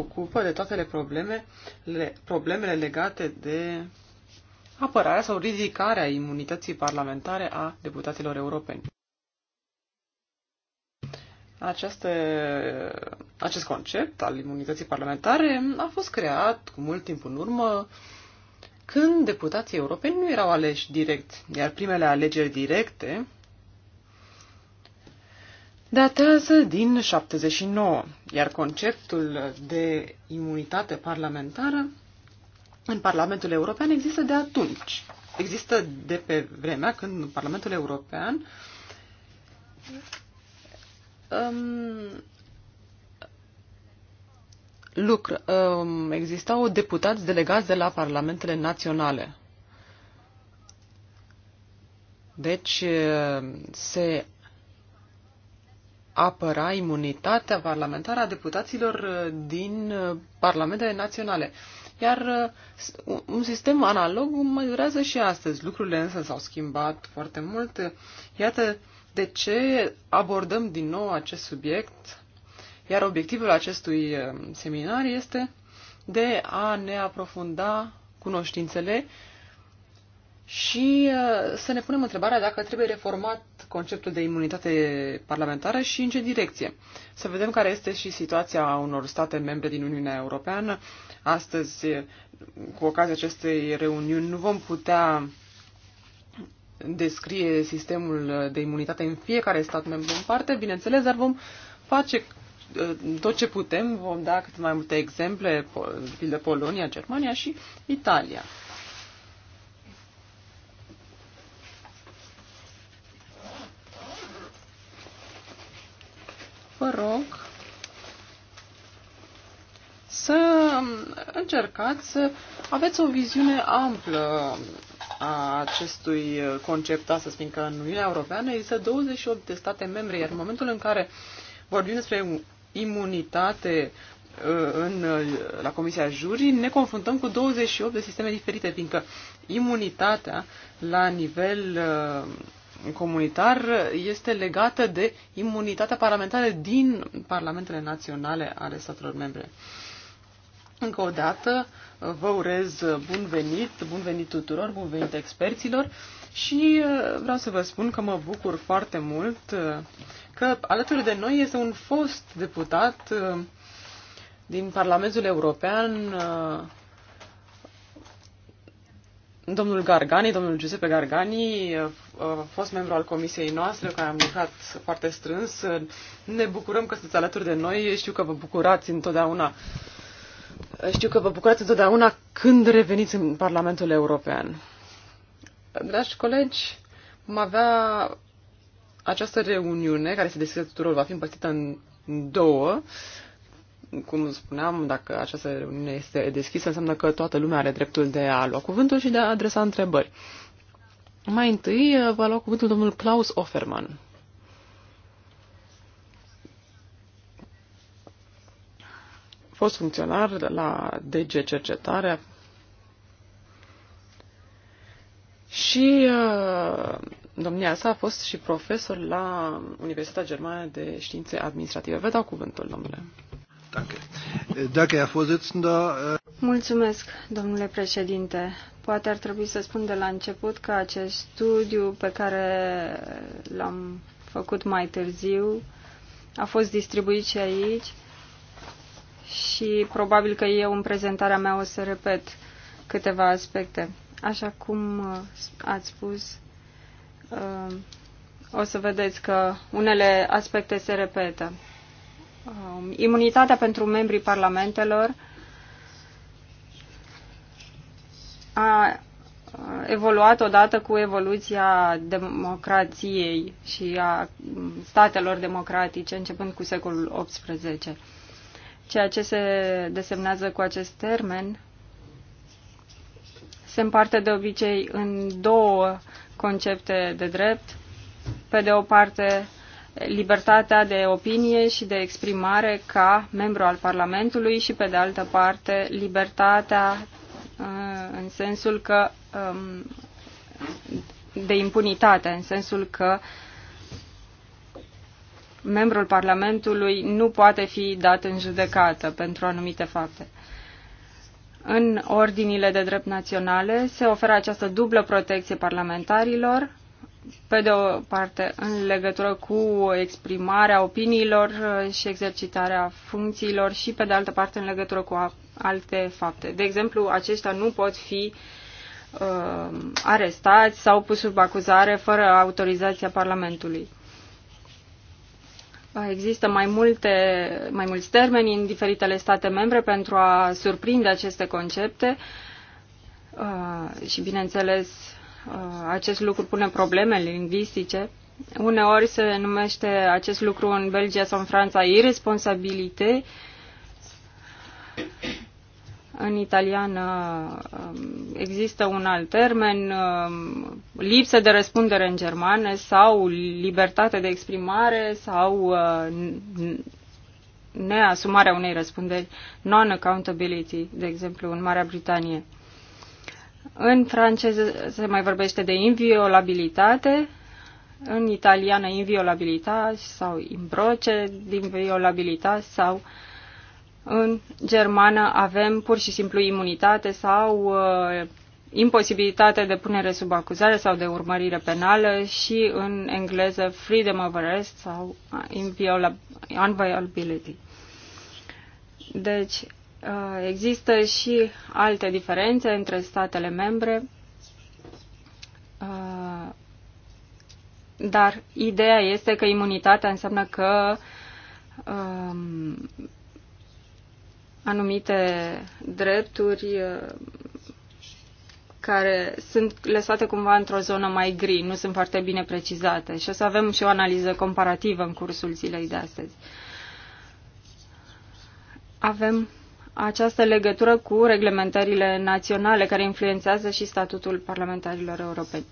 ocupă de toate probleme, le, problemele legate de apărarea sau ridicarea imunității parlamentare a deputaților europeni. Aceste, acest concept al imunității parlamentare a fost creat cu mult timp în urmă când deputații europeni nu erau aleși direct, iar primele alegeri directe datează din 79, iar conceptul de imunitate parlamentară în Parlamentul European există de atunci. Există de pe vremea când Parlamentul European um, lucr, um, existau deputați delegați de la parlamentele naționale. Deci se apăra imunitatea parlamentară a deputaților uh, din uh, parlamentele naționale. Iar uh, un sistem analog mai durează și astăzi. Lucrurile însă s-au schimbat foarte mult. Iată de ce abordăm din nou acest subiect. Iar obiectivul acestui seminar este de a ne aprofunda cunoștințele și uh, să ne punem întrebarea dacă trebuie reformat conceptul de imunitate parlamentară și în ce direcție. Să vedem care este și situația unor state membre din Uniunea Europeană. Astăzi, cu ocazia acestei reuniuni, nu vom putea descrie sistemul de imunitate în fiecare stat membru în parte, bineînțeles, dar vom face uh, tot ce putem, vom da cât mai multe exemple, de Polonia, Germania și Italia. vă rog să încercați să aveți o viziune amplă a acestui concept astăzi, fiindcă în Uniunea Europeană există 28 de state membre, iar în momentul în care vorbim despre imunitate uh, în, uh, la Comisia Jurii, ne confruntăm cu 28 de sisteme diferite, fiindcă imunitatea la nivel uh, comunitar este legată de imunitatea parlamentară din parlamentele naționale ale statelor membre. Încă o dată vă urez bun venit, bun venit tuturor, bun venit experților și uh, vreau să vă spun că mă bucur foarte mult uh, că alături de noi este un fost deputat uh, din Parlamentul European, domnul Gargani, domnul Giuseppe Gargani, fost membru al comisiei noastre, care am lucrat foarte strâns. Ne bucurăm că sunteți alături de noi. Știu că vă bucurați întotdeauna. Știu că vă bucurați întotdeauna când reveniți în Parlamentul European. Dragi colegi, vom avea această reuniune, care se deschide tuturor, va fi împărțită în două cum spuneam, dacă această reuniune este deschisă, înseamnă că toată lumea are dreptul de a lua cuvântul și de a adresa întrebări. Mai întâi va lua cuvântul domnul Klaus Offerman. Fost funcționar la DG Cercetare și uh, domnia sa a fost și profesor la Universitatea Germană de Științe Administrative. Vă dau cuvântul, domnule. Äh, äh, Mulțumesc, domnule președinte. Poate ar trebui să spun de la început că acest studiu pe care l-am făcut mai târziu a fost distribuit și aici și probabil că eu în prezentarea mea o să repet câteva aspecte. Așa cum uh, ați spus, uh, o să vedeți că unele aspecte se repetă. Um, imunitatea pentru membrii parlamentelor a evoluat odată cu evoluția democrației și a um, statelor democratice, începând cu secolul XVIII. Ceea ce se desemnează cu acest termen se împarte de obicei în două concepte de drept. Pe de o parte, libertatea de opinie și de exprimare ca membru al Parlamentului și, pe de altă parte, libertatea uh, în sensul că um, de impunitate, în sensul că membrul Parlamentului nu poate fi dat în judecată pentru anumite fapte. În ordinile de drept naționale se oferă această dublă protecție parlamentarilor, pe de o parte, în legătură cu exprimarea opiniilor uh, și exercitarea funcțiilor și, pe de altă parte, în legătură cu alte fapte. De exemplu, aceștia nu pot fi uh, arestați sau pus sub acuzare fără autorizația Parlamentului. Uh, există mai, multe, mai mulți termeni în diferitele state membre pentru a surprinde aceste concepte uh, și, bineînțeles, Uh, acest lucru pune probleme lingvistice. Uneori se numește acest lucru în Belgia sau în Franța irresponsabilite, în italiană um, există un alt termen, um, lipsă de răspundere în germană sau libertate de exprimare sau uh, neasumarea unei răspunderi, non-accountability, de exemplu, în Marea Britanie. În franceză se mai vorbește de inviolabilitate, în italiană inviolabilitate sau imbroce violabilitate sau în germană avem pur și simplu imunitate sau uh, imposibilitate de punere sub acuzare sau de urmărire penală și în engleză freedom of arrest sau inviolability. Deci, Uh, există și alte diferențe între statele membre, uh, dar ideea este că imunitatea înseamnă că um, anumite drepturi uh, care sunt lăsate cumva într-o zonă mai gri, nu sunt foarte bine precizate. Și o să avem și o analiză comparativă în cursul zilei de astăzi. Avem această legătură cu reglementările naționale care influențează și statutul parlamentarilor europeni.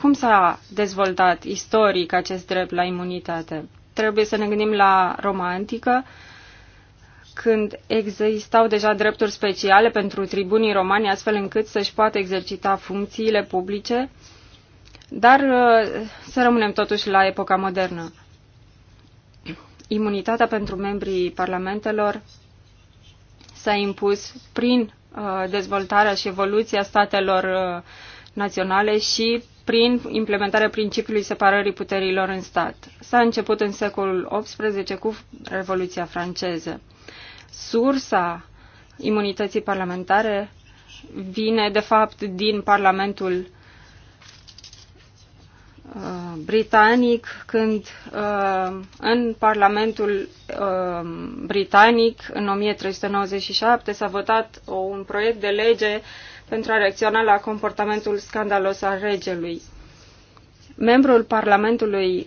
Cum s-a dezvoltat istoric acest drept la imunitate? Trebuie să ne gândim la Roma antică, când existau deja drepturi speciale pentru tribunii romani, astfel încât să-și poată exercita funcțiile publice, dar uh, să rămânem totuși la epoca modernă imunitatea pentru membrii parlamentelor s-a impus prin uh, dezvoltarea și evoluția statelor uh, naționale și prin implementarea principiului separării puterilor în stat. S-a început în secolul XVIII cu Revoluția franceză. Sursa imunității parlamentare vine, de fapt, din Parlamentul Uh, britanic când uh, în Parlamentul uh, britanic în 1397 s-a votat un proiect de lege pentru a reacționa la comportamentul scandalos al regelui. Membrul Parlamentului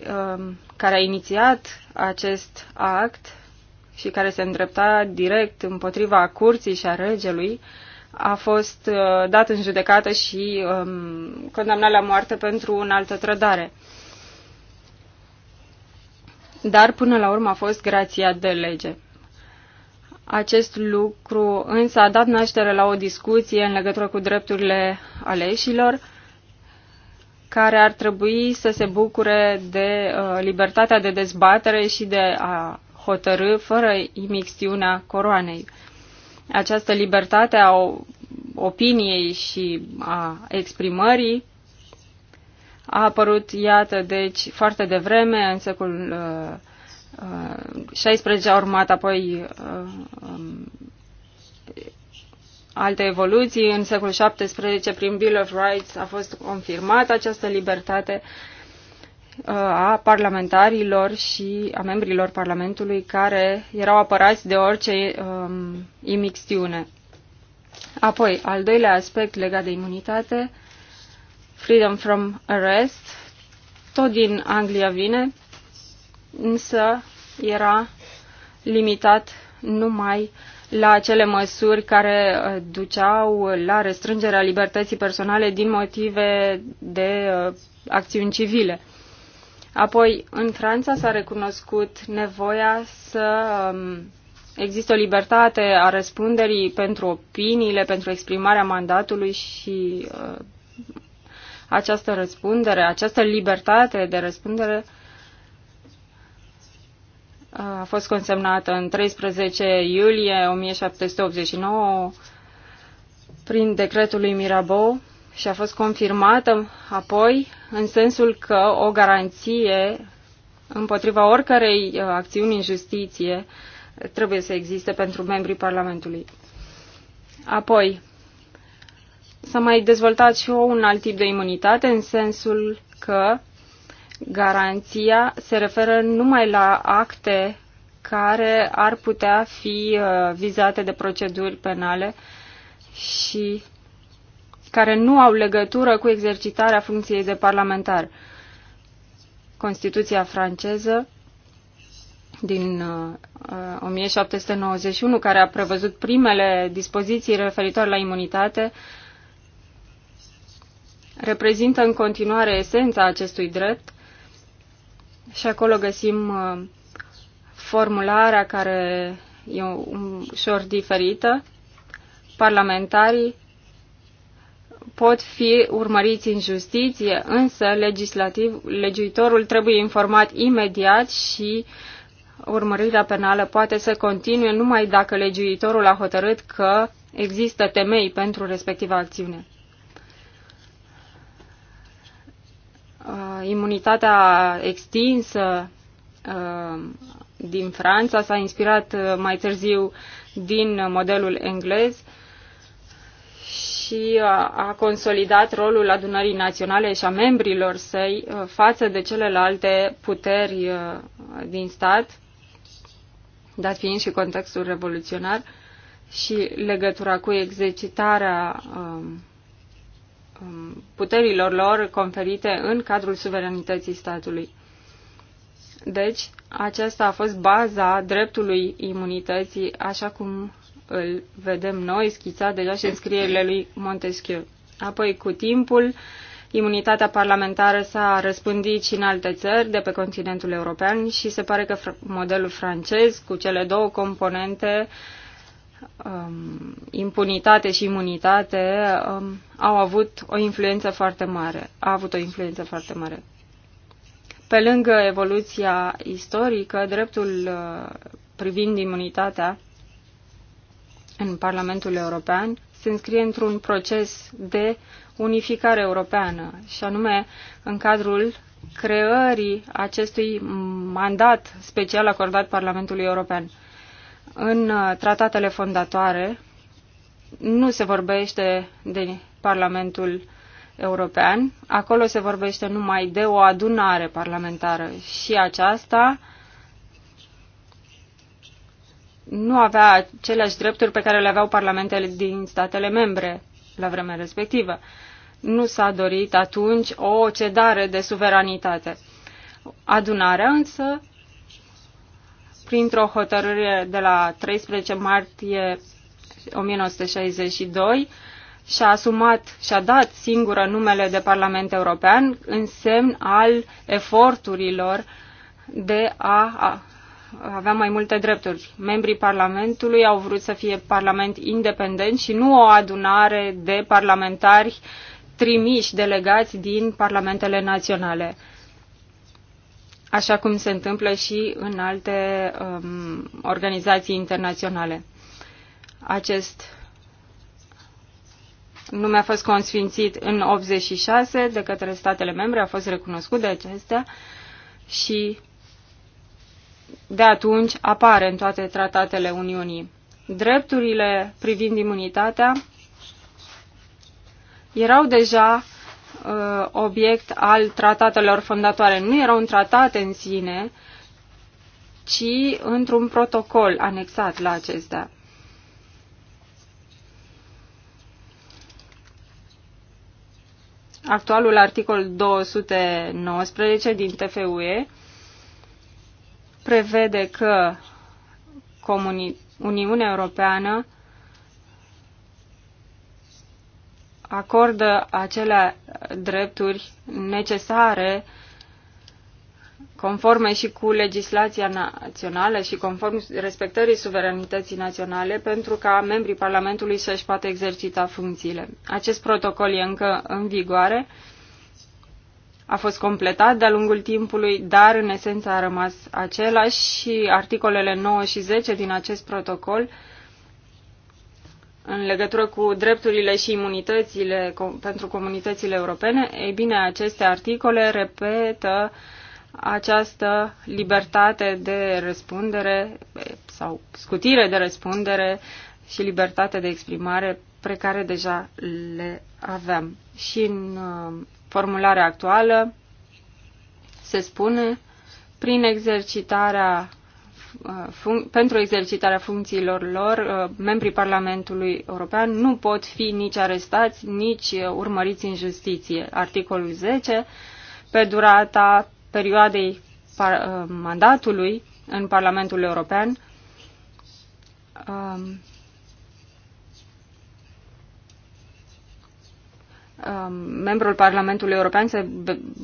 care a inițiat acest act și care se îndrepta direct împotriva curții și a regelui, a fost uh, dat în judecată și um, condamnat la moarte pentru un altă trădare. Dar până la urmă a fost grația de lege. Acest lucru însă a dat naștere la o discuție în legătură cu drepturile aleșilor, care ar trebui să se bucure de uh, libertatea de dezbatere și de a hotărâ fără imixtiunea coroanei această libertate a opiniei și a exprimării a apărut, iată, deci foarte devreme, în secolul 16 uh, uh, a urmat apoi uh, um, alte evoluții. În secolul 17, prin Bill of Rights, a fost confirmată această libertate Uh, a parlamentarilor și a membrilor Parlamentului care erau apărați de orice um, imixtiune. Apoi, al doilea aspect legat de imunitate, Freedom from Arrest, tot din Anglia vine, însă era limitat numai la cele măsuri care uh, duceau la restrângerea libertății personale din motive de uh, acțiuni civile. Apoi, în Franța s-a recunoscut nevoia să um, există o libertate a răspunderii pentru opiniile, pentru exprimarea mandatului și uh, această răspundere, această libertate de răspundere uh, a fost consemnată în 13 iulie 1789 prin decretul lui Mirabeau și a fost confirmată apoi în sensul că o garanție împotriva oricărei uh, acțiuni în justiție trebuie să existe pentru membrii Parlamentului. Apoi, s-a mai dezvoltat și un alt tip de imunitate în sensul că garanția se referă numai la acte care ar putea fi uh, vizate de proceduri penale și care nu au legătură cu exercitarea funcției de parlamentar. Constituția franceză din uh, 1791, care a prevăzut primele dispoziții referitoare la imunitate, reprezintă în continuare esența acestui drept și acolo găsim uh, formularea care e ușor diferită. Parlamentarii pot fi urmăriți în justiție, însă legislativ, legiuitorul trebuie informat imediat și urmărirea penală poate să continue numai dacă legiuitorul a hotărât că există temei pentru respectiva acțiune. Uh, imunitatea extinsă uh, din Franța s-a inspirat uh, mai târziu din modelul englez și a consolidat rolul adunării naționale și a membrilor săi față de celelalte puteri din stat, dat fiind și contextul revoluționar și legătura cu exercitarea puterilor lor conferite în cadrul suveranității statului. Deci, aceasta a fost baza dreptului imunității, așa cum îl vedem noi schițat deja și în scrierile lui Montesquieu. Apoi, cu timpul, imunitatea parlamentară s-a răspândit și în alte țări de pe continentul european și se pare că modelul francez, cu cele două componente, um, impunitate și imunitate, um, au avut o influență foarte mare. A avut o influență foarte mare. Pe lângă evoluția istorică, dreptul uh, privind imunitatea în Parlamentul European se înscrie într-un proces de unificare europeană, și anume în cadrul creării acestui mandat special acordat Parlamentului European. În uh, tratatele fondatoare nu se vorbește de Parlamentul European, acolo se vorbește numai de o adunare parlamentară și aceasta nu avea aceleași drepturi pe care le aveau parlamentele din statele membre la vremea respectivă. Nu s-a dorit atunci o cedare de suveranitate. Adunarea însă, printr-o hotărâre de la 13 martie 1962, și-a asumat și-a dat singură numele de Parlament European în semn al eforturilor de a avea mai multe drepturi. Membrii Parlamentului au vrut să fie Parlament independent și nu o adunare de parlamentari trimiși, delegați din parlamentele naționale, așa cum se întâmplă și în alte um, organizații internaționale. Acest nume a fost consfințit în 86 de către statele membre, a fost recunoscut de acestea și de atunci apare în toate tratatele Uniunii. Drepturile privind imunitatea erau deja uh, obiect al tratatelor fondatoare. Nu erau un tratat în sine, ci într-un protocol anexat la acestea. Actualul articol 219 din TFUE prevede că Comuni Uniunea Europeană acordă acele drepturi necesare conforme și cu legislația națională și conform respectării suveranității naționale pentru ca membrii Parlamentului să-și poată exercita funcțiile. Acest protocol e încă în vigoare a fost completat de-a lungul timpului, dar în esență a rămas același și articolele 9 și 10 din acest protocol în legătură cu drepturile și imunitățile pentru comunitățile europene, ei bine, aceste articole repetă această libertate de răspundere sau scutire de răspundere și libertate de exprimare pe care deja le aveam. Și în uh, formularea actuală se spune prin exercitarea uh, pentru exercitarea funcțiilor lor, uh, membrii Parlamentului European nu pot fi nici arestați, nici uh, urmăriți în justiție. Articolul 10, pe durata perioadei mandatului în Parlamentul European, um, Um, membrul Parlamentului European se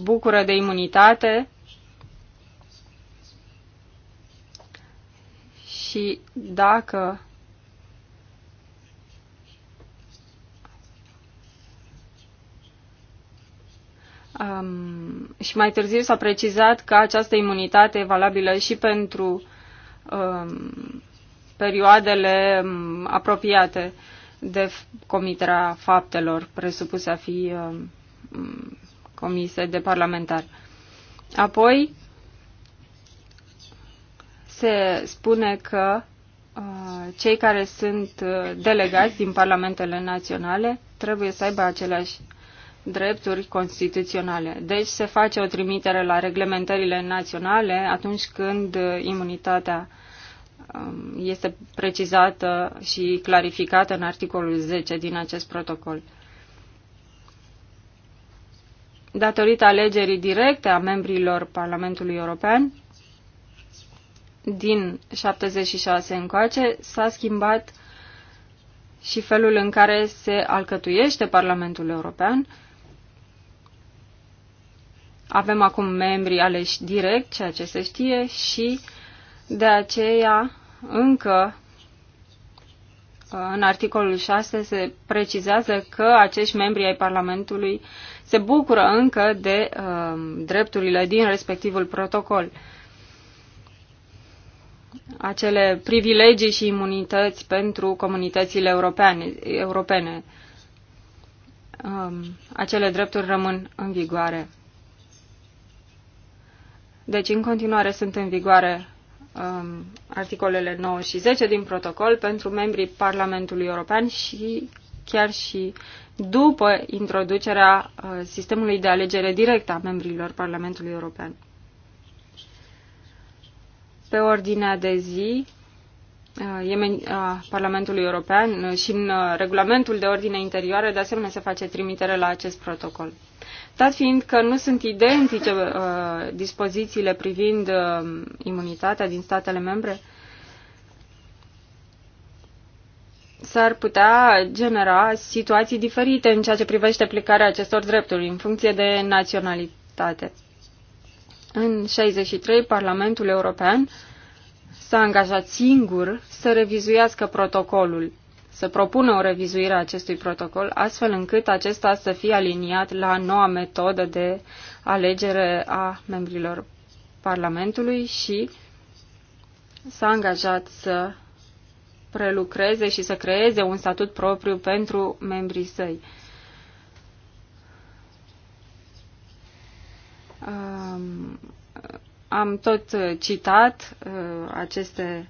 bucură de imunitate și dacă Um, și mai târziu s-a precizat că această imunitate e valabilă și pentru um, perioadele um, apropiate. Uh, de comiterea faptelor presupuse a fi um, comise de parlamentari. Apoi se spune că uh, cei care sunt uh, delegați din parlamentele naționale trebuie să aibă aceleași drepturi constituționale. Deci se face o trimitere la reglementările naționale atunci când uh, imunitatea uh, Um, este precizată și clarificată în articolul 10 din acest protocol. Datorită alegerii directe a membrilor Parlamentului European, din 76 încoace, s-a schimbat și felul în care se alcătuiește Parlamentul European. Avem acum membri aleși direct, ceea ce se știe, și uh, de aceea, încă în articolul 6 se precizează că acești membri ai Parlamentului se bucură încă de uh, drepturile din respectivul protocol. Acele privilegii și imunități pentru comunitățile europeane, europene. Um, acele drepturi rămân în vigoare. Deci, în continuare sunt în vigoare um, articolele 9 și 10 din protocol pentru membrii Parlamentului European și chiar și după introducerea uh, sistemului de alegere directă a membrilor Parlamentului European. Pe ordinea de zi a uh, uh, Parlamentului European și în uh, regulamentul de ordine interioară, de asemenea, se face trimitere la acest protocol. Dat fiind că nu sunt identice uh, dispozițiile privind uh, imunitatea din statele membre, s-ar putea genera situații diferite în ceea ce privește aplicarea acestor drepturi în funcție de naționalitate. În 63, Parlamentul European s-a angajat singur să revizuiască protocolul să propună o revizuire a acestui protocol, astfel încât acesta să fie aliniat la noua metodă de alegere a membrilor Parlamentului și s-a angajat să prelucreze și să creeze un statut propriu pentru membrii săi. Um, am tot citat uh, aceste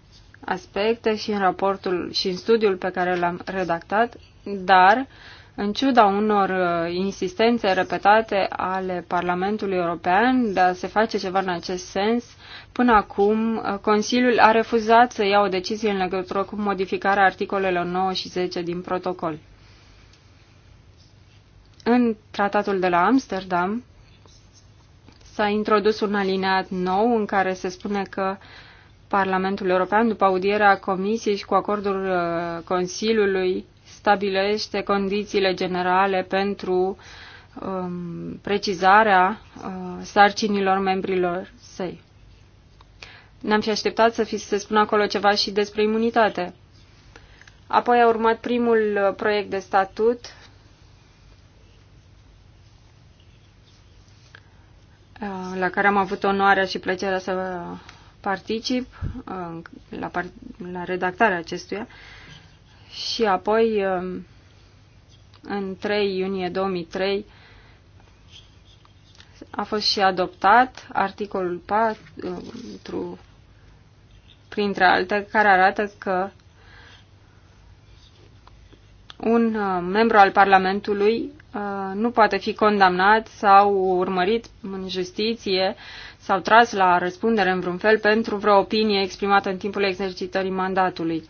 aspecte și în raportul și în studiul pe care l-am redactat, dar în ciuda unor uh, insistențe repetate ale Parlamentului European de a se face ceva în acest sens, până acum uh, Consiliul a refuzat să ia o decizie în legătură cu modificarea articolelor 9 și 10 din protocol. În tratatul de la Amsterdam s-a introdus un alineat nou în care se spune că uh, Parlamentul European, după audierea Comisiei și cu acordul uh, Consiliului, stabilește condițiile generale pentru um, precizarea uh, sarcinilor membrilor săi. Ne-am fi așteptat să, fi, să spună acolo ceva și despre imunitate. Apoi a urmat primul uh, proiect de statut uh, la care am avut onoarea și plăcerea să particip uh, la, par la redactarea acestuia și apoi um, în 3 iunie 2003 a fost și adoptat articolul 4 printre alte care arată că un uh, membru al Parlamentului Uh, nu poate fi condamnat sau urmărit în justiție sau tras la răspundere în vreun fel pentru vreo opinie exprimată în timpul exercitării mandatului.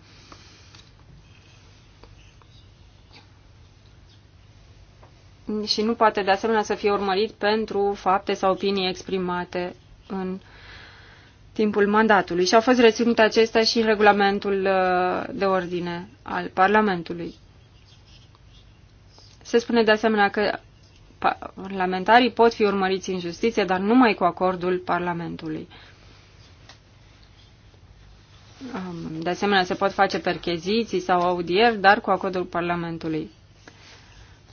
Și nu poate de asemenea să fie urmărit pentru fapte sau opinii exprimate în timpul mandatului. Și au fost reținute acestea și în regulamentul uh, de ordine al Parlamentului. Se spune de asemenea că parlamentarii pot fi urmăriți în justiție, dar numai cu acordul Parlamentului. Um, de asemenea, se pot face percheziții sau audieri, dar cu acordul Parlamentului.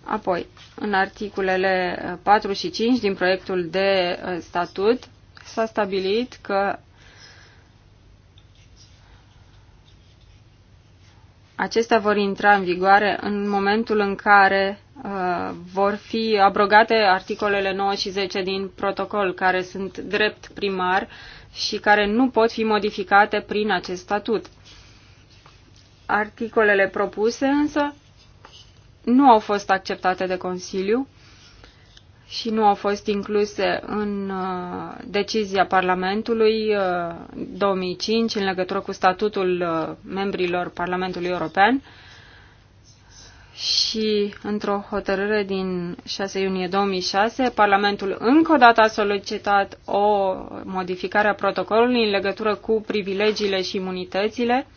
Apoi, în articolele 4 și 5 din proiectul de uh, statut s-a stabilit că acestea vor intra în vigoare în momentul în care Uh, vor fi abrogate articolele 9 și 10 din protocol, care sunt drept primar și care nu pot fi modificate prin acest statut. Articolele propuse însă nu au fost acceptate de Consiliu și nu au fost incluse în uh, decizia Parlamentului 2005 uh, în legătură cu statutul membrilor Parlamentului European și într-o hotărâre din 6 iunie 2006, Parlamentul încă o dată a solicitat o modificare a protocolului în legătură cu privilegiile și imunitățile,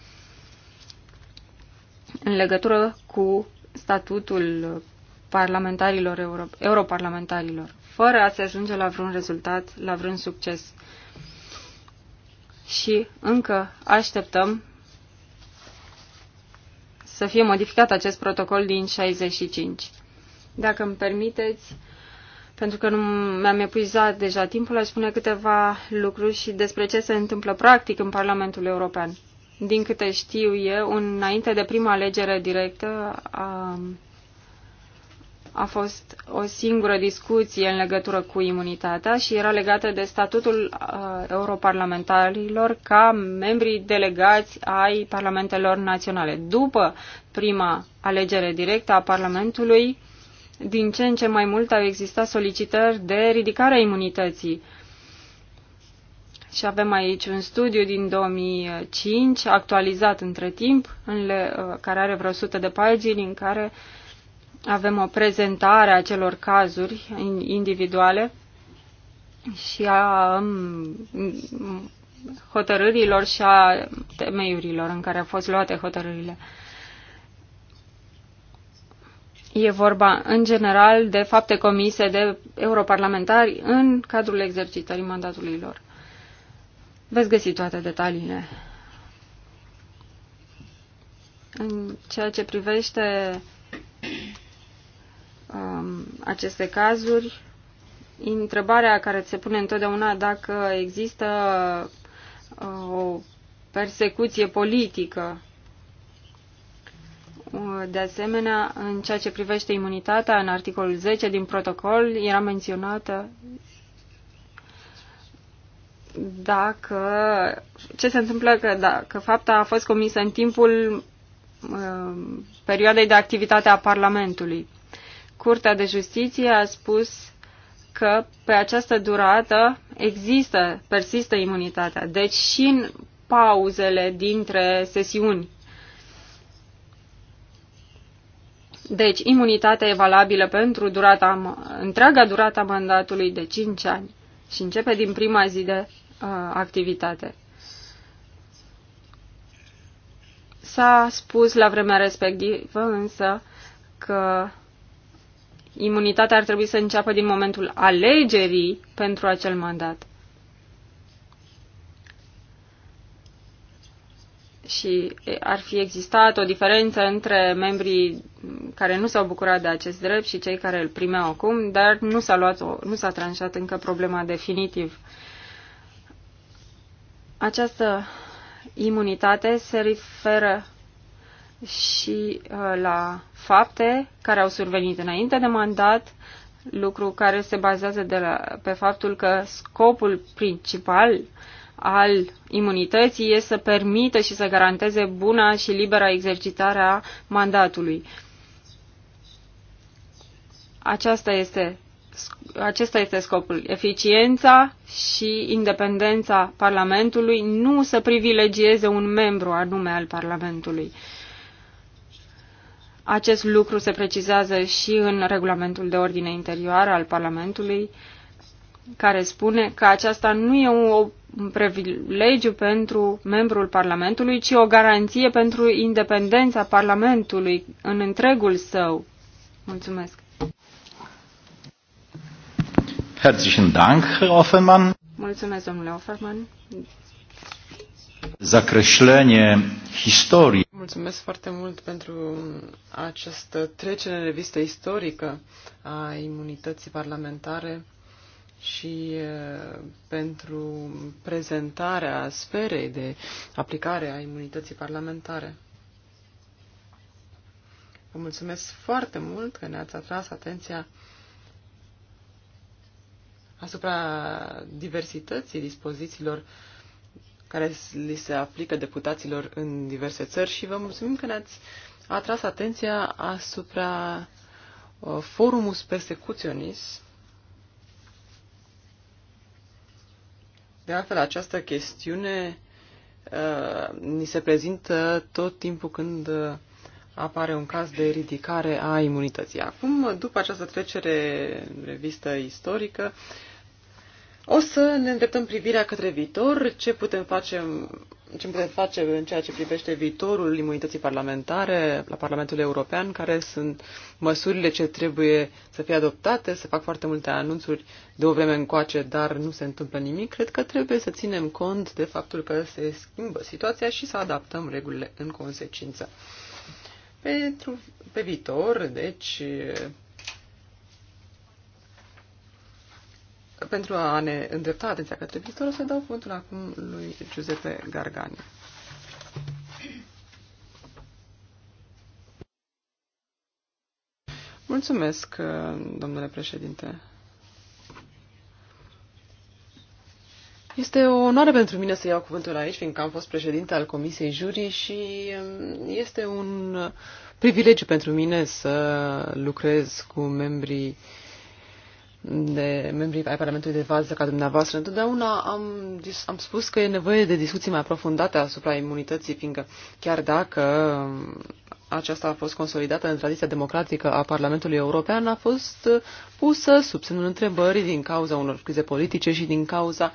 în legătură cu statutul parlamentarilor euro, europarlamentarilor, fără a se ajunge la vreun rezultat, la vreun succes. Și încă așteptăm să fie modificat acest protocol din 65. Dacă îmi permiteți, pentru că nu mi-am epuizat deja timpul, aș spune câteva lucruri și despre ce se întâmplă practic în Parlamentul European. Din câte știu eu, înainte de prima alegere directă, a a fost o singură discuție în legătură cu imunitatea și era legată de statutul uh, europarlamentarilor ca membrii delegați ai parlamentelor naționale. După prima alegere directă a Parlamentului, din ce în ce mai mult au existat solicitări de ridicare a imunității. Și avem aici un studiu din 2005, actualizat între timp, în le, uh, care are vreo 100 de pagini, în care uh, avem o prezentare a celor cazuri individuale și a um, hotărârilor și a temeiurilor în care au fost luate hotărârile. E vorba, în general, de fapte comise de europarlamentari în cadrul exercitării mandatului lor. Veți găsi toate detaliile. În ceea ce privește um, aceste cazuri. Întrebarea care se pune întotdeauna dacă există uh, o persecuție politică. Uh, de asemenea, în ceea ce privește imunitatea, în articolul 10 din protocol era menționată dacă ce se întâmplă că dacă fapta a fost comisă în timpul uh, perioadei de activitate a Parlamentului. Curtea de Justiție a spus că pe această durată există, persistă imunitatea. Deci și în pauzele dintre sesiuni. Deci imunitatea e valabilă pentru durata, întreaga durata mandatului de 5 ani și începe din prima zi de uh, activitate. S-a spus la vremea respectivă însă că imunitatea ar trebui să înceapă din momentul alegerii pentru acel mandat. și ar fi existat o diferență între membrii care nu s-au bucurat de acest drept și cei care îl primeau acum, dar nu s-a, luat o, nu s-a tranșat încă problema definitiv. Această imunitate se referă și uh, la fapte care au survenit înainte de mandat, lucru care se bazează de la, pe faptul că scopul principal al imunității este să permită și să garanteze buna și libera exercitare a mandatului. Aceasta este, acesta este scopul. Eficiența și independența Parlamentului nu să privilegieze un membru anume al Parlamentului. Acest lucru se precizează și în regulamentul de ordine interioară al Parlamentului, care spune că aceasta nu e un privilegiu pentru membrul Parlamentului, ci o garanție pentru independența Parlamentului în întregul său. Mulțumesc! Herzlichen Dank, Herr Offermann. Mulțumesc, domnule Offerman. Zacrășlenie historii. Mulțumesc foarte mult pentru această trecere în revistă istorică a imunității parlamentare și pentru prezentarea sferei de aplicare a imunității parlamentare. Vă mulțumesc foarte mult că ne-ați atras atenția asupra diversității dispozițiilor care li se aplică deputaților în diverse țări și vă mulțumim că ne-ați atras atenția asupra uh, Forumus Persecutionis. De altfel, această chestiune uh, ni se prezintă tot timpul când uh, apare un caz de ridicare a imunității. Acum, după această trecere revistă istorică, o să ne îndreptăm privirea către viitor, ce putem face ce putem face în ceea ce privește viitorul imunității parlamentare la Parlamentul European, care sunt măsurile ce trebuie să fie adoptate. Se fac foarte multe anunțuri de o vreme încoace, dar nu se întâmplă nimic. Cred că trebuie să ținem cont de faptul că se schimbă situația și să adaptăm regulile în consecință. Pentru, pe viitor, deci, pentru a ne îndrepta atenția către viitor, o să dau cuvântul acum lui Giuseppe Gargani. Mulțumesc, domnule președinte. Este o onoare pentru mine să iau cuvântul aici, fiindcă am fost președinte al Comisiei Jurii și um, este un privilegiu pentru mine să lucrez cu membrii de membrii ai Parlamentului de Vază ca dumneavoastră. Întotdeauna am, am spus că e nevoie de discuții mai aprofundate asupra imunității, fiindcă chiar dacă um, aceasta a fost consolidată în tradiția democratică a Parlamentului European, a fost uh, pusă sub semnul întrebării din cauza unor crize politice și din cauza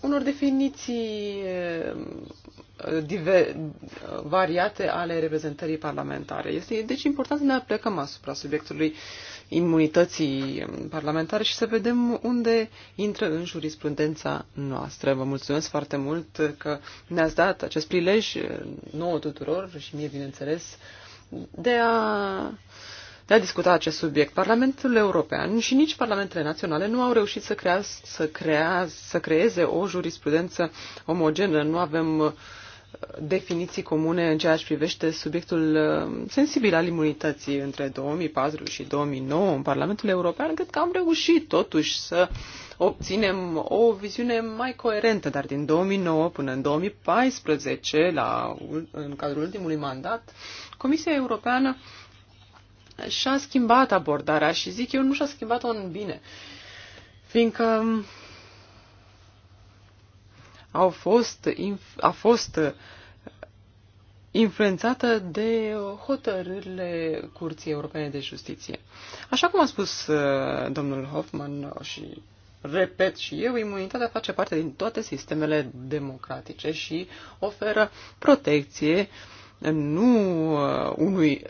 unor definiții um, diver, variate ale reprezentării parlamentare. Este deci important să ne aplecăm asupra subiectului imunității parlamentare și să vedem unde intră în jurisprudența noastră. Vă mulțumesc foarte mult că ne-ați dat acest prilej nouă tuturor și mie, bineînțeles, de a de a discuta acest subiect. Parlamentul European și nici parlamentele naționale nu au reușit să, crea, să, crea, să creeze o jurisprudență omogenă. Nu avem definiții comune în ceea ce privește subiectul uh, sensibil al imunității între 2004 și 2009 în Parlamentul European, cred că am reușit totuși să obținem o viziune mai coerentă, dar din 2009 până în 2014, la, în cadrul ultimului mandat, Comisia Europeană și-a schimbat abordarea și zic eu nu și-a schimbat-o în bine, fiindcă um, au fost, a fost uh, influențată de uh, hotărârile Curții Europene de Justiție. Așa cum a spus uh, domnul Hoffman și repet și eu, imunitatea face parte din toate sistemele democratice și oferă protecție nu unui,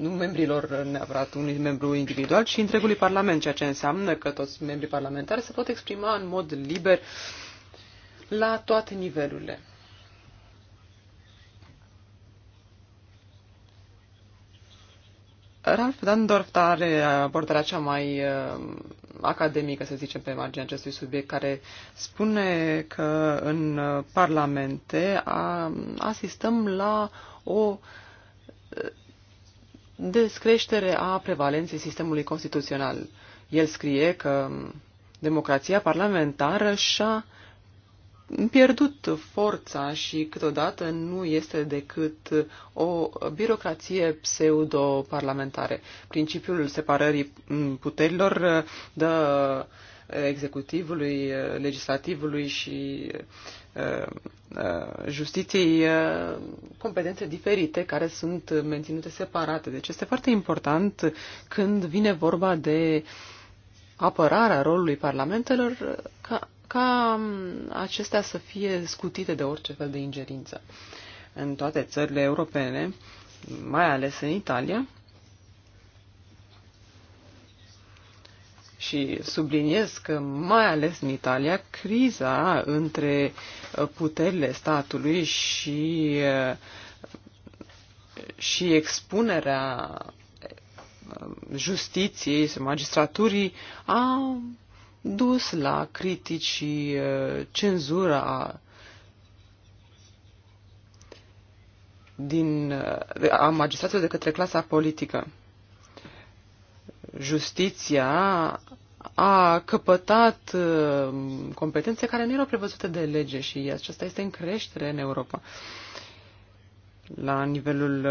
nu membrilor neapărat unui membru individual, ci întregului Parlament, ceea ce înseamnă că toți membrii parlamentari se pot exprima în mod liber uh, la toate nivelurile. Ralph Dandorf are abordarea cea mai uh, academică, să zicem, pe marginea acestui subiect, care spune că în parlamente asistăm la o uh, descreștere a prevalenței sistemului constituțional. El scrie că democrația parlamentară și-a pierdut forța și câteodată nu este decât o birocrație pseudo-parlamentare. Principiul separării puterilor dă executivului, legislativului și uh, uh, justiției uh, competențe diferite care sunt menținute separate. Deci este foarte important când vine vorba de apărarea rolului parlamentelor ca ca mm, acestea să fie scutite de orice fel de ingerință. În toate țările europene, mai ales în Italia, Și subliniez că, mai ales în Italia, criza între uh, puterile statului și, uh, și expunerea uh, justiției, magistraturii, a dus la critici și cenzura din, a magistraților de către clasa politică. Justiția a căpătat competențe care nu erau prevăzute de lege și aceasta este în creștere în Europa. La nivelul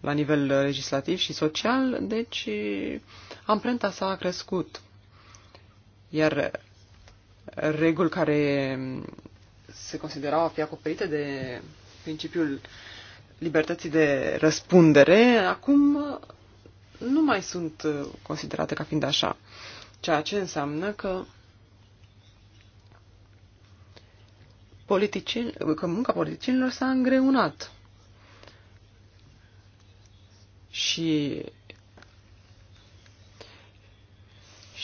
la nivel legislativ și social, deci amprenta s-a crescut. Iar uh, reguli care se considerau a fi acoperite de principiul libertății de răspundere, acum uh, nu mai sunt uh, considerate ca fiind așa. Ceea ce înseamnă că politicien, că munca politicienilor s-a îngreunat. Și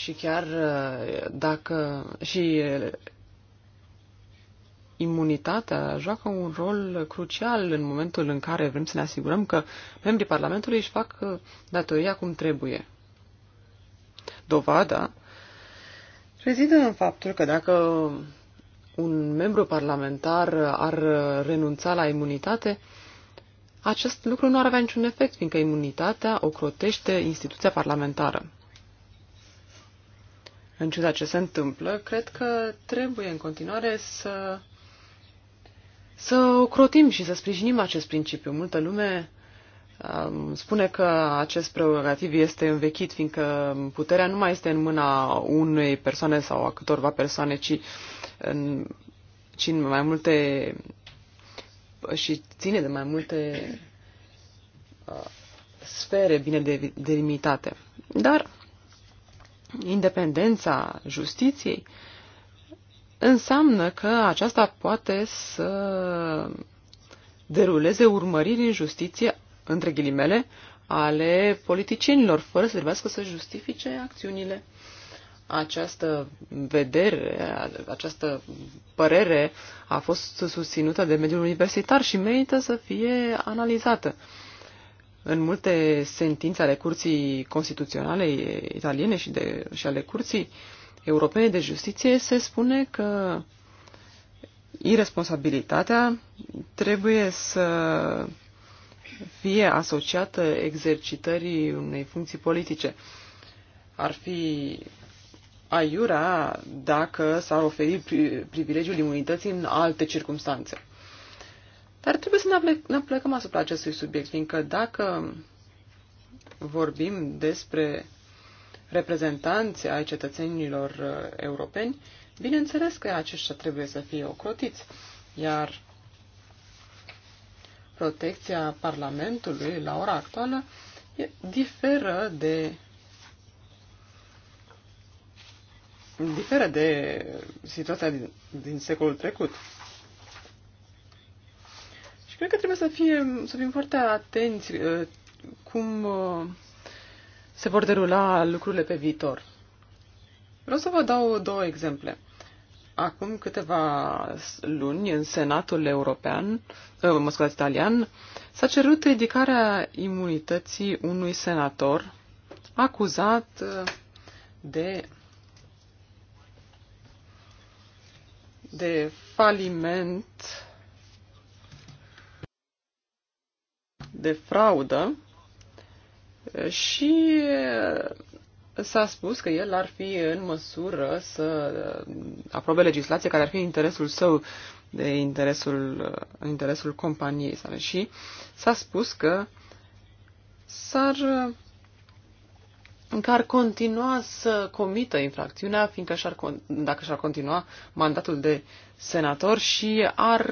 și chiar uh, dacă și uh, imunitatea joacă un rol crucial în momentul în care vrem să ne asigurăm că membrii Parlamentului își fac uh, datoria cum trebuie. Dovada rezidă în faptul că dacă un membru parlamentar ar renunța la imunitate, acest lucru nu ar avea niciun efect, fiindcă imunitatea ocrotește instituția parlamentară în ciuda ce se întâmplă, cred că trebuie în continuare să, să ocrotim și să sprijinim acest principiu. Multă lume um, spune că acest prerogativ este învechit, fiindcă puterea nu mai este în mâna unei persoane sau a câtorva persoane, ci în, ci în mai multe și ține de mai multe uh, sfere bine delimitate. Dar independența justiției, înseamnă că aceasta poate să deruleze urmăriri în justiție, între ghilimele, ale politicienilor, fără să trebuiască să justifice acțiunile. Această vedere, această părere a fost susținută de mediul universitar și merită să fie analizată. În multe sentințe ale Curții Constituționale italiene și, de, și ale Curții Europene de Justiție se spune că irresponsabilitatea trebuie să fie asociată exercitării unei funcții politice. Ar fi aiura dacă s-ar oferi privilegiul imunității în alte circunstanțe. Dar trebuie să ne, plecăm asupra acestui subiect, fiindcă dacă vorbim despre reprezentanți ai cetățenilor uh, europeni, bineînțeles că aceștia trebuie să fie ocrotiți, iar protecția Parlamentului la ora actuală diferă de diferă de situația din, din secolul trecut. Cred că trebuie să, fie, să fim foarte atenți uh, cum uh, se vor derula lucrurile pe viitor. Vreau să vă dau două exemple. Acum câteva luni, în Senatul European, uh, mă scuzați, italian, s-a cerut ridicarea imunității unui senator acuzat de de faliment de fraudă și s-a spus că el ar fi în măsură să aprobe legislație care ar fi interesul său de interesul, interesul companiei sale și s-a spus că s-ar că ar continua să comită infracțiunea, fiindcă și-ar, dacă și-ar continua mandatul de senator și ar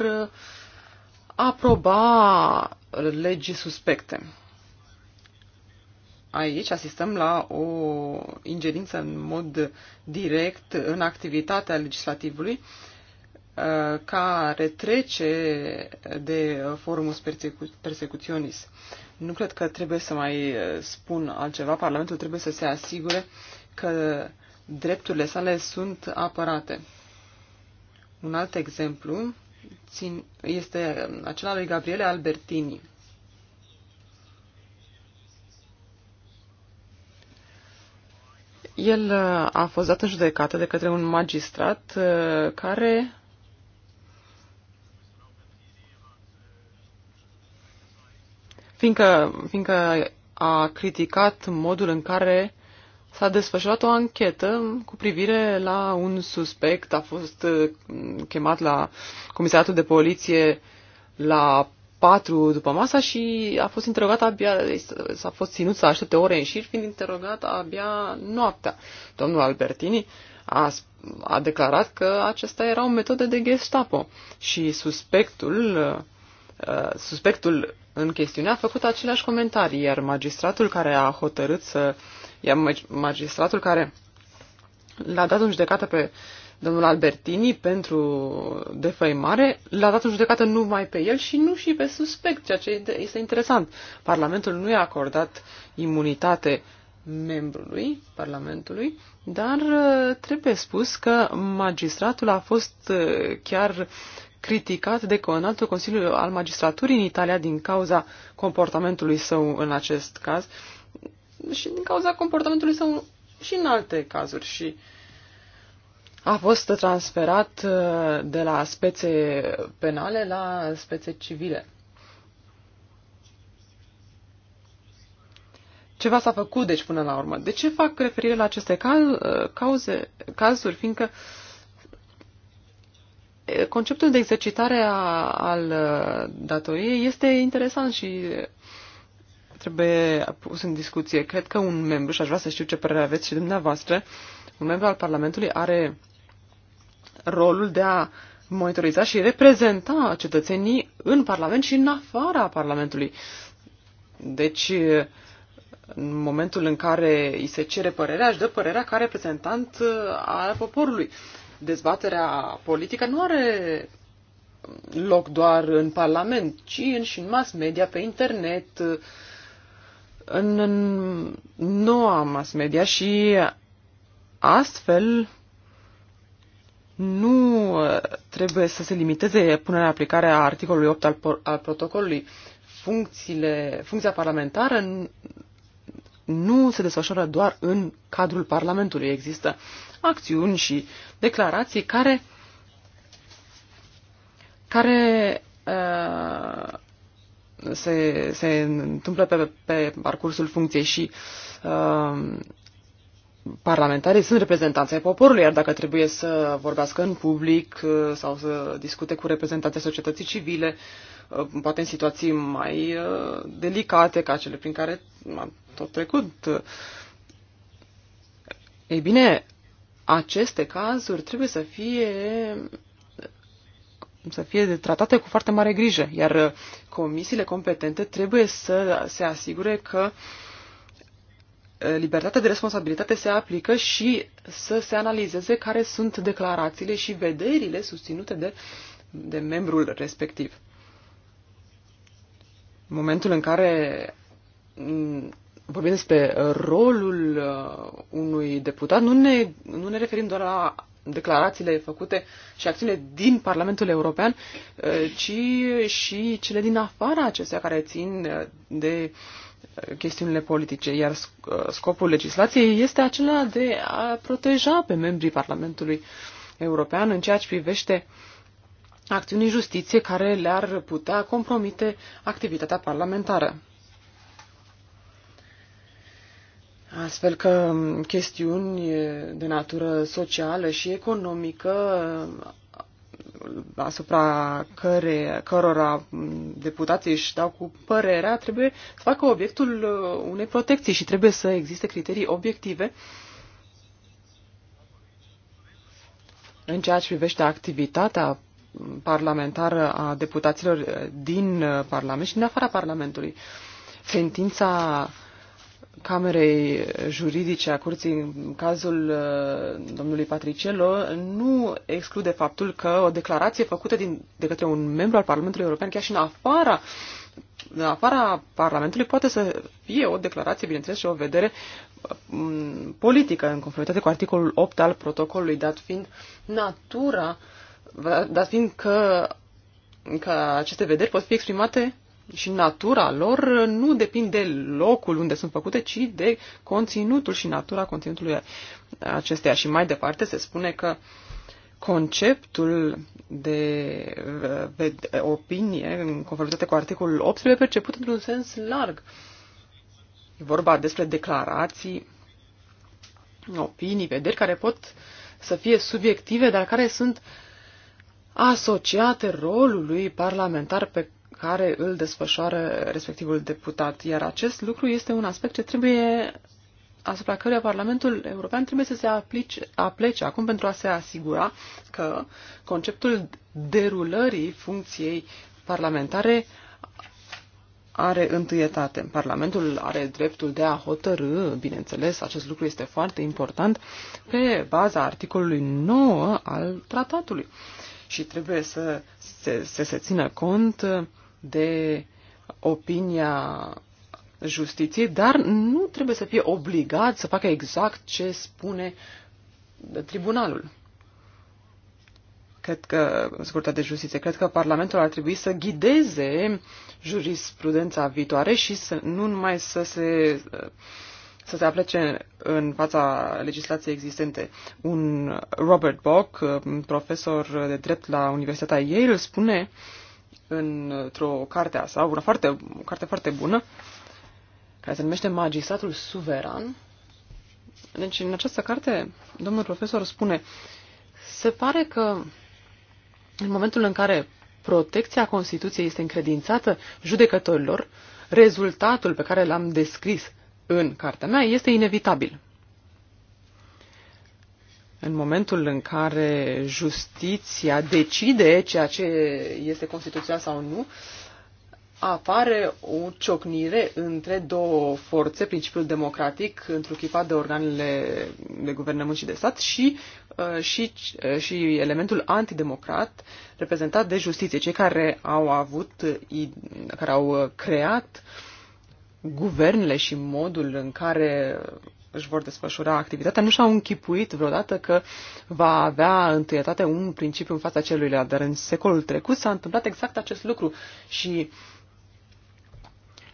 aproba legi suspecte. Aici asistăm la o ingerință în mod direct în activitatea legislativului uh, care trece de forumul persecuționis. Nu cred că trebuie să mai uh, spun altceva. Parlamentul trebuie să se asigure că drepturile sale sunt apărate. Un alt exemplu țin, este acela lui Gabriele Albertini. El uh, a fost dat în judecată de către un magistrat uh, care fiindcă, fiindcă a criticat modul în care s-a desfășurat o anchetă cu privire la un suspect, a fost uh, chemat la comisariatul de poliție la 4 după masa și a fost interogat abia, s-a fost ținut să aștepte ore în șir, fiind interogat abia noaptea. Domnul Albertini a, a declarat că acesta era o metodă de gestapo și suspectul, uh, uh, suspectul în chestiune a făcut aceleași comentarii, iar magistratul care a hotărât să uh, iar magistratul care l-a dat în judecată pe domnul Albertini pentru defăimare, l-a dat în judecată numai pe el și nu și pe suspect, ceea ce este interesant. Parlamentul nu i-a acordat imunitate membrului Parlamentului, dar uh, trebuie spus că magistratul a fost uh, chiar criticat de altul Consiliu al Magistraturii în Italia din cauza comportamentului său în acest caz și din cauza comportamentului său și în alte cazuri. Și a fost transferat uh, de la spețe penale la spețe civile. Ceva s-a făcut, deci, până la urmă. De ce fac referire la aceste caz, uh, cauze, cazuri? Fiindcă uh, conceptul de exercitare a, al datoriei este interesant și trebuie pus în discuție. Cred că un membru, și aș vrea să știu ce părere aveți și dumneavoastră, un membru al Parlamentului are rolul de a monitoriza și reprezenta cetățenii în Parlament și în afara Parlamentului. Deci, în momentul în care îi se cere părerea, își dă părerea ca reprezentant uh, al poporului. Dezbaterea politică nu are loc doar în Parlament, ci în, și în mass media, pe internet, uh, în, noua mass media și astfel nu uh, trebuie să se limiteze punerea în aplicare a articolului 8 al, al protocolului. Funcțiile, funcția parlamentară nu se desfășoară doar în cadrul Parlamentului. Există acțiuni și declarații care, care uh, se, se întâmplă pe, pe parcursul funcției și uh, parlamentarii sunt reprezentanți ai poporului, iar dacă trebuie să vorbească în public uh, sau să discute cu reprezentanții societății civile, uh, poate în situații mai uh, delicate ca cele prin care am tot trecut. Uh. Ei bine, aceste cazuri trebuie să fie să fie tratate cu foarte mare grijă, iar uh, comisiile competente trebuie să se asigure că uh, libertatea de responsabilitate se aplică și să se analizeze care sunt declarațiile și vederile susținute de, de membrul respectiv. Momentul în care mm, vorbim despre rolul uh, unui deputat, nu ne, nu ne referim doar la declarațiile făcute și acțiunile din Parlamentul European, eh, ci și cele din afara acestea care țin eh, de eh, chestiunile politice, iar scopul legislației este acela de a proteja pe membrii Parlamentului European în ceea ce privește acțiuni justiție care le-ar putea compromite activitatea parlamentară. Astfel că um, chestiuni de natură socială și economică um, asupra care, cărora um, deputații își dau cu părerea, trebuie să facă obiectul uh, unei protecții și trebuie să existe criterii obiective în ceea ce privește activitatea parlamentară a deputaților uh, din uh, Parlament și din afara Parlamentului. Sentința Camerei Juridice a Curții în cazul uh, domnului Patricello nu exclude faptul că o declarație făcută din, de către un membru al Parlamentului European, chiar și în afara în afara Parlamentului poate să fie o declarație, bineînțeles, și o vedere um, politică în conformitate cu articolul 8 al protocolului, dat fiind natura, dat fiind că, că aceste vederi pot fi exprimate și natura lor nu depind de locul unde sunt făcute, ci de conținutul și natura conținutului acesteia. Și mai departe se spune că conceptul de, de opinie, în conformitate cu articolul 8 trebuie perceput într-un sens larg. E vorba despre declarații, opinii, vederi care pot să fie subiective, dar care sunt asociate rolului parlamentar pe care îl desfășoară respectivul deputat. Iar acest lucru este un aspect ce trebuie asupra căruia Parlamentul European trebuie să se aplice, aplece acum pentru a se asigura că conceptul derulării funcției parlamentare are întâietate. Parlamentul are dreptul de a hotărâ, bineînțeles, acest lucru este foarte important, pe baza articolului 9 al tratatului. Și trebuie să se, se, se țină cont de opinia justiției, dar nu trebuie să fie obligat să facă exact ce spune tribunalul. Cred că, scurtă de Justiție, cred că Parlamentul ar trebui să ghideze jurisprudența viitoare și să, nu numai să se, să se aplece în fața legislației existente. Un Robert Bock, profesor de drept la Universitatea Yale, spune uh, într-o carte a sa, una foarte, o carte foarte bună, care se numește Magistratul Suveran. Deci, în această carte, domnul profesor spune, se pare că în momentul în care protecția Constituției este încredințată judecătorilor, rezultatul pe care l-am descris în cartea mea este inevitabil în momentul în care justiția decide ceea ce este Constituția sau nu, apare o ciocnire între două forțe, principiul democratic întruchipat de organele de guvernământ și de stat și, uh, și, uh, și elementul antidemocrat reprezentat de justiție, cei care au avut, care au creat guvernele și modul în care își vor desfășura activitatea, nu și-au închipuit vreodată că va avea întâietate un principiu în fața celuilalt. Dar în secolul trecut s-a întâmplat exact acest lucru și,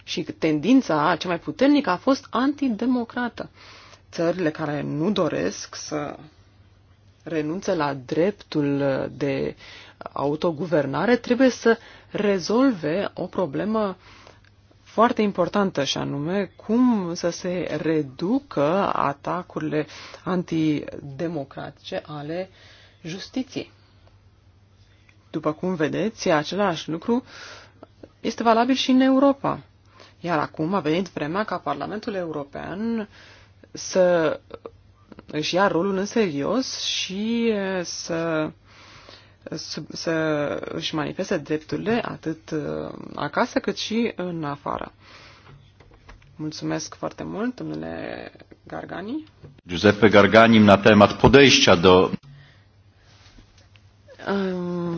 și tendința cea mai puternică a fost antidemocrată. Țările care nu doresc să renunțe la dreptul de autoguvernare trebuie să rezolve o problemă uh, foarte importantă și anume cum să se reducă atacurile antidemocratice ale justiției. După cum vedeți, același lucru este valabil și în Europa. Iar acum a venit vremea ca Parlamentul European să își ia rolul în serios și să să își manifeste drepturile atât uh, acasă cât și în afară. Mulțumesc foarte mult, domnule Gargani. Giuseppe Gargani na temat podejścia do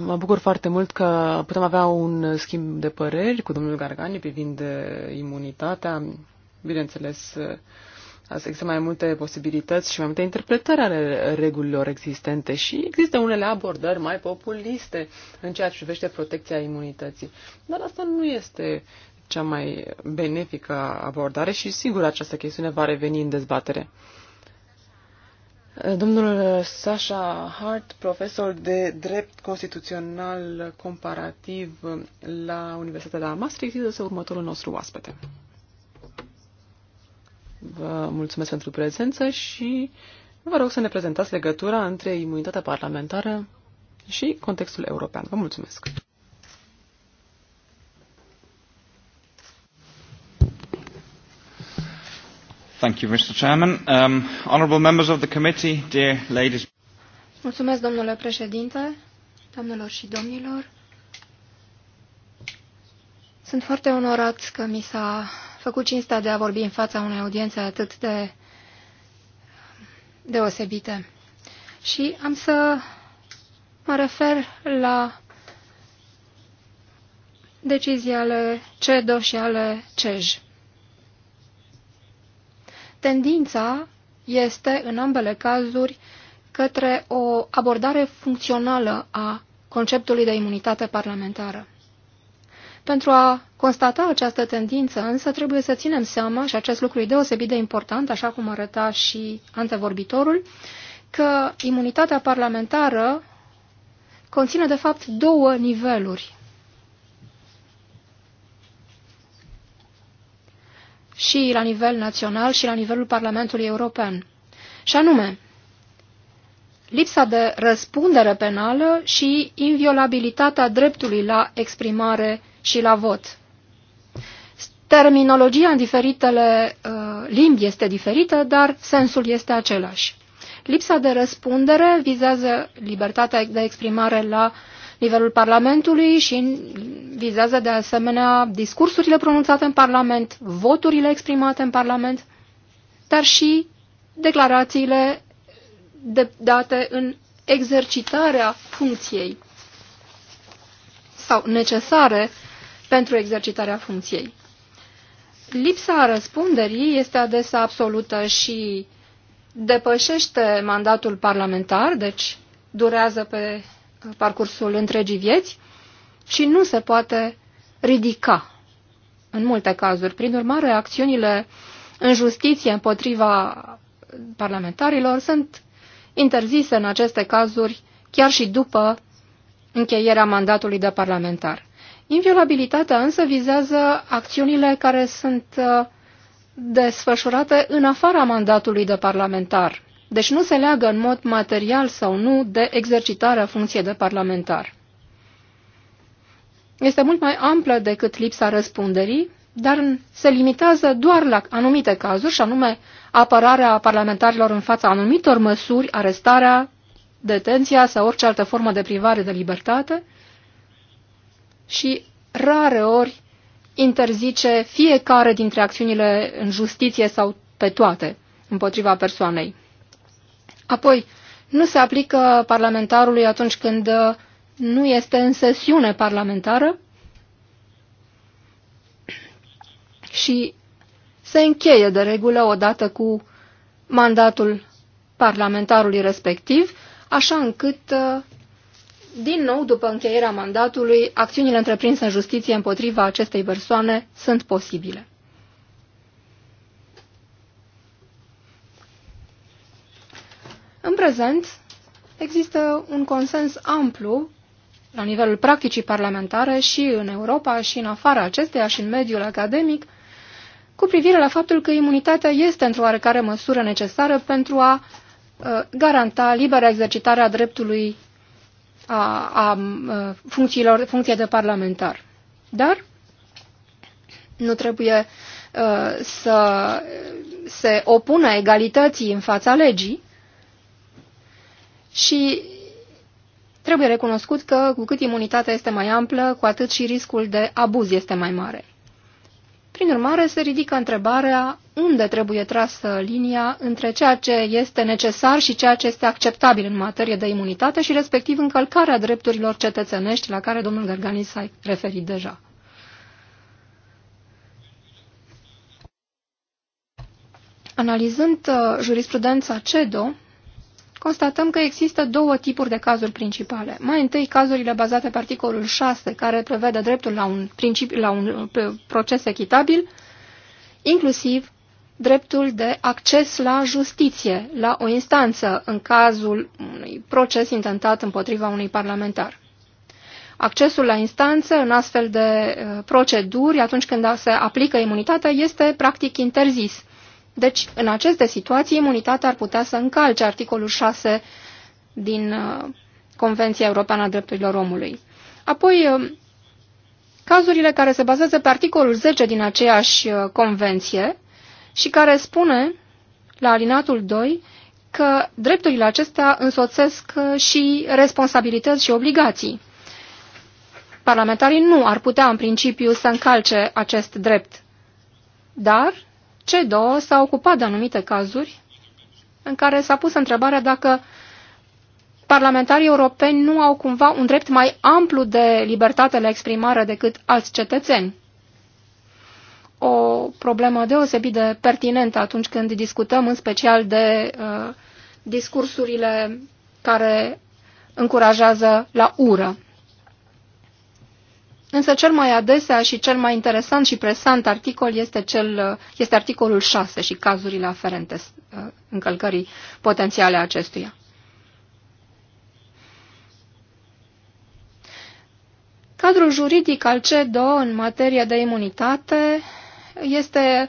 Mă bucur foarte mult că putem avea un schimb de păreri cu domnul Gargani privind uh, imunitatea. Bineînțeles, uh, există mai multe posibilități și mai multe interpretări ale regulilor existente și există unele abordări mai populiste în ceea ce privește protecția imunității. Dar asta nu este cea mai benefică abordare și sigur această chestiune va reveni în dezbatere. Domnul Sasha Hart, profesor de drept constituțional comparativ la Universitatea de la Maastricht, este următorul nostru oaspete. Vă mulțumesc pentru prezență și vă rog să ne prezentați legătura între imunitatea parlamentară și contextul european. Vă mulțumesc! Thank you, Mr. Chairman. Um, honorable members of the committee, dear ladies. Mulțumesc, domnule președinte, doamnelor și domnilor. Sunt foarte onorat că mi s-a făcut cinsta de a vorbi în fața unei audiențe atât de deosebite. Și am să mă refer la decizii ale CEDO și ale CEJ. Tendința este, în ambele cazuri, către o abordare funcțională a conceptului de imunitate parlamentară. Pentru a constata această tendință, însă, trebuie să ținem seama, și acest lucru e deosebit de important, așa cum arăta și antevorbitorul, că imunitatea parlamentară conține, de fapt, două niveluri. Și la nivel național și la nivelul Parlamentului European. Și anume, lipsa de răspundere penală și inviolabilitatea dreptului la exprimare și la vot. Terminologia în diferitele uh, limbi este diferită, dar sensul este același. Lipsa de răspundere vizează libertatea de exprimare la nivelul Parlamentului și vizează de asemenea discursurile pronunțate în Parlament, voturile exprimate în Parlament, dar și declarațiile date în exercitarea funcției sau necesare pentru exercitarea funcției. Lipsa răspunderii este adesea absolută și depășește mandatul parlamentar, deci durează pe parcursul întregii vieți și nu se poate ridica în multe cazuri. Prin urmare, acțiunile în justiție împotriva parlamentarilor sunt interzise în aceste cazuri chiar și după încheierea mandatului de parlamentar. Inviolabilitatea însă vizează acțiunile care sunt uh, desfășurate în afara mandatului de parlamentar, deci nu se leagă în mod material sau nu de exercitarea funcției de parlamentar. Este mult mai amplă decât lipsa răspunderii, dar se limitează doar la anumite cazuri, și anume apărarea parlamentarilor în fața anumitor măsuri, arestarea, detenția sau orice altă formă de privare de libertate și rare ori interzice fiecare dintre acțiunile în justiție sau pe toate împotriva persoanei. Apoi, nu se aplică parlamentarului atunci când uh, nu este în sesiune parlamentară și se încheie de regulă odată cu mandatul parlamentarului respectiv, așa încât, uh, din nou, după încheierea mandatului, acțiunile întreprinse în justiție împotriva acestei persoane sunt posibile. În prezent, există un consens amplu la nivelul practicii parlamentare și în Europa și în afara acesteia și în mediul academic cu privire la faptul că imunitatea este într-o oarecare măsură necesară pentru a uh, garanta libera exercitare a dreptului a, a uh, funcțiilor, funcție de parlamentar. Dar nu trebuie uh, să se opună egalității în fața legii și trebuie recunoscut că cu cât imunitatea este mai amplă, cu atât și riscul de abuz este mai mare. Prin urmare, se ridică întrebarea unde trebuie trasă linia între ceea ce este necesar și ceea ce este acceptabil în materie de imunitate și respectiv încălcarea drepturilor cetățenești la care domnul Gargani s-a referit deja. Analizând uh, jurisprudența CEDO, constatăm că există două tipuri de cazuri principale. Mai întâi, cazurile bazate pe articolul 6, care prevede dreptul la un, principi, la un proces echitabil, inclusiv dreptul de acces la justiție, la o instanță, în cazul unui proces intentat împotriva unui parlamentar. Accesul la instanță în astfel de uh, proceduri, atunci când se aplică imunitatea, este practic interzis. Deci, în aceste situații, imunitatea ar putea să încalce articolul 6 din uh, Convenția Europeană a Drepturilor Omului. Apoi, uh, cazurile care se bazează pe articolul 10 din aceeași uh, convenție și care spune, la alinatul 2, că drepturile acestea însoțesc și responsabilități și obligații. Parlamentarii nu ar putea, în principiu, să încalce acest drept, dar CEDO s-a ocupat de anumite cazuri în care s-a pus întrebarea dacă parlamentarii europeni nu au cumva un drept mai amplu de libertate la exprimare decât alți cetățeni. O problemă deosebit de pertinentă atunci când discutăm în special de uh, discursurile care încurajează la ură. Însă cel mai adesea și cel mai interesant și presant articol este, cel, este articolul 6 și cazurile aferente uh, încălcării potențiale acestuia. Cadrul juridic al CEDO în materie de imunitate este,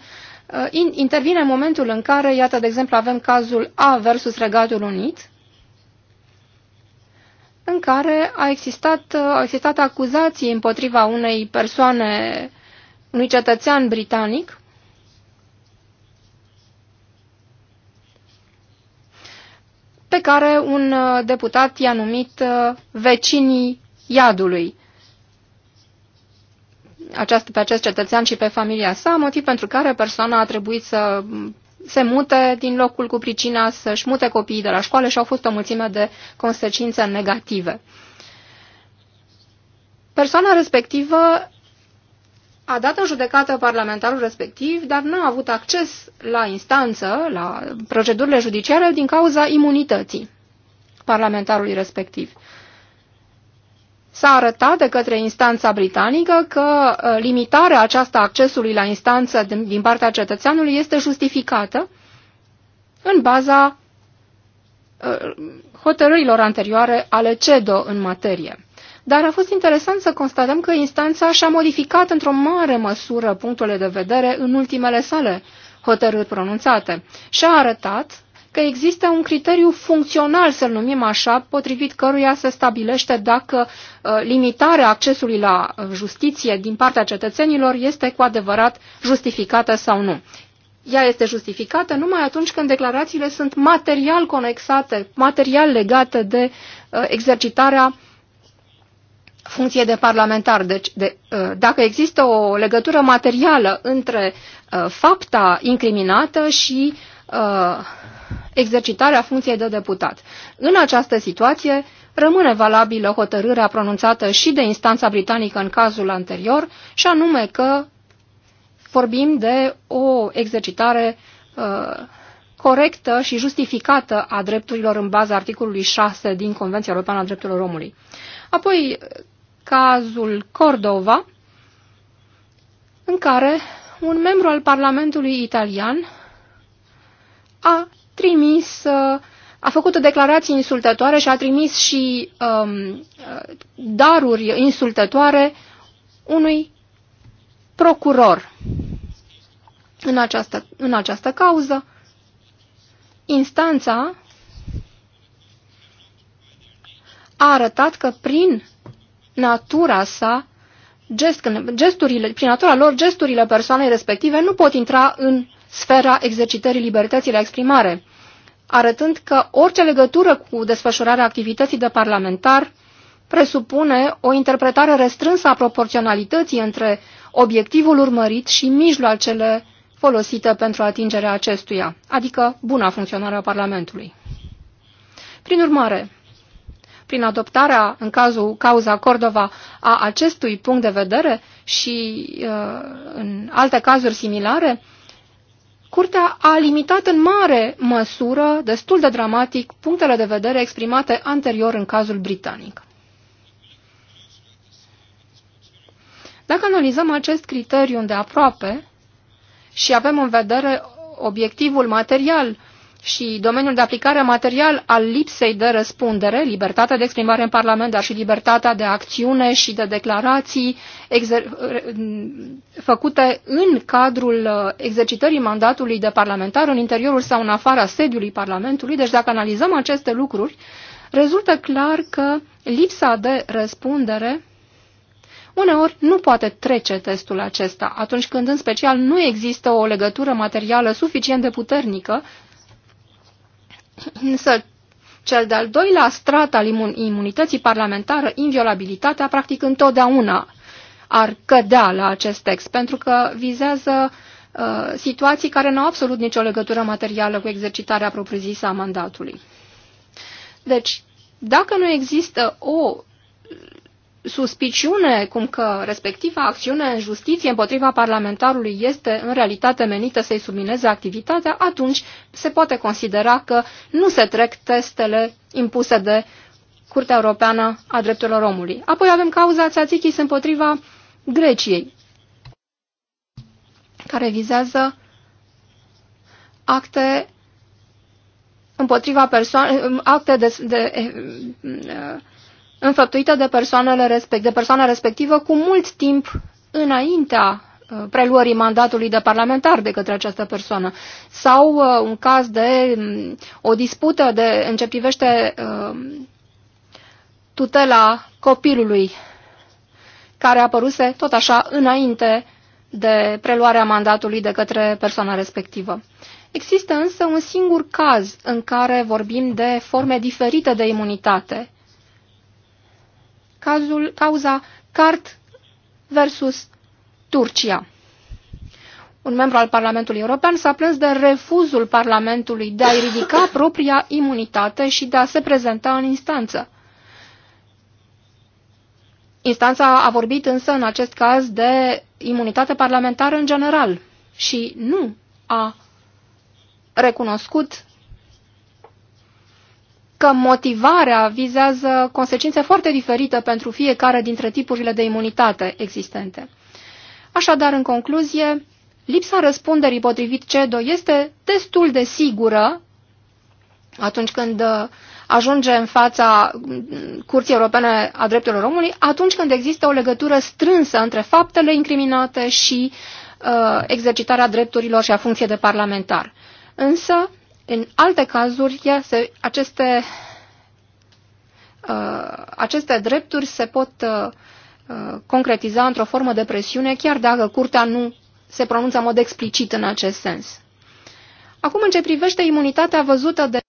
uh, intervine în momentul în care, iată, de exemplu, avem cazul A versus Regatul Unit, în care a existat, au existat acuzații împotriva unei persoane, unui cetățean britanic, pe care un uh, deputat i-a numit uh, vecinii iadului. Această, pe acest cetățean și pe familia sa, motiv pentru care persoana a trebuit să se mute din locul cu pricina să-și mute copiii de la școală și au fost o mulțime de consecințe negative. Persoana respectivă a dat în judecată parlamentarul respectiv, dar nu a avut acces la instanță, la procedurile judiciare, din cauza imunității parlamentarului respectiv. S-a arătat de către instanța britanică că uh, limitarea aceasta accesului la instanță din partea cetățeanului este justificată în baza uh, hotărârilor anterioare ale CEDO în materie. Dar a fost interesant să constatăm că instanța și-a modificat într-o mare măsură punctele de vedere în ultimele sale hotărâri pronunțate și a arătat că există un criteriu funcțional, să-l numim așa, potrivit căruia se stabilește dacă uh, limitarea accesului la uh, justiție din partea cetățenilor este cu adevărat justificată sau nu. Ea este justificată numai atunci când declarațiile sunt material conexate, material legate de uh, exercitarea funcție de parlamentar. Deci, de, dacă există o legătură materială între fapta incriminată și exercitarea funcției de deputat. În această situație, rămâne valabilă hotărârea pronunțată și de instanța britanică în cazul anterior, și anume că vorbim de o exercitare uh, corectă și justificată a drepturilor în baza articolului 6 din Convenția Europeană a Drepturilor Omului. Apoi, cazul Cordova, în care un membru al Parlamentului italian a trimis, uh, a făcut o declarație insultătoare și a trimis și um, daruri insultătoare unui procuror în această, în această cauză. Instanța a arătat că prin natura sa, gest, gesturile, prin natura lor, gesturile persoanei respective nu pot intra în sfera exercitării libertății de exprimare arătând că orice legătură cu desfășurarea activității de parlamentar presupune o interpretare restrânsă a proporționalității între obiectivul urmărit și mijloacele folosite pentru atingerea acestuia, adică buna funcționare a Parlamentului. Prin urmare, prin adoptarea, în cazul cauza Cordova, a acestui punct de vedere și uh, în alte cazuri similare, Curtea a limitat în mare măsură, destul de dramatic, punctele de vedere exprimate anterior în cazul britanic. Dacă analizăm acest criteriu de aproape și avem în vedere obiectivul material și domeniul de aplicare material al lipsei de răspundere, libertatea de exprimare în Parlament, dar și libertatea de acțiune și de declarații făcute în cadrul uh, exercitării mandatului de parlamentar în interiorul sau în afara sediului Parlamentului. Deci dacă analizăm aceste lucruri, rezultă clar că lipsa de răspundere uneori nu poate trece testul acesta, atunci când în special nu există o legătură materială suficient de puternică Însă, cel de-al doilea strat al imun imunității parlamentară, inviolabilitatea, practic întotdeauna ar cădea la acest text, pentru că vizează uh, situații care nu au absolut nicio legătură materială cu exercitarea propriu-zisă a mandatului. Deci, dacă nu există o suspiciune cum că respectiva acțiune în justiție împotriva parlamentarului este în realitate menită să-i submineze activitatea, atunci se poate considera că nu se trec testele impuse de Curtea Europeană a Drepturilor Omului. Apoi avem cauza Tsatsichis împotriva Greciei, care vizează acte împotriva persoane, acte de, de, de înfăptuită de, persoanele respect, de persoana respectivă cu mult timp înaintea uh, preluării mandatului de parlamentar de către această persoană sau uh, un caz de um, o dispută de, în ce privește uh, tutela copilului care apăruse tot așa înainte de preluarea mandatului de către persoana respectivă. Există însă un singur caz în care vorbim de forme diferite de imunitate cazul, cauza CART versus Turcia. Un membru al Parlamentului European s-a plâns de refuzul Parlamentului de a-i ridica propria imunitate și de a se prezenta în instanță. Instanța a vorbit însă în acest caz de imunitate parlamentară în general și nu a recunoscut că motivarea vizează consecințe foarte diferite pentru fiecare dintre tipurile de imunitate existente. Așadar, în concluzie, lipsa răspunderii potrivit CEDO este destul de sigură atunci când uh, ajunge în fața mm, Curții Europene a Drepturilor Omului, atunci când există o legătură strânsă între faptele incriminate și uh, exercitarea drepturilor și a funcției de parlamentar. Însă, în alte cazuri, ea se, aceste, uh, aceste drepturi se pot uh, uh, concretiza într-o formă de presiune, chiar dacă curtea nu se pronunță în mod explicit în acest sens. Acum, în ce privește imunitatea văzută de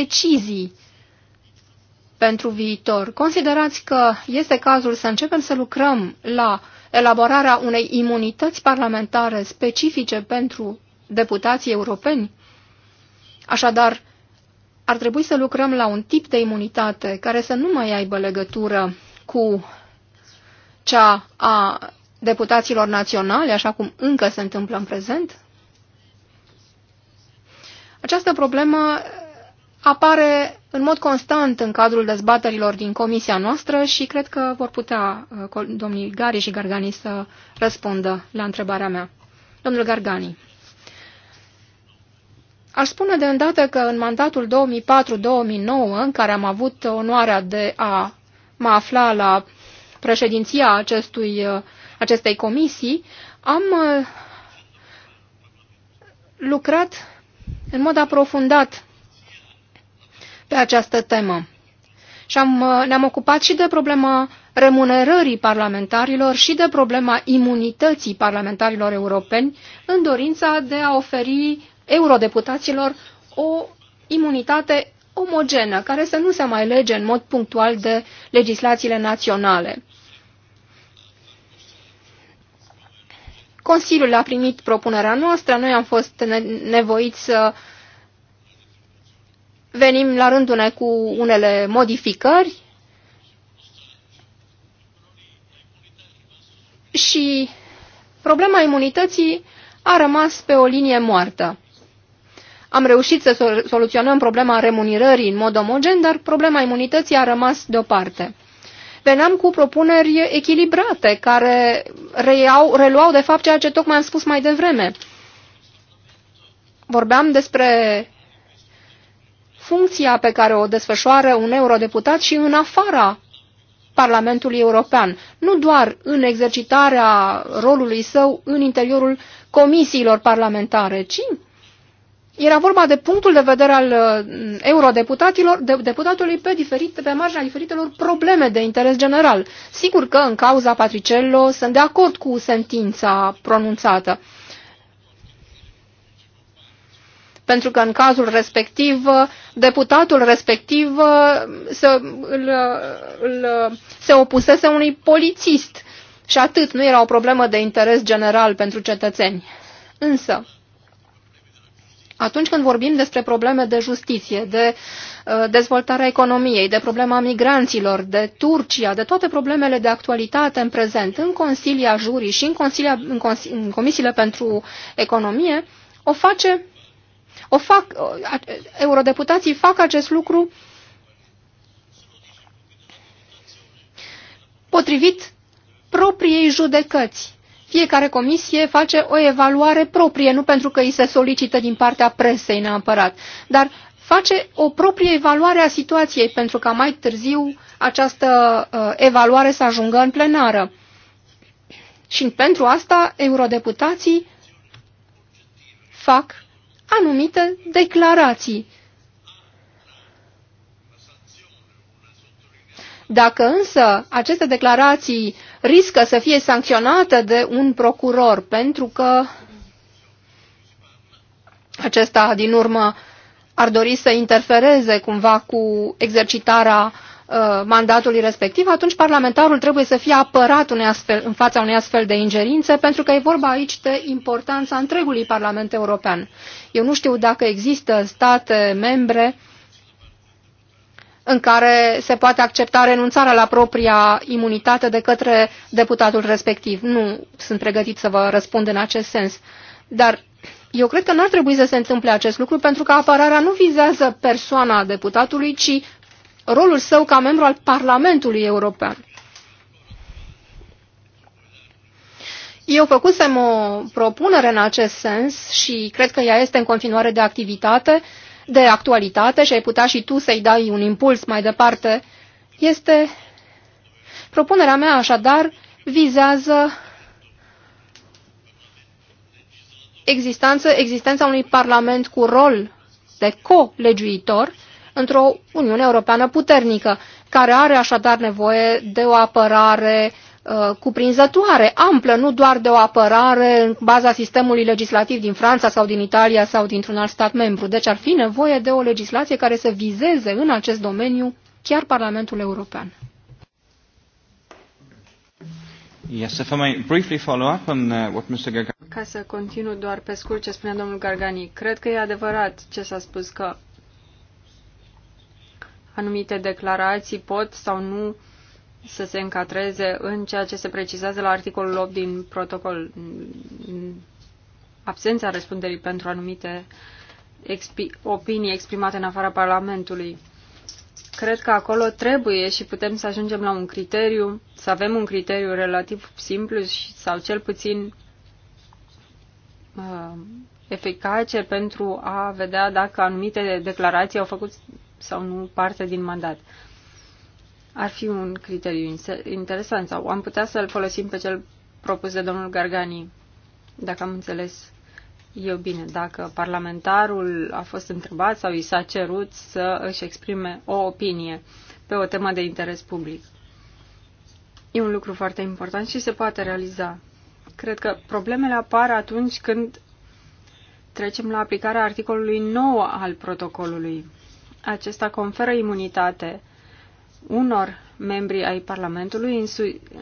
decizii pentru viitor. Considerați că este cazul să începem să lucrăm la elaborarea unei imunități parlamentare specifice pentru deputații europeni? Așadar, ar trebui să lucrăm la un tip de imunitate care să nu mai aibă legătură cu cea a deputaților naționale, așa cum încă se întâmplă în prezent? Această problemă apare în mod constant în cadrul dezbaterilor din comisia noastră și cred că vor putea uh, domnii Gari și Gargani să răspundă la întrebarea mea. Domnul Gargani. Aș spune de îndată că în mandatul 2004-2009, în care am avut onoarea de a mă afla la președinția acestui, uh, acestei comisii, am uh, lucrat în mod aprofundat pe această temă. Și am, uh, ne-am ocupat și de problema remunerării parlamentarilor și de problema imunității parlamentarilor europeni în dorința de a oferi eurodeputaților o imunitate omogenă, care să nu se mai lege în mod punctual de legislațiile naționale. Consiliul a primit propunerea noastră, noi am fost nevoiți să uh, venim la rândul ne cu unele modificări și problema imunității a rămas pe o linie moartă. Am reușit să soluționăm problema remunerării în mod omogen, dar problema imunității a rămas deoparte. Veneam cu propuneri echilibrate, care reiau, reluau de fapt ceea ce tocmai am spus mai devreme. Vorbeam despre funcția pe care o desfășoară un eurodeputat și în afara Parlamentului European, nu doar în exercitarea rolului său în interiorul comisiilor parlamentare, ci era vorba de punctul de vedere al mm, eurodeputatilor, de, deputatului pe, diferite, pe marginea diferitelor probleme de interes general. Sigur că în cauza Patricello sunt de acord cu sentința pronunțată. pentru că în cazul respectiv, deputatul respectiv se, îl, îl, se opusese unui polițist. Și atât, nu era o problemă de interes general pentru cetățeni. Însă, atunci când vorbim despre probleme de justiție, de uh, dezvoltarea economiei, de problema migranților, de Turcia, de toate problemele de actualitate în prezent, în Consilia Jurii și în, consilia, în, cons în Comisiile pentru Economie, o face o fac, eurodeputații fac acest lucru potrivit propriei judecăți. Fiecare comisie face o evaluare proprie, nu pentru că îi se solicită din partea presei neapărat, dar face o proprie evaluare a situației, pentru ca mai târziu această uh, evaluare să ajungă în plenară. Și pentru asta eurodeputații fac anumite declarații. Dacă însă aceste declarații riscă să fie sancționate de un procuror pentru că acesta din urmă ar dori să interfereze cumva cu exercitarea Uh, mandatului respectiv, atunci parlamentarul trebuie să fie apărat unei astfel, în fața unei astfel de ingerințe, pentru că e vorba aici de importanța întregului Parlament European. Eu nu știu dacă există state membre în care se poate accepta renunțarea la propria imunitate de către deputatul respectiv. Nu sunt pregătit să vă răspund în acest sens. Dar eu cred că n-ar trebui să se întâmple acest lucru pentru că apărarea nu vizează persoana deputatului, ci rolul său ca membru al Parlamentului European. Eu făcusem o propunere în acest sens și cred că ea este în continuare de activitate, de actualitate și ai putea și tu să-i dai un impuls mai departe. Este propunerea mea așadar vizează existența unui parlament cu rol de co-legiuitor într-o Uniune Europeană puternică, care are așadar nevoie de o apărare uh, cuprinzătoare, amplă, nu doar de o apărare în baza sistemului legislativ din Franța sau din Italia sau dintr-un alt stat membru. Deci ar fi nevoie de o legislație care să vizeze în acest domeniu chiar Parlamentul European. Yes, if I may briefly follow up on uh, what Mr. Gargani... Ca să continu doar pe scurt ce spunea domnul Gargani, cred că e adevărat ce s-a spus că anumite declarații pot sau nu să se încadreze în ceea ce se precizează la articolul 8 din protocol. Absența răspunderii pentru anumite expi opinii exprimate în afara Parlamentului. Cred că acolo trebuie și putem să ajungem la un criteriu, să avem un criteriu relativ simplu și, sau cel puțin uh, eficace pentru a vedea dacă anumite declarații au făcut sau nu parte din mandat. Ar fi un criteriu interesant sau am putea să-l folosim pe cel propus de domnul Gargani, dacă am înțeles eu bine, dacă parlamentarul a fost întrebat sau i s-a cerut să își exprime o opinie pe o temă de interes public. E un lucru foarte important și se poate realiza. Cred că problemele apar atunci când trecem la aplicarea articolului 9 al protocolului. Acesta conferă imunitate unor membri ai Parlamentului în,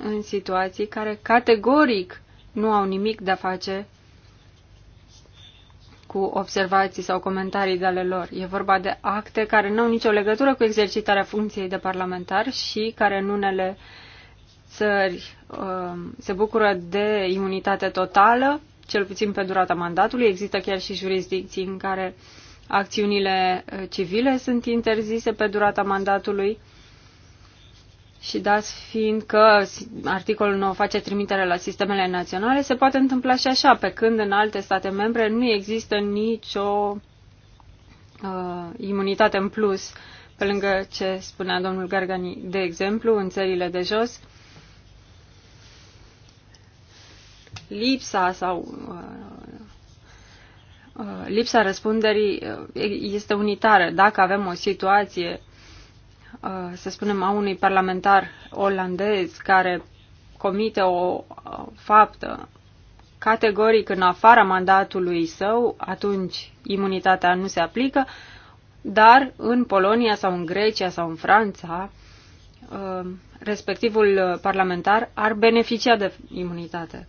în situații care categoric nu au nimic de a face cu observații sau comentarii de ale lor. E vorba de acte care nu au nicio legătură cu exercitarea funcției de parlamentar și care în unele țări um, se bucură de imunitate totală, cel puțin pe durata mandatului. Există chiar și jurisdicții în care uh, Acțiunile uh, civile sunt interzise pe durata mandatului și dați fiind că articolul nu face trimitere la sistemele naționale, se poate întâmpla și așa, pe când în alte state membre nu există nicio uh, imunitate în plus, pe lângă ce spunea domnul Gargani, de exemplu, în țările de jos, lipsa sau uh, Uh, lipsa răspunderii uh, este unitară. Dacă avem o situație, uh, să spunem, a unui parlamentar olandez care comite o faptă categoric în afara mandatului său, atunci imunitatea nu se aplică, dar în Polonia sau în Grecia sau în Franța, respectivul parlamentar ar beneficia de imunitate.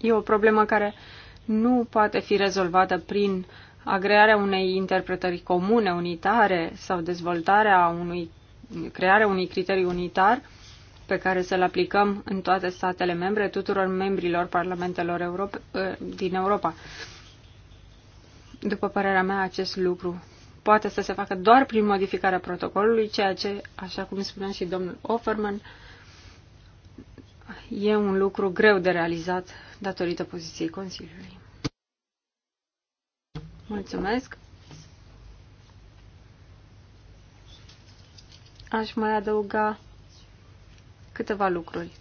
E o problemă care uh, nu poate fi rezolvată prin agrearea unei interpretări comune, unitare sau dezvoltarea unui, crearea unui criteriu unitar pe care să-l aplicăm în toate statele membre, tuturor membrilor parlamentelor Europe, ă, din Europa. După părerea mea, acest lucru poate să se facă doar prin modificarea protocolului, ceea ce, așa cum spunea și domnul Offerman, e un lucru greu de realizat datorită poziției Consiliului. Mulțumesc. Aș mai adăuga câteva lucruri.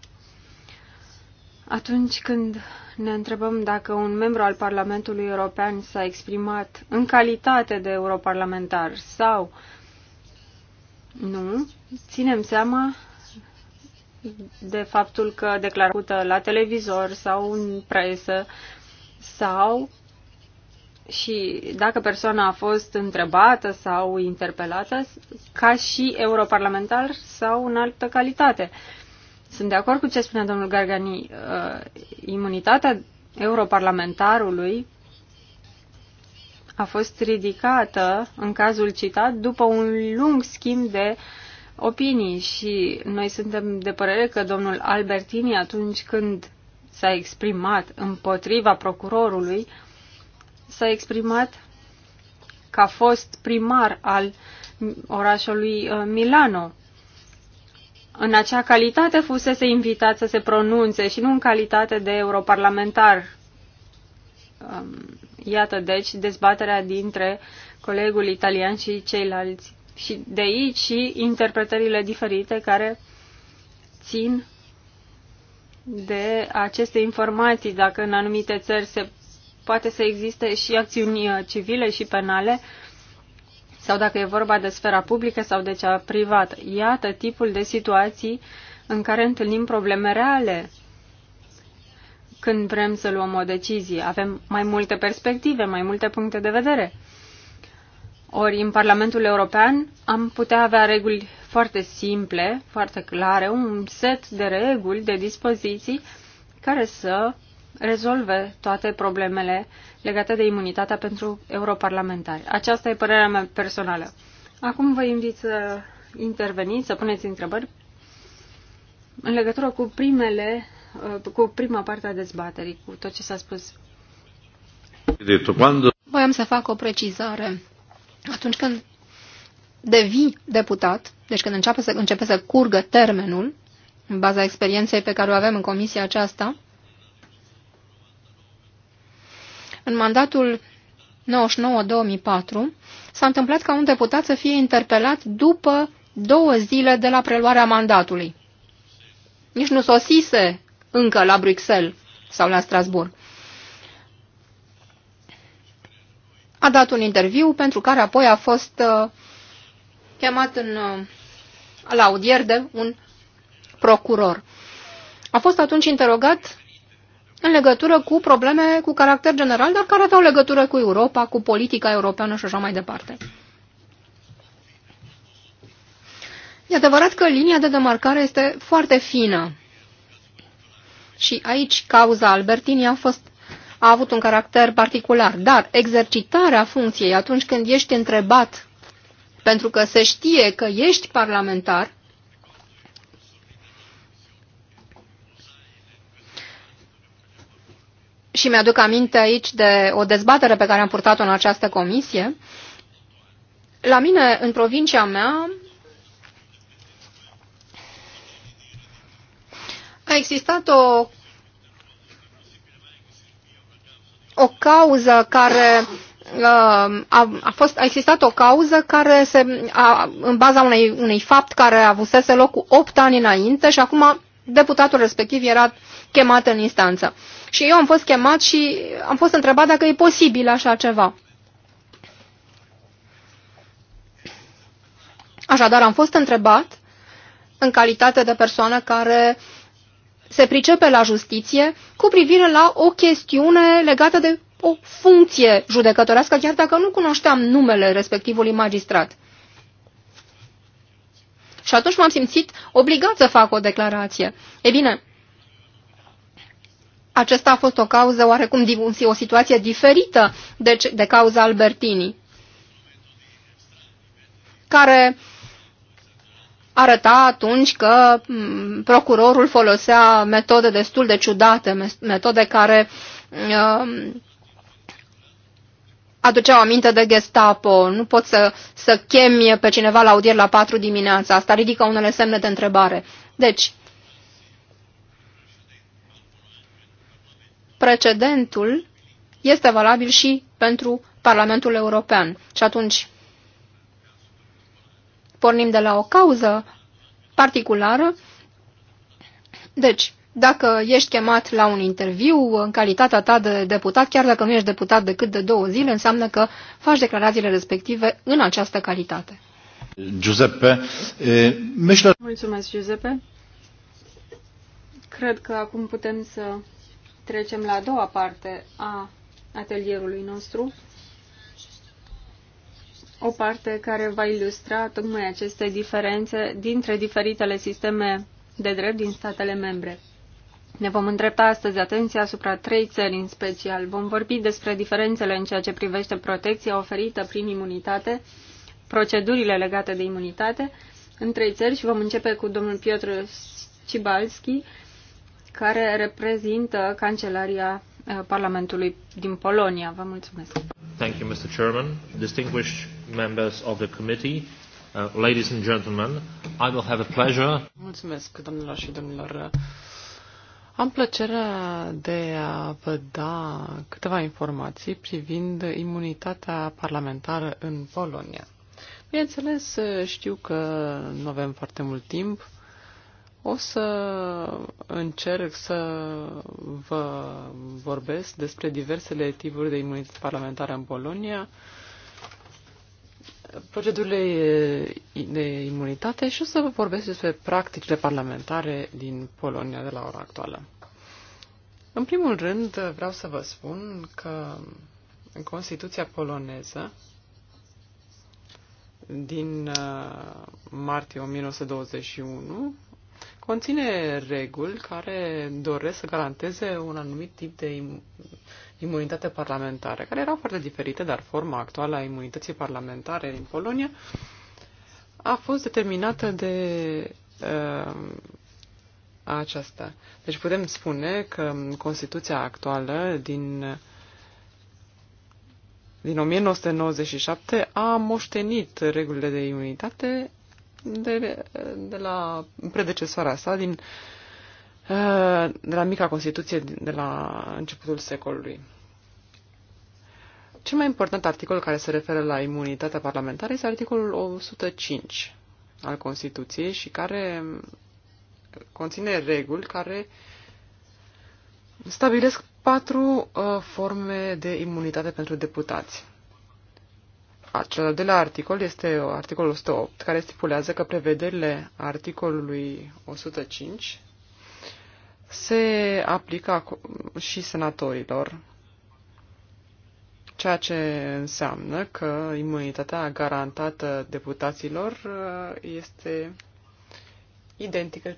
Atunci când ne întrebăm dacă un membru al Parlamentului European s-a exprimat în calitate de europarlamentar sau nu, ținem seama de faptul că declarată la televizor sau în presă sau și dacă persoana a fost întrebată sau interpelată ca și europarlamentar sau în altă calitate. Sunt de acord cu ce spunea domnul Gargani. Uh, imunitatea europarlamentarului a fost ridicată în cazul citat după un lung schimb de uh, opinii și noi suntem de părere că domnul Albertini, atunci când s-a exprimat împotriva procurorului, s-a exprimat ca fost primar al orașului uh, Milano. În acea calitate fusese invitat să se pronunțe și nu în calitate de europarlamentar. Um, iată, deci, dezbaterea dintre colegul italian și ceilalți și de aici și interpretările diferite care țin de aceste informații, dacă în anumite țări se poate să existe și acțiuni uh, civile și penale, sau dacă e vorba de sfera publică sau de cea privată. Iată tipul de situații în care întâlnim probleme reale când vrem să luăm o decizie. Avem mai multe perspective, mai multe puncte de vedere. Ori în Parlamentul European am putea avea reguli foarte simple, foarte clare, un set de reguli, de dispoziții care să rezolve toate problemele legate de imunitatea pentru europarlamentari. Aceasta e părerea mea personală. Acum vă invit să interveniți, să puneți întrebări în legătură cu primele, cu prima parte a dezbaterii, cu tot ce s-a spus. Voiam să fac o precizare atunci când devii deputat, deci când începe să, începe să curgă termenul, în baza experienței pe care o avem în comisia aceasta, în mandatul 99-2004, s-a întâmplat ca un deputat să fie interpelat după două zile de la preluarea mandatului. Nici nu sosise încă la Bruxelles sau la Strasburg. a dat un interviu pentru care apoi a fost uh, chemat în, uh, la audier de un procuror. A fost atunci interogat în legătură cu probleme cu caracter general, dar care aveau legătură cu Europa, cu politica europeană și așa mai departe. E adevărat că linia de demarcare este foarte fină. Și aici cauza Albertini a fost a avut un caracter particular, dar exercitarea funcției atunci când ești întrebat pentru că se știe că ești parlamentar, și mi-aduc aminte aici de o dezbatere pe care am purtat-o în această comisie, la mine, în provincia mea, a existat o o cauză care uh, a, a, fost, a existat o cauză care se, a, în baza unei, unei fapt care avusese loc cu 8 ani înainte și acum deputatul respectiv era chemat în instanță. Și eu am fost chemat și am fost întrebat dacă e posibil așa ceva. Așadar, am fost întrebat în calitate de persoană care uh, se pricepe la justiție cu privire la o chestiune legată de o funcție judecătorească, chiar dacă nu cunoșteam numele respectivului magistrat. Și atunci m-am simțit obligat să fac o declarație. E bine, acesta a fost o cauză oarecum, o situație diferită de, de cauza Albertini, care arăta atunci că mm, procurorul folosea metode destul de ciudate, metode care uh, aduceau aminte de Gestapo. Nu pot să, să chemi pe cineva la audier la 4 dimineața. Asta ridică unele semne de întrebare. Deci, precedentul este valabil și pentru Parlamentul European. Și atunci, pornim de la o cauză particulară. Deci, dacă ești chemat la un interviu în calitatea ta de deputat, chiar dacă nu ești deputat decât de două zile, înseamnă că faci declarațiile respective în această calitate. Giuseppe, e, Mulțumesc, Giuseppe. Cred că acum putem să trecem la a doua parte a atelierului nostru o parte care va ilustra tocmai aceste diferențe dintre diferitele sisteme de drept din statele membre. Ne vom îndrepta astăzi atenția asupra trei țări în special. Vom vorbi despre diferențele în ceea ce privește protecția oferită prin imunitate, procedurile legate de imunitate, în trei țări și vom începe cu domnul Piotr Cibalski, care reprezintă Cancelaria Uh, Parlamentului din Polonia. Vă mulțumesc. Thank you, Mr. Chairman. Distinguished members of the committee, uh, ladies and gentlemen, I will have a pleasure. Mulțumesc, domnilor și domnilor. Am plăcerea de a vă da câteva informații privind imunitatea parlamentară în Polonia. Bineînțeles, știu că nu avem foarte mult timp, o să încerc să vă vorbesc despre diversele tipuri de imunitate parlamentară în Polonia, procedurile de imunitate și o să vă vorbesc despre practicile parlamentare din Polonia de la ora actuală. În primul rând, vreau să vă spun că în Constituția poloneză din uh, martie 1921 conține reguli care doresc să garanteze un anumit tip de imunitate parlamentară, care erau foarte diferite, dar forma actuală a imunității parlamentare în Polonia a fost determinată de uh, aceasta. Deci putem spune că Constituția actuală din, din 1997 a moștenit regulile de imunitate de, de la predecesoarea sa, din, eh, de la mica Constituție de la începutul secolului. Cel mai important articol care se referă la imunitatea parlamentară este articolul 105 al Constituției și care conține reguli care stabilesc patru uh, forme de imunitate pentru deputați. Cel al doilea articol este articolul 108, care stipulează că prevederile articolului 105 se aplică și senatorilor, ceea ce înseamnă că imunitatea garantată deputaților uh, este identică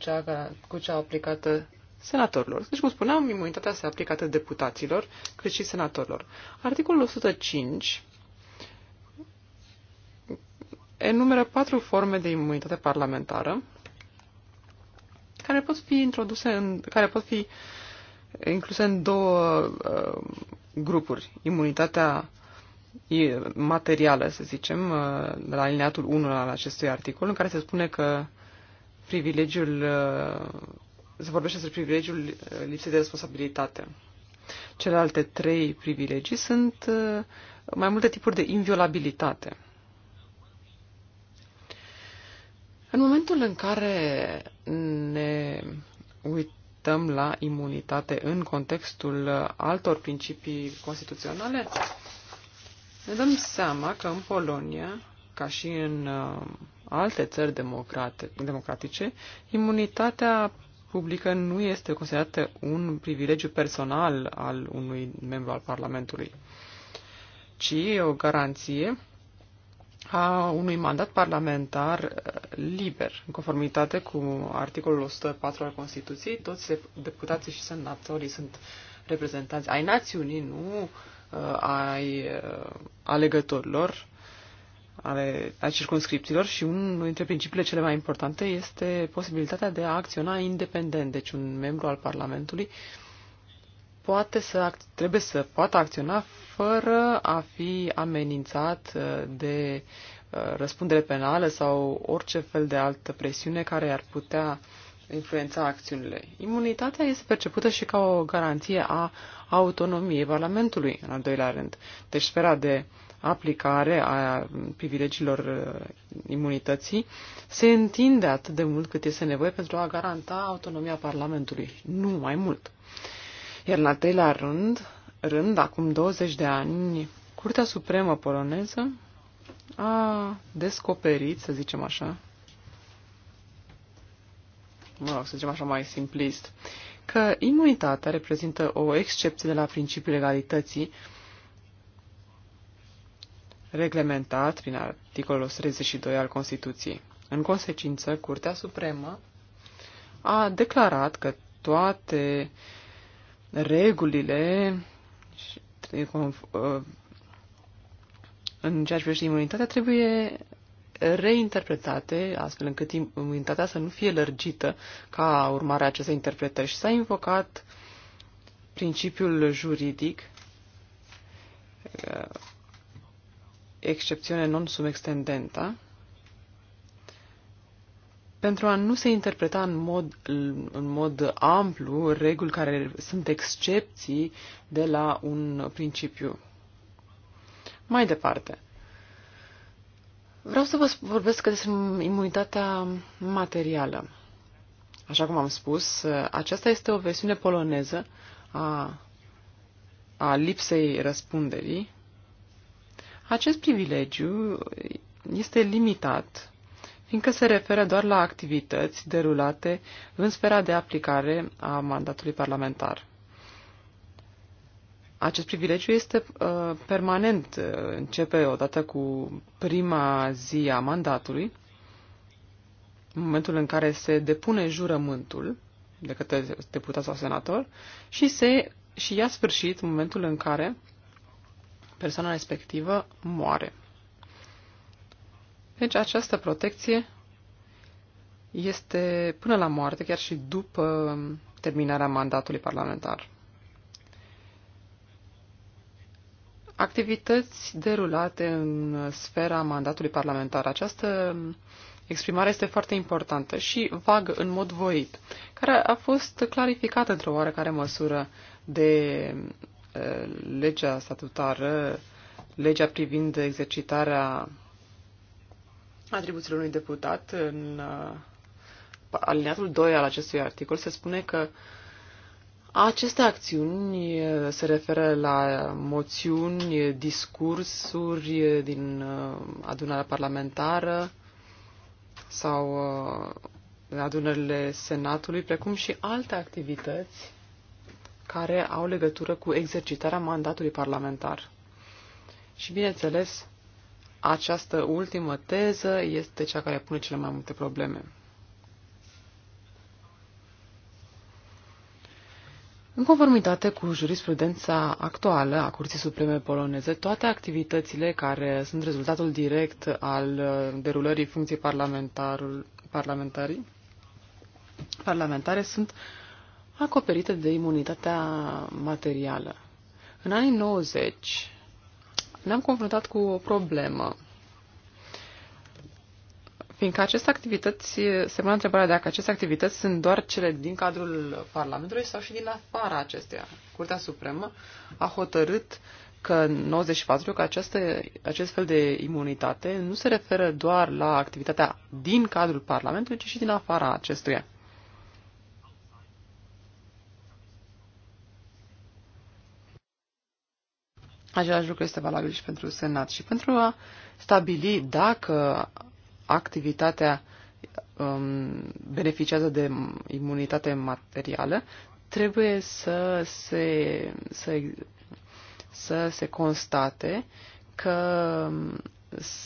cu cea aplicată senatorilor. Deci, cum spuneam, imunitatea se aplică atât deputaților cât și senatorilor. Articolul 105 enumeră patru forme de imunitate parlamentară care pot fi introduse în, care pot fi incluse în două uh, grupuri. Imunitatea materială, să zicem, uh, la alineatul 1 al acestui articol, în care se spune că privilegiul, uh, se vorbește despre privilegiul uh, lipsei de responsabilitate. Celelalte trei privilegii sunt uh, mai multe tipuri de inviolabilitate. În momentul în care ne uităm la imunitate în contextul altor principii constituționale, ne dăm seama că în Polonia, ca și în uh, alte țări democrate, democratice, imunitatea publică nu este considerată un privilegiu personal al unui membru al Parlamentului, ci o garanție a unui mandat parlamentar eh, liber, în conformitate cu articolul 104 al Constituției, toți deputații și senatorii sunt reprezentanți ai națiunii, nu eh, ai eh, alegătorilor, ale, a circunscripțiilor și unul dintre principiile cele mai importante este posibilitatea de a acționa independent. Deci un membru al Parlamentului poate să, trebuie să poată acționa fără a fi amenințat uh, de uh, răspundere penală sau orice fel de altă presiune care ar putea influența acțiunile. Imunitatea este percepută și ca o garanție a autonomiei Parlamentului, în al doilea rând. Deci sfera de aplicare a privilegiilor uh, imunității se întinde atât de mult cât este nevoie pentru a garanta autonomia Parlamentului, nu mai mult. Iar în al treilea rând, rând, acum 20 de ani, Curtea Supremă poloneză a descoperit, să zicem așa, mă rog, să zicem așa mai simplist, că imunitatea reprezintă o excepție de la principiul legalității reglementat prin articolul 32 al Constituției. În consecință, Curtea Supremă a declarat că toate regulile Uh, în ceea ce privește imunitatea trebuie reinterpretate, astfel încât imunitatea să nu fie lărgită ca urmare a acestei interpretări. Și s-a invocat principiul juridic uh, excepțiune non sum extendenta, pentru a nu se interpreta în mod, în mod amplu reguli care sunt excepții de la un principiu. Mai departe, vreau să vă vorbesc despre imunitatea materială. Așa cum am spus, aceasta este o versiune poloneză a, a lipsei răspunderii. Acest privilegiu este limitat fiindcă se referă doar la activități derulate în sfera de aplicare a mandatului parlamentar. Acest privilegiu este uh, permanent, uh, începe odată cu prima zi a mandatului, în momentul în care se depune jurământul de către deputat sau senator și, se, și ia sfârșit în momentul în care persoana respectivă moare. Deci această protecție este până la moarte, chiar și după terminarea mandatului parlamentar. Activități derulate în sfera mandatului parlamentar. Această exprimare este foarte importantă și vagă în mod voit, care a fost clarificată într-o oarecare măsură de eh, legea statutară, legea privind exercitarea atribuțiile unui deputat în uh, alineatul 2 al acestui articol se spune că aceste acțiuni uh, se referă la moțiuni, discursuri din uh, adunarea parlamentară sau adunările Senatului, precum și alte activități care au legătură cu exercitarea mandatului parlamentar. Și bineînțeles, această ultimă teză este cea care pune cele mai multe probleme. În conformitate cu jurisprudența actuală a Curții Supreme poloneze, toate activitățile care sunt rezultatul direct al derulării funcției parlamentarii, parlamentare sunt acoperite de imunitatea materială. În anii 90, ne-am confruntat cu o problemă. Fiindcă aceste activități, se pune întrebarea dacă aceste activități sunt doar cele din cadrul Parlamentului sau și din afara acesteia. Curtea Supremă a hotărât că în 94 că aceste, acest fel de imunitate nu se referă doar la activitatea din cadrul Parlamentului, ci și din afara acestuia. Același lucru este valabil și pentru Senat. Și pentru a stabili dacă activitatea um, beneficiază de imunitate materială, trebuie să se, să, să se constate că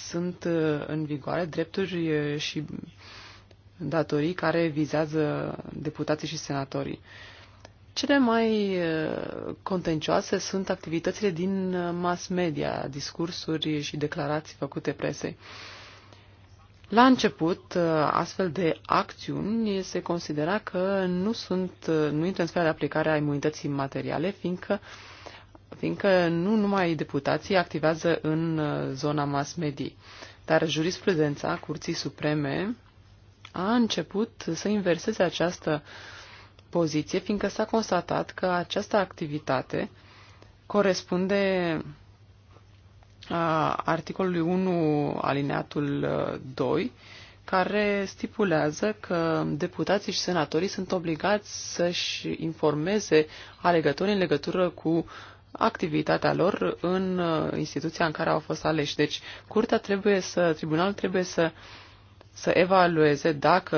sunt în vigoare drepturi și datorii care vizează deputații și senatorii. Cele mai uh, contencioase sunt activitățile din uh, mass media, discursuri și declarații făcute presei. La început, uh, astfel de acțiuni se considera că nu sunt, nu intră în sfera de aplicare a imunității materiale, fiindcă, fiindcă nu numai deputații activează în zona mass media Dar jurisprudența Curții Supreme a început să inverseze această uh, poziție, fiindcă s-a constatat că această activitate corespunde articolului 1 alineatul 2, care stipulează că deputații și senatorii sunt obligați să-și informeze alegătorii în legătură cu activitatea lor în instituția în care au fost aleși. Deci, curtea trebuie să, tribunalul trebuie să uh, să evalueze dacă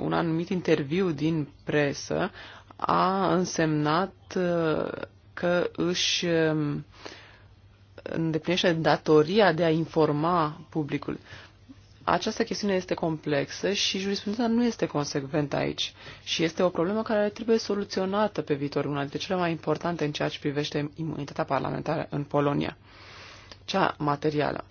un anumit interviu din presă a însemnat uh, că își um, îndeplinește datoria de a informa publicul. Această chestiune este complexă și jurisprudența nu este consecventă aici și este o problemă care trebuie soluționată pe viitor, una dintre cele mai importante în ceea ce privește imunitatea parlamentară în Polonia, cea materială.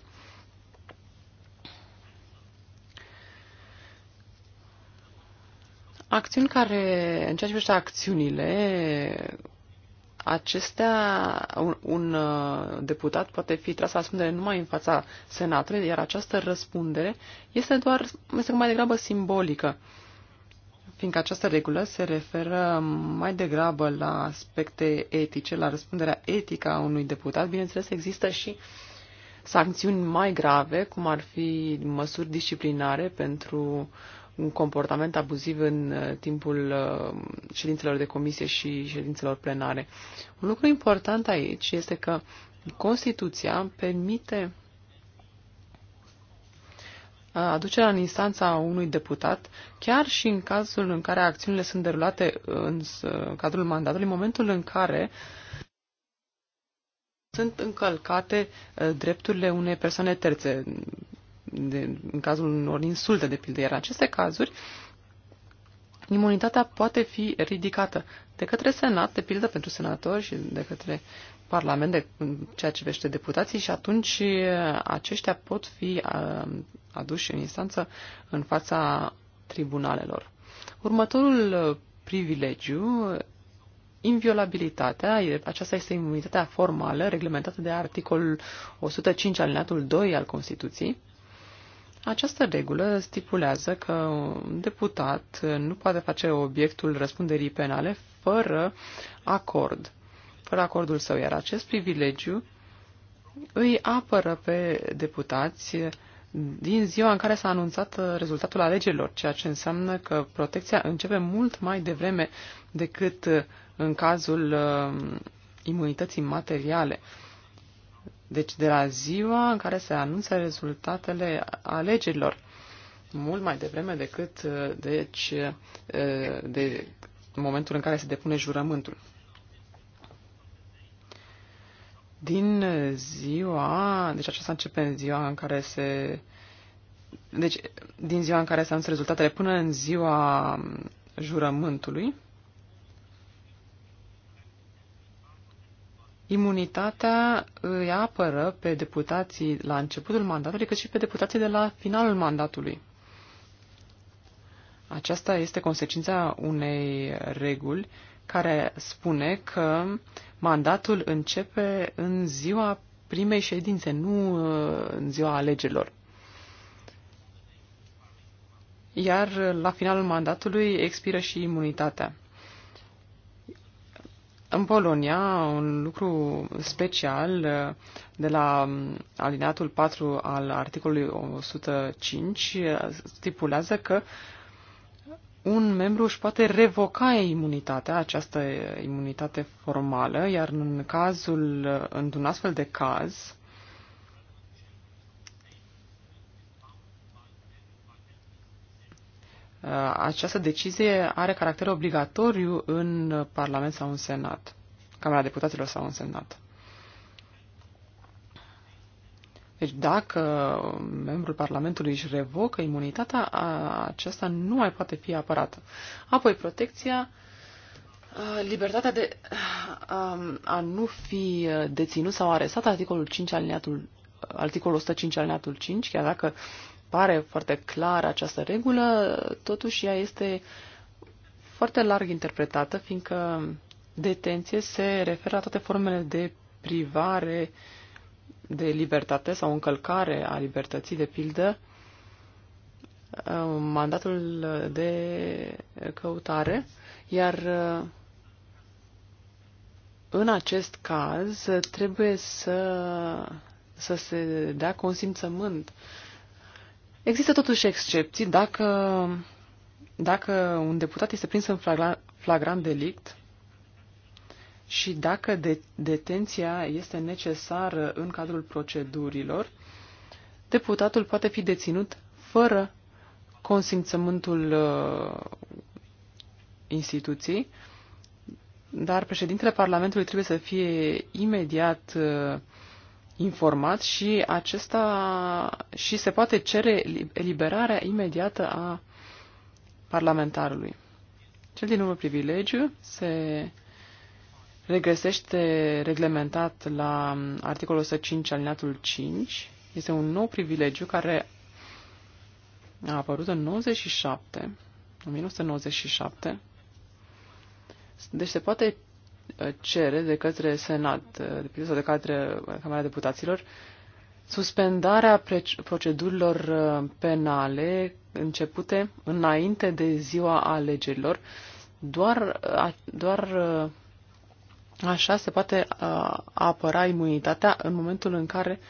Acțiuni care, în ceea ce privește acțiunile, acestea, un, un uh, deputat poate fi tras la răspundere numai în fața Senatului, iar această răspundere este doar, este mai degrabă simbolică, fiindcă această regulă se referă mai degrabă la aspecte etice, la răspunderea etică a unui deputat. Bineînțeles, există și sancțiuni mai grave, cum ar fi măsuri disciplinare pentru uh, un comportament abuziv în uh, timpul uh, ședințelor de comisie și ședințelor plenare. Un lucru important aici este că Constituția permite uh, aducerea în instanța unui deputat, chiar și în cazul în care acțiunile sunt derulate în cadrul mandatului, în momentul în care sunt încălcate drepturile unei persoane terțe, de, în cazul unor insulte, de pildă. Iar în aceste cazuri, imunitatea poate fi ridicată de către Senat, de pildă pentru senatori și de către Parlament, de ceea ce vește deputații și atunci aceștia pot fi aduși în instanță în fața tribunalelor. Următorul privilegiu, inviolabilitatea, aceasta este imunitatea formală reglementată de articolul 105 alineatul 2 al Constituției, această regulă stipulează că un deputat nu poate face obiectul răspunderii penale fără acord, fără acordul său, iar acest privilegiu îi apără pe deputați din ziua în care s-a anunțat rezultatul alegerilor, ceea ce înseamnă că protecția începe mult mai devreme decât în cazul uh, imunității materiale. Deci de la ziua în care se anunță rezultatele alegerilor, mult mai devreme decât uh, deci, uh, de momentul în care se depune jurământul. Din ziua, deci aceasta începe în ziua în care se deci, din ziua în care se anunță rezultatele până în ziua um, jurământului, Imunitatea îi apără pe deputații la începutul mandatului, cât și pe deputații de la finalul mandatului. Aceasta este consecința unei reguli care spune că mandatul începe în ziua primei ședințe, nu uh, în ziua alegerilor. Iar la finalul mandatului expiră și imunitatea. În Polonia, un lucru special de la alineatul 4 al articolului 105 stipulează că un membru își poate revoca imunitatea, această imunitate formală, iar în cazul, într-un astfel de caz, Uh, această decizie are caracter obligatoriu în Parlament sau în Senat, Camera Deputaților sau în Senat. Deci dacă membrul Parlamentului își revocă imunitatea, aceasta nu mai poate fi apărată. Apoi, protecția, libertatea de a nu fi deținut sau arestat, articolul 5 alineatul articolul 105 alineatul 5, chiar dacă pare foarte clar această regulă, totuși ea este foarte larg interpretată, fiindcă detenție se referă la toate formele de privare de libertate sau încălcare a libertății, de pildă, mandatul de căutare, iar în acest caz trebuie să, să se dea consimțământ Există totuși excepții dacă, dacă un deputat este prins în flagrant, flagrant delict și dacă de, detenția este necesară în cadrul procedurilor, deputatul poate fi deținut fără consimțământul uh, instituției, dar președintele Parlamentului trebuie să fie imediat uh, informat și acesta și se poate cere eliberarea imediată a parlamentarului. Cel din urmă privilegiu se regăsește reglementat la articolul 105 alineatul 5. Este un nou privilegiu care a apărut în 97, în 1997. Deci se poate cere de către Senat, de pildă de către Camera Deputaților, suspendarea procedurilor uh, penale începute înainte de ziua alegerilor. Doar, uh, doar uh, așa se poate apăra imunitatea în momentul în care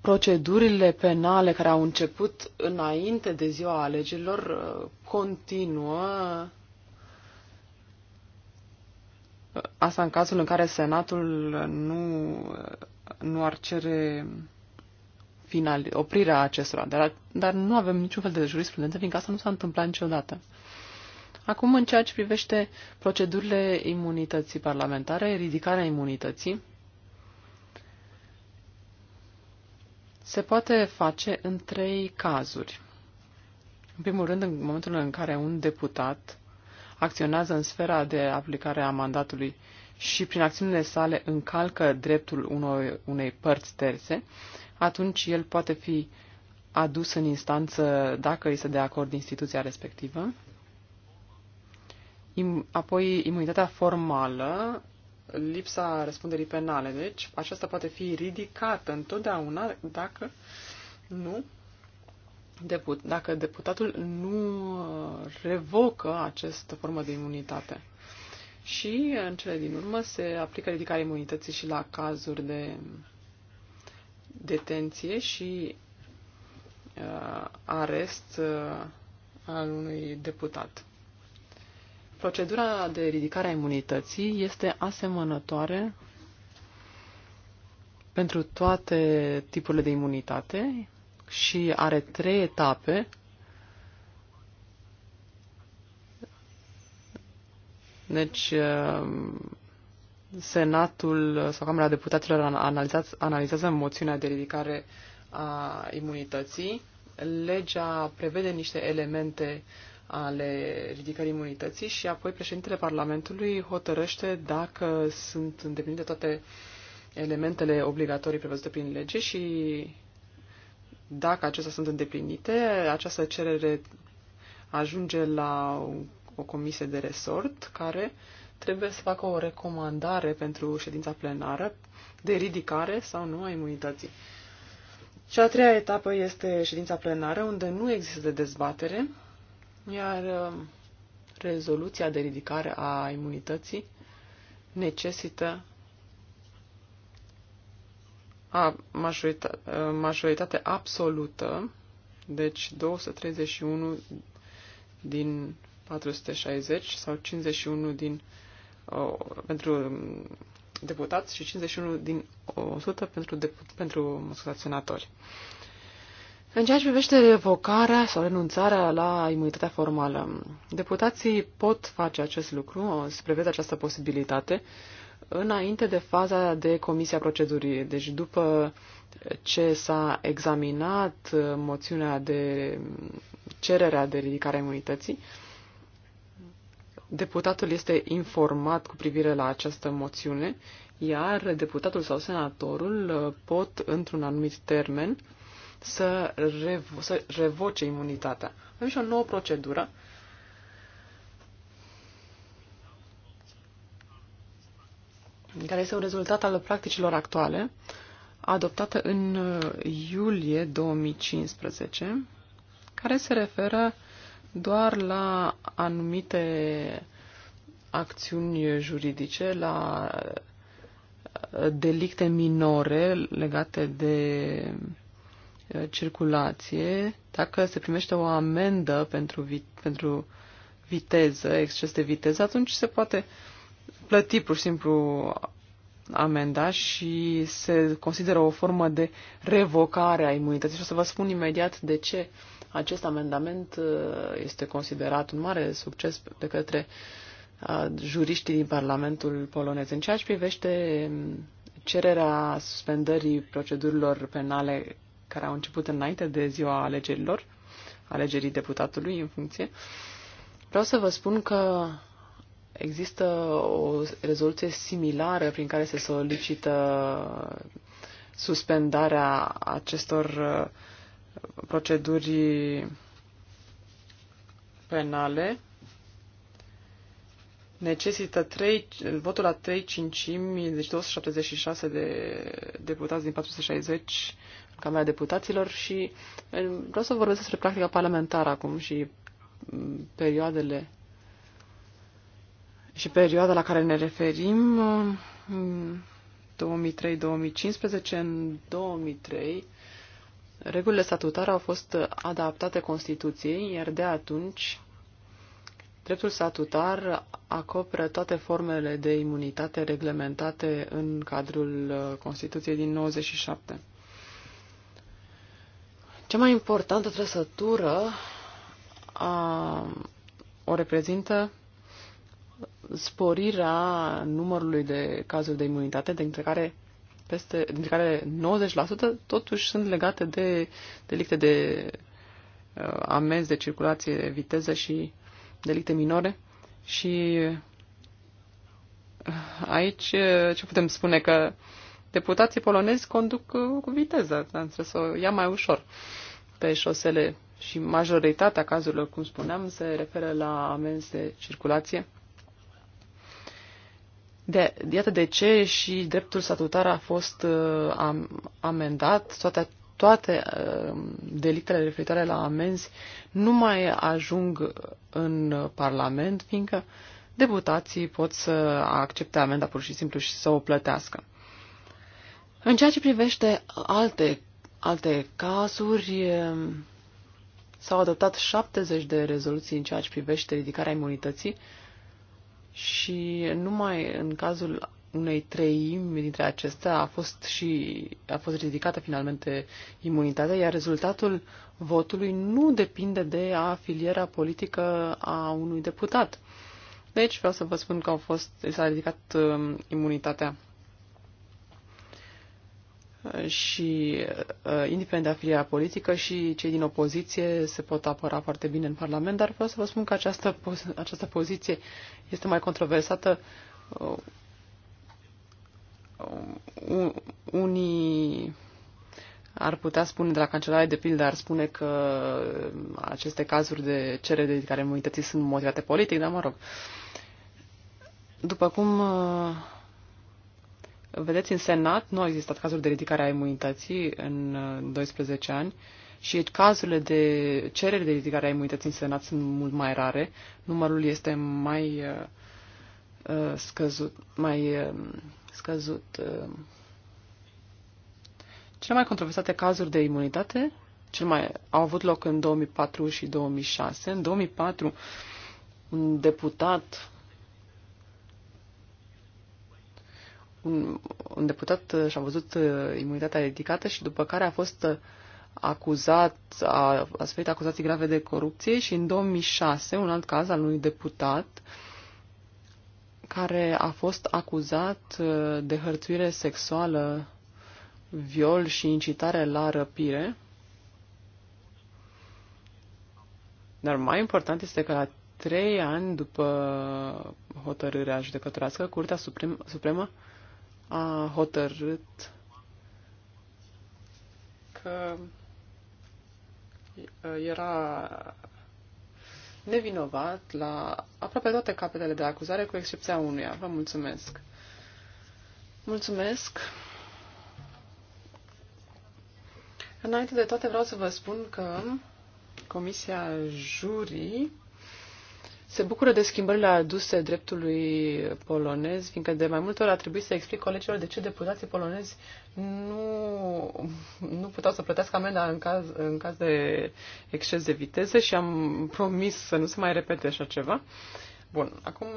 procedurile penale care au început înainte de ziua alegerilor continuă Asta în cazul în care Senatul nu, nu ar cere final, oprirea acestora, dar, dar nu avem niciun fel de jurisprudență, fiindcă asta nu s-a întâmplat niciodată. Acum, în ceea ce privește procedurile imunității parlamentare, ridicarea imunității, se poate face în trei cazuri. În primul rând, în momentul în care un deputat acționează în sfera de aplicare a mandatului și prin acțiunile sale încalcă dreptul unor, unei părți terțe, atunci el poate fi adus în instanță dacă îi se dea acord instituția respectivă. Apoi, imunitatea formală, lipsa răspunderii penale. Deci, aceasta poate fi ridicată întotdeauna dacă nu deput, dacă deputatul nu revocă această formă de imunitate. Și, în cele din urmă, se aplică ridicarea imunității și la cazuri de detenție și uh, arest uh, al unui deputat. Procedura de ridicare a imunității este asemănătoare pentru toate tipurile de imunitate, și are trei etape. Deci, uh, Senatul sau Camera Deputaților analizează moțiunea de ridicare a imunității. Legea prevede niște elemente ale ridicării imunității și apoi președintele Parlamentului hotărăște dacă sunt îndeplinite toate elementele obligatorii prevăzute prin lege și dacă acestea sunt îndeplinite, această cerere ajunge la o comisie de resort care trebuie să facă o recomandare pentru ședința plenară de ridicare sau nu a imunității. Și a treia etapă este ședința plenară, unde nu există dezbatere, iar uh, rezoluția de ridicare a imunității necesită a majorita, majoritate absolută, deci 231 din 460 sau 51 din uh, pentru um, deputați și 51 din 100 pentru, depu- pentru senatori. În ceea ce privește revocarea sau renunțarea la imunitatea formală, deputații pot face acest lucru, se prevede această posibilitate, uh, înainte de faza de comisia procedurii. Deci după ce s-a examinat moțiunea de cererea de ridicare a imunității, deputatul este informat cu privire la această moțiune, iar deputatul sau senatorul pot, într-un anumit termen, să, revo- să revoce imunitatea. Avem și o nouă procedură care este un rezultat al practicilor actuale, adoptată în uh, iulie 2015, care se referă doar la anumite acțiuni juridice, la uh, delicte minore legate de uh, circulație, dacă se primește o amendă pentru, vi- pentru viteză, exces de viteză, atunci se poate uh, plăti pur și simplu amenda și se consideră o formă de revocare a imunității. Și o să vă spun imediat de ce acest amendament uh, este considerat un mare succes de către uh, juriștii din Parlamentul polonez. În ceea ce privește um, cererea suspendării procedurilor penale care au început înainte de ziua alegerilor, alegerii deputatului în funcție, vreau să vă spun că Există o rezoluție similară prin care se solicită suspendarea acestor uh, proceduri penale necesită 3, votul la 3 cincimi, deci 276 de deputați din 460 în Camera Deputaților și uh, vreau să vorbesc despre practica parlamentară acum și mm, perioadele și perioada la care ne referim, 2003-2015, în 2003, regulile statutare au fost adaptate Constituției, iar de atunci dreptul statutar acoperă toate formele de imunitate reglementate în cadrul uh, Constituției din 97. Cea mai importantă trăsătură a, uh, o reprezintă sporirea numărului de cazuri de imunitate, dintre care, peste, dintre care 90% totuși sunt legate de delicte de uh, amenzi de circulație, viteză și delicte minore. Și uh, aici uh, ce putem spune că deputații polonezi conduc uh, cu viteză, trebuie să o ia mai ușor pe șosele și majoritatea cazurilor, cum spuneam, se referă la amenzi de circulație de, iată de ce și dreptul statutar a fost uh, am, amendat, toate, toate uh, delictele referitoare la amenzi nu mai ajung în Parlament, fiindcă deputații pot să accepte amenda pur și simplu și să o plătească. În ceea ce privește alte, alte cazuri, uh, s-au adoptat 70 de rezoluții în ceea ce privește ridicarea imunității, și numai în cazul unei treimi dintre acestea a fost și a fost ridicată finalmente imunitatea, iar rezultatul votului nu depinde de afilierea politică a unui deputat. Deci vreau să vă spun că au fost, s-a ridicat uh, imunitatea și uh, indiferent de afilierea politică și cei din opoziție se pot apăra foarte bine în Parlament, dar vreau să vă spun că această, această poziție este mai controversată. Uh, uh, unii ar putea spune de la cancelare de pildă, ar spune că aceste cazuri de cerere de ridicare imunității sunt motivate politic, dar mă rog. După cum Vedeți, în Senat nu au existat cazuri de ridicare a imunității în 12 uh, ani și cazurile de cereri de ridicare a imunității în Senat sunt mult mai rare. Numărul este mai uh, uh scăzut. Mai uh, scăzut. Uh. Cele mai controversate cazuri de imunitate cel mai, au avut loc în 2004 și 2006. În 2004, un deputat un, un deputat uh, și-a văzut uh, imunitatea ridicată și după care a fost uh, acuzat, a, a suferit acuzații grave de corupție și în 2006 un alt caz al unui deputat care a fost acuzat de hărțuire sexuală, viol și incitare la răpire. Dar mai important este că la trei ani după hotărârea judecătorească, Curtea Suprem, Supremă a hotărât că era nevinovat la aproape toate capetele de acuzare, cu excepția unuia. Vă mulțumesc. Mulțumesc. Înainte de toate vreau să vă spun că Comisia Jurii se bucură de schimbările aduse dreptului polonez, fiindcă de mai multe ori a trebuit să explic colegilor de ce deputații polonezi nu, nu puteau să plătească amenda în caz, în caz de exces de viteză și am promis să nu se mai repete așa ceva. Bun, acum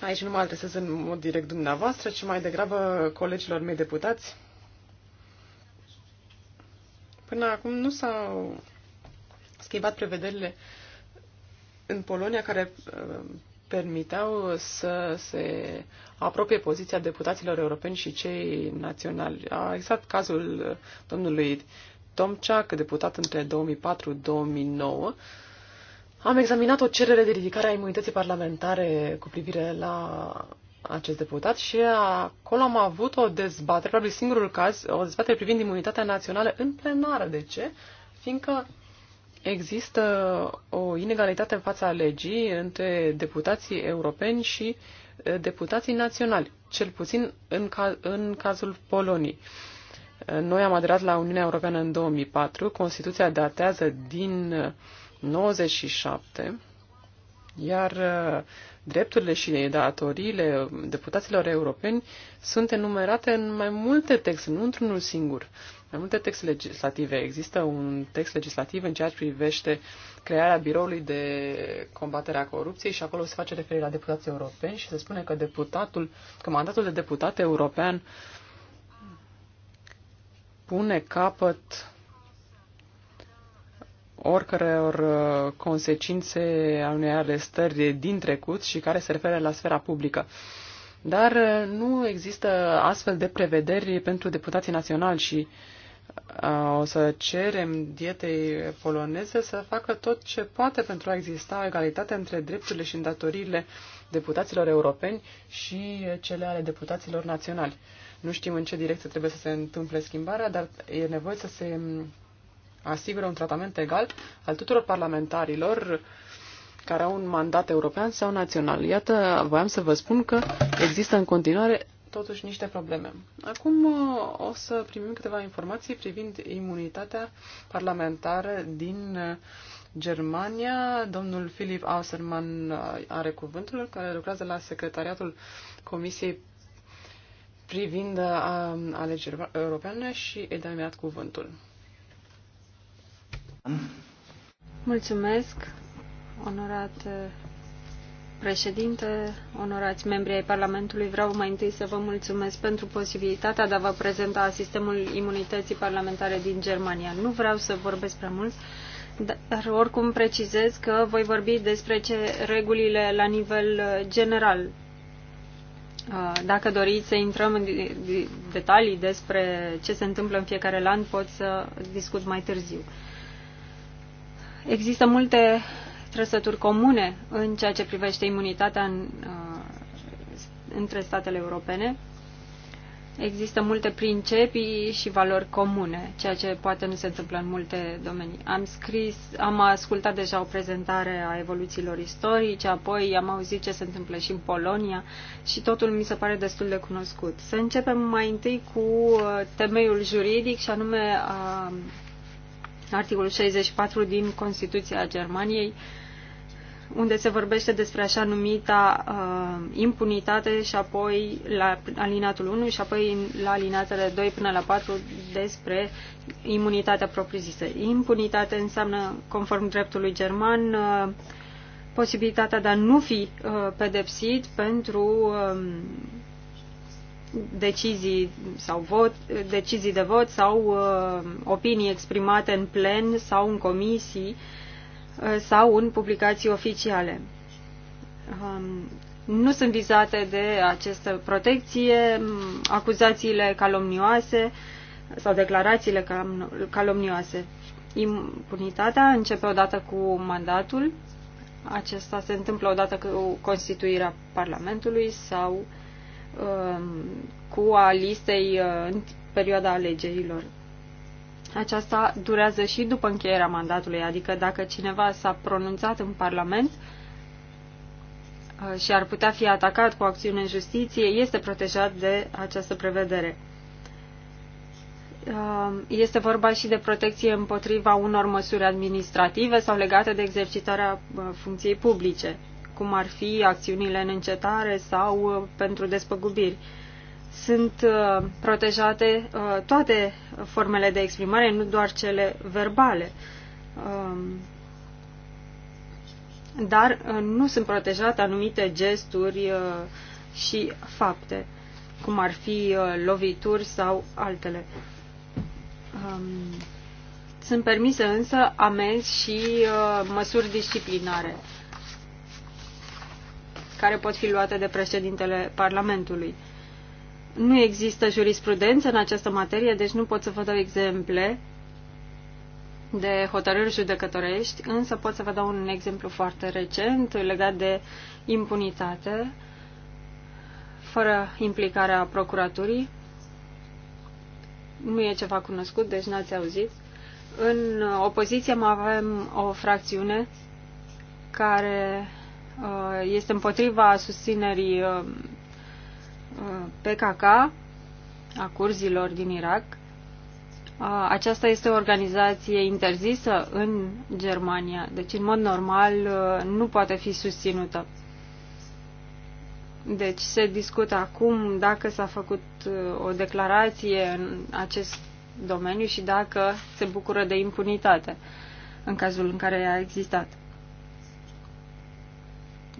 aici nu mă adresez în mod direct dumneavoastră, ci mai degrabă colegilor mei deputați. Până acum nu s-au schimbat prevederile în Polonia care uh, permiteau să se apropie poziția deputaților europeni și cei naționali. A exact cazul uh, domnului Tomceac, deputat între 2004-2009. Am examinat o cerere de ridicare a imunității parlamentare cu privire la acest deputat și acolo am avut o dezbatere, probabil singurul caz, o dezbatere privind imunitatea națională în plenară. De ce? Fiindcă există o inegalitate în fața legii între deputații europeni și eh, deputații naționali, cel puțin în, ca, în cazul Poloniei. Eh, noi am aderat la Uniunea Europeană în 2004, Constituția datează din 97, eh, iar drepturile și datoriile deputaților europeni sunt enumerate în mai multe texte, nu într-unul singur. Uh, mai multe texte legislative. Există un text legislativ în ceea ce privește crearea biroului de combatere a corupției și acolo se face referire la deputații europeni și se spune că deputatul, că mandatul de deputat european pune capăt oricăror uh, consecințe a unei arestări din trecut și care se referă la sfera publică. Dar uh, nu există astfel de prevederi pentru deputații naționali și uh, o să cerem dietei poloneze să facă tot ce poate pentru a exista o egalitate între drepturile și îndatoririle deputaților europeni și cele ale deputaților naționali. Nu știm în ce direcție trebuie să se întâmple schimbarea, dar e nevoie să se asigure un tratament egal al tuturor parlamentarilor care au un mandat european sau național. Iată, voiam să vă spun că există în continuare totuși niște probleme. Acum uh, o să primim câteva informații privind imunitatea parlamentară din uh, Germania. Domnul Filip Auserman uh, are cuvântul, care lucrează la secretariatul Comisiei privind alegeri europene și îi dăm iat cuvântul. Mulțumesc, onorat președinte, onorați membri ai Parlamentului, vreau mai întâi să vă mulțumesc pentru posibilitatea de a vă prezenta sistemul imunității parlamentare din Germania. Nu vreau să vorbesc prea mult, dar oricum precizez că voi vorbi despre ce regulile la nivel uh, general. Uh, dacă doriți să intrăm în detalii despre ce se întâmplă în fiecare land, pot să discut mai târziu. Există multe trăsături comune în ceea ce privește imunitatea în, uh, între statele europene. Există multe principii și valori comune, ceea ce poate nu se întâmplă în multe domenii. Am scris, am ascultat deja o prezentare a evoluțiilor istorice, apoi am auzit ce se întâmplă și în Polonia și totul mi se pare destul de cunoscut. Să începem mai întâi cu uh, temeiul juridic și anume a uh, articolul 64 din Constituția Germaniei, unde se vorbește despre așa numita uh, impunitate și apoi la alinatul 1 și apoi la alinatele 2 până la 4 despre imunitatea propriu-zisă. Impunitate înseamnă, conform dreptului german, uh, posibilitatea de a nu fi uh, pedepsit pentru uh, decizii sau vot, decizii de vot sau uh, opinii exprimate în plen sau în comisii uh, sau în publicații oficiale. Um, nu sunt vizate de această protecție um, acuzațiile calomnioase sau declarațiile calomnioase. Impunitatea începe odată cu mandatul. Acesta se întâmplă odată cu constituirea Parlamentului sau uh, Um, cu a listei uh, în perioada alegerilor. Aceasta durează și după încheierea mandatului, adică dacă cineva s-a pronunțat în Parlament uh, și ar putea fi atacat cu acțiune în justiție, este protejat de această prevedere. Um, este vorba și de protecție împotriva unor măsuri administrative sau legate de exercitarea uh, funcției publice cum ar fi acțiunile în încetare sau uh, pentru despăgubiri. Sunt uh, protejate uh, toate formele de exprimare, nu doar cele verbale. Um, dar nu sunt protejate anumite gesturi și fapte, cum ar fi lovituri sau altele. Um, sunt permise însă amenzi și uh, măsuri disciplinare care pot fi luate de președintele Parlamentului. Nu există jurisprudență în această materie, deci nu pot să vă dau exemple de hotărâri judecătorești, însă pot să vă dau un exemplu foarte recent legat de impunitate, fără implicarea procuraturii. Nu e ceva cunoscut, deci n-ați auzit. În opoziție mai avem o fracțiune care Uh, este împotriva susținerii uh, uh, PKK, a curzilor din Irak. Aceasta este o organizație interzisă în Germania, deci în mod normal nu poate fi susținută. Deci se discută acum dacă s-a făcut o declarație în acest domeniu și dacă se bucură de impunitate în cazul în care a existat.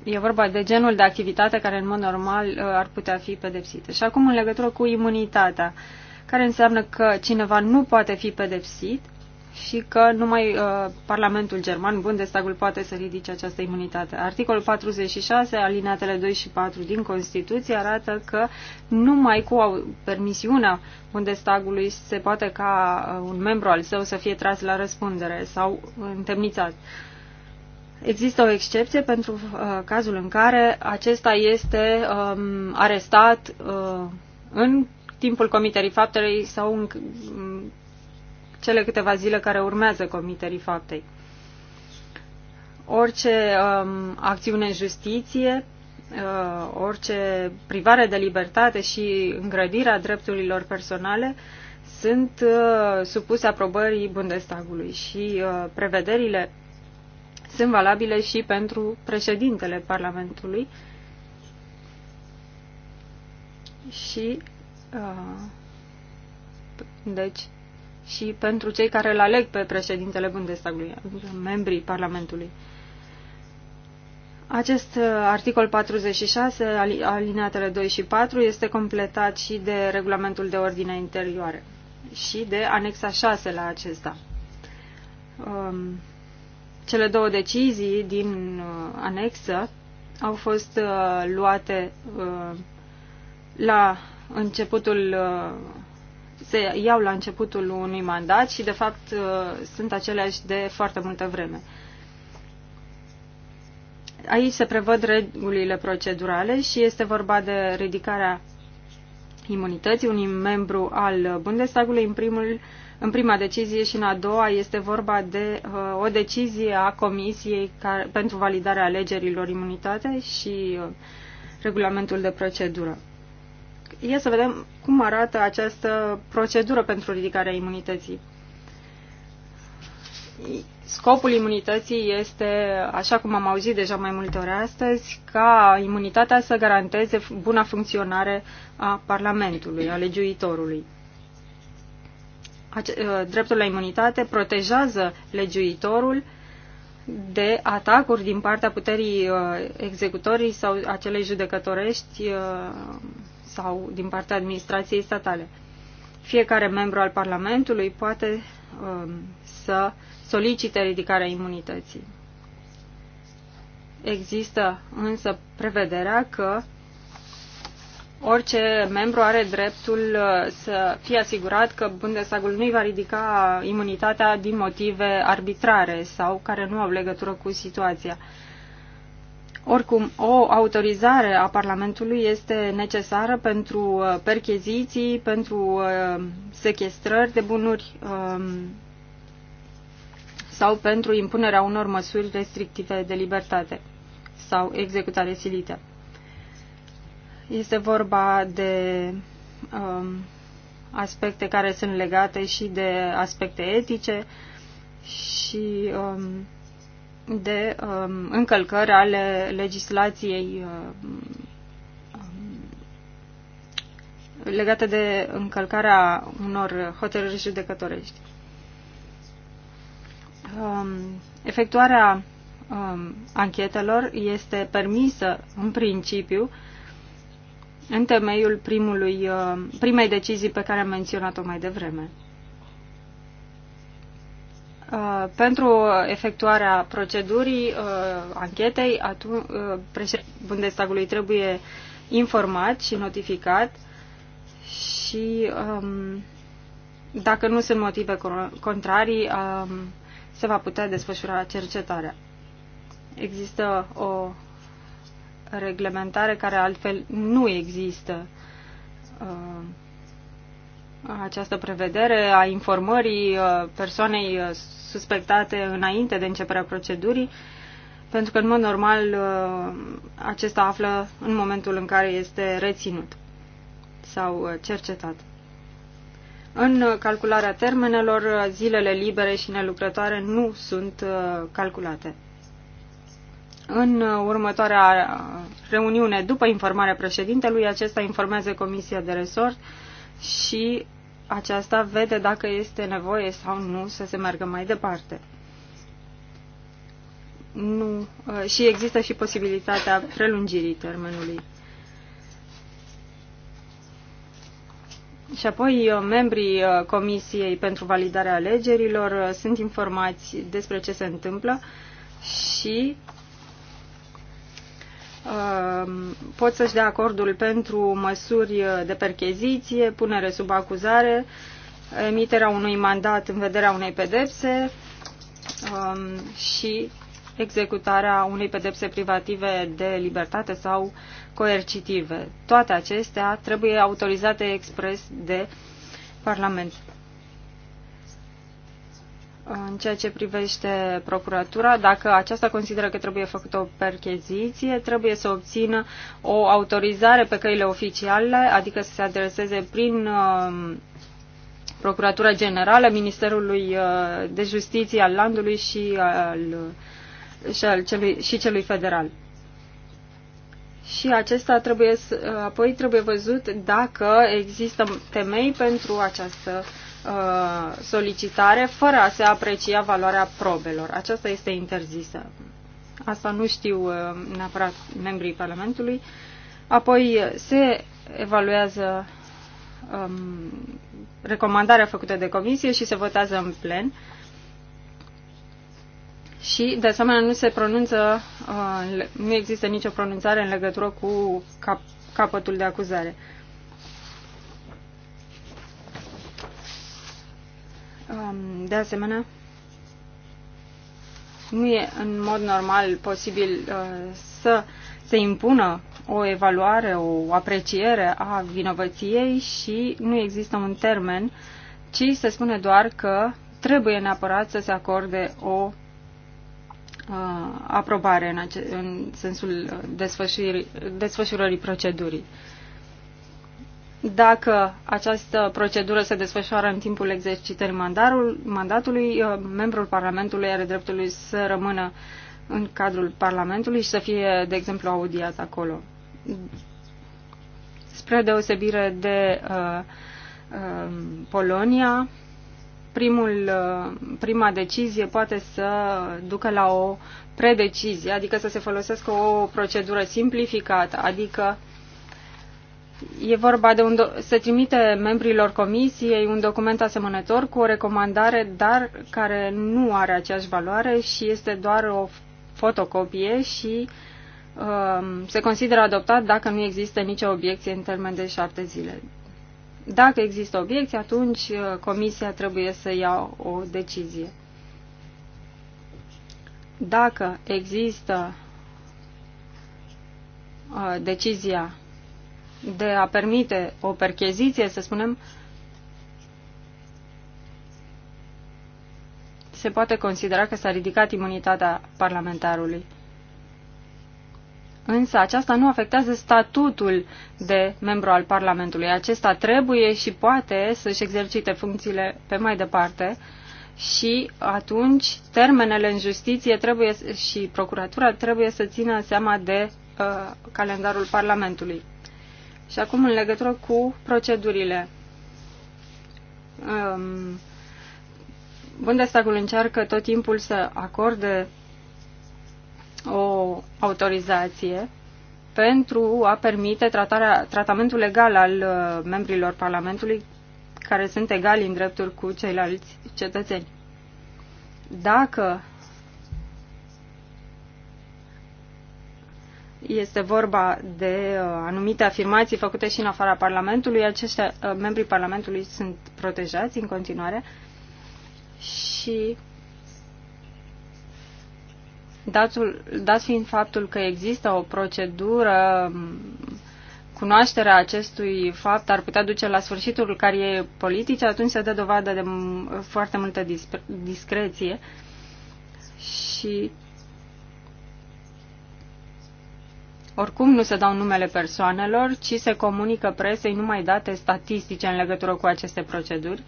E vorba de genul de activitate care în mod normal uh, ar putea fi pedepsită. Și acum în legătură cu imunitatea, care înseamnă că cineva nu poate fi pedepsit și că numai uh, Parlamentul German, Bundestagul, poate să ridice această imunitate. Articolul 46, alineatele 2 și 4 din Constituție arată că numai cu permisiunea Bundestagului se poate ca uh, un membru al său să fie tras la răspundere sau întemnițat. Uh, Există o excepție pentru uh, cazul în care acesta este um, arestat uh, în timpul comiterii faptei sau în cele câteva zile care urmează comiterii faptei. Orice um, acțiune în justiție, uh, orice privare de libertate și îngrădirea drepturilor personale sunt uh, supuse aprobării Bundestagului și uh, prevederile sunt valabile și pentru președintele Parlamentului și uh, deci și pentru cei care îl aleg pe președintele Bundestagului, membrii Parlamentului. Acest uh, articol 46, alineatele 2 și 4, este completat și de regulamentul de ordine interioare și de anexa 6 la acesta. Um, cele două decizii din uh, anexă au fost uh, luate uh, la începutul se iau la începutul unui mandat și, de fapt, sunt aceleași de foarte multă vreme. Aici se prevăd regulile procedurale și este vorba de ridicarea imunității unui membru al Bundestagului în primul în prima decizie și în a doua este vorba de uh, o decizie a Comisiei care, pentru validarea alegerilor imunitate și uh, regulamentul de procedură. E să vedem cum arată această procedură pentru ridicarea imunității. Scopul imunității este, așa cum am auzit deja mai multe ori astăzi, ca imunitatea să garanteze buna funcționare a Parlamentului, a legiuitorului. Uh, dreptul la imunitate protejează legiuitorul de atacuri din partea puterii uh, executorii sau acelei judecătorești uh, sau din partea administrației statale. Fiecare membru al Parlamentului poate um, să solicite ridicarea imunității. Există însă prevederea că orice membru are dreptul uh, să fie asigurat că Bundestagul nu-i va ridica imunitatea din motive arbitrare sau care nu au legătură cu situația. Oricum, o autorizare a Parlamentului este necesară pentru uh, percheziții, pentru uh, sechestrări de bunuri um, sau pentru impunerea unor măsuri restrictive de libertate sau executare silită. Este vorba de um, aspecte care sunt legate și de aspecte etice și um, de um, încălcări ale legislației um, legate de încălcarea unor hotărâri judecătorești. Um, efectuarea um, anchetelor este permisă în principiu în temeiul primului, uh, primei decizii pe care am menționat-o mai devreme. Uh, pentru efectuarea procedurii uh, anchetei, președintele Bundestagului trebuie informat și notificat și um, dacă nu sunt motive contrarii, um, se va putea desfășura cercetarea. Există o reglementare care altfel nu există. Uh, această prevedere a informării uh, persoanei uh, suspectate înainte de începerea procedurii, pentru că, în mod normal, acesta află în momentul în care este reținut sau cercetat. În calcularea termenelor, zilele libere și nelucrătoare nu sunt calculate în următoarea reuniune, după informarea președintelui, acesta informează Comisia de Resort și aceasta vede dacă este nevoie sau nu să se meargă mai departe. Nu. Ă, și există și posibilitatea prelungirii termenului. Și apoi ă, membrii ă, Comisiei pentru validarea alegerilor sunt informați despre ce se întâmplă și Um, pot să-și dea acordul pentru măsuri de percheziție, punere sub acuzare, emiterea unui mandat în vederea unei pedepse um, și executarea unei pedepse privative de libertate sau coercitive. Toate acestea trebuie autorizate expres de Parlament. În ceea ce privește procuratura, dacă aceasta consideră că trebuie făcută o percheziție, trebuie să obțină o autorizare pe căile oficiale, adică să se adreseze prin um, Procuratura Generală, Ministerului uh, de Justiție al landului și, al, și, al celui, și celui federal. Și acesta trebuie, uh, apoi trebuie văzut dacă există temei pentru această Uh, solicitare fără a se aprecia valoarea probelor. Aceasta este interzisă. Asta nu știu uh, neapărat membrii Parlamentului. Apoi se evaluează um, recomandarea făcută de comisie și se votează în plen. Și, de asemenea, nu se pronunță, uh, nu există nicio pronunțare în legătură cu cap capătul de acuzare. Uh, De asemenea, nu e în mod normal posibil uh, să se impună o evaluare, o apreciere a vinovăției și nu există un termen, ci se spune doar că trebuie neapărat să se acorde o uh, aprobare în, în sensul uh, desfășurării procedurii. Dacă această procedură se desfășoară în timpul exercitării mandatului, uh, membrul Parlamentului are dreptul să rămână în cadrul Parlamentului și să fie, de exemplu, audiat acolo. Spre deosebire de uh, uh, Polonia, primul, uh, prima decizie poate să ducă la o predecizie, adică să se folosească o procedură simplificată, adică E vorba de un do- se trimite membrilor comisiei un document asemănător cu o recomandare, dar care nu are aceeași valoare și este doar o fotocopie și um, se consideră adoptat dacă nu există nicio obiecție în termen de șapte zile. Dacă există obiecție, atunci uh, comisia trebuie să ia o decizie. Dacă există uh, decizia de a permite o percheziție, să spunem, se poate considera că s-a ridicat imunitatea parlamentarului. Însă aceasta nu afectează statutul de membru al Parlamentului. Acesta trebuie și poate să-și exercite funcțiile pe mai departe și atunci termenele în justiție trebuie și procuratura trebuie să țină seama de uh, calendarul Parlamentului. Și acum în legătură cu procedurile. Um, Bundestagul încearcă tot timpul să acorde o autorizație pentru a permite tratarea, tratamentul legal al uh, membrilor Parlamentului care sunt egali în drepturi cu ceilalți cetățeni. Dacă este vorba de uh, anumite afirmații făcute și în afara Parlamentului, aceștia, uh, membrii Parlamentului sunt protejați în continuare și datul, dat fiind faptul că există o procedură, um, cunoașterea acestui fapt ar putea duce la sfârșitul carierei politice, atunci se dă dovadă de mm, foarte multă discreție și Oricum nu se dau numele persoanelor, ci se comunică presei numai date statistice în legătură cu aceste proceduri.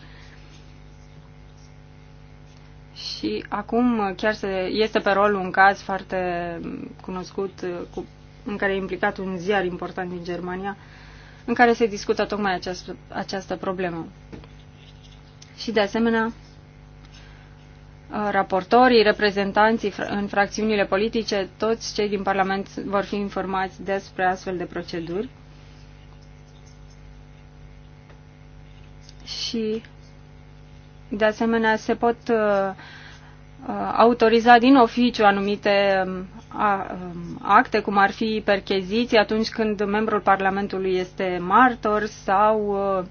Și acum chiar se, este pe rol un caz foarte cunoscut cu, în care e implicat un ziar important din Germania, în care se discută tocmai această, această problemă. Și de asemenea, raportorii, reprezentanții în fracțiunile politice, toți cei din Parlament vor fi informați despre astfel de proceduri. Și, de asemenea, se pot uh, uh, autoriza din oficiu anumite um, um, acte, cum ar fi percheziții atunci când membrul Parlamentului este martor sau uh,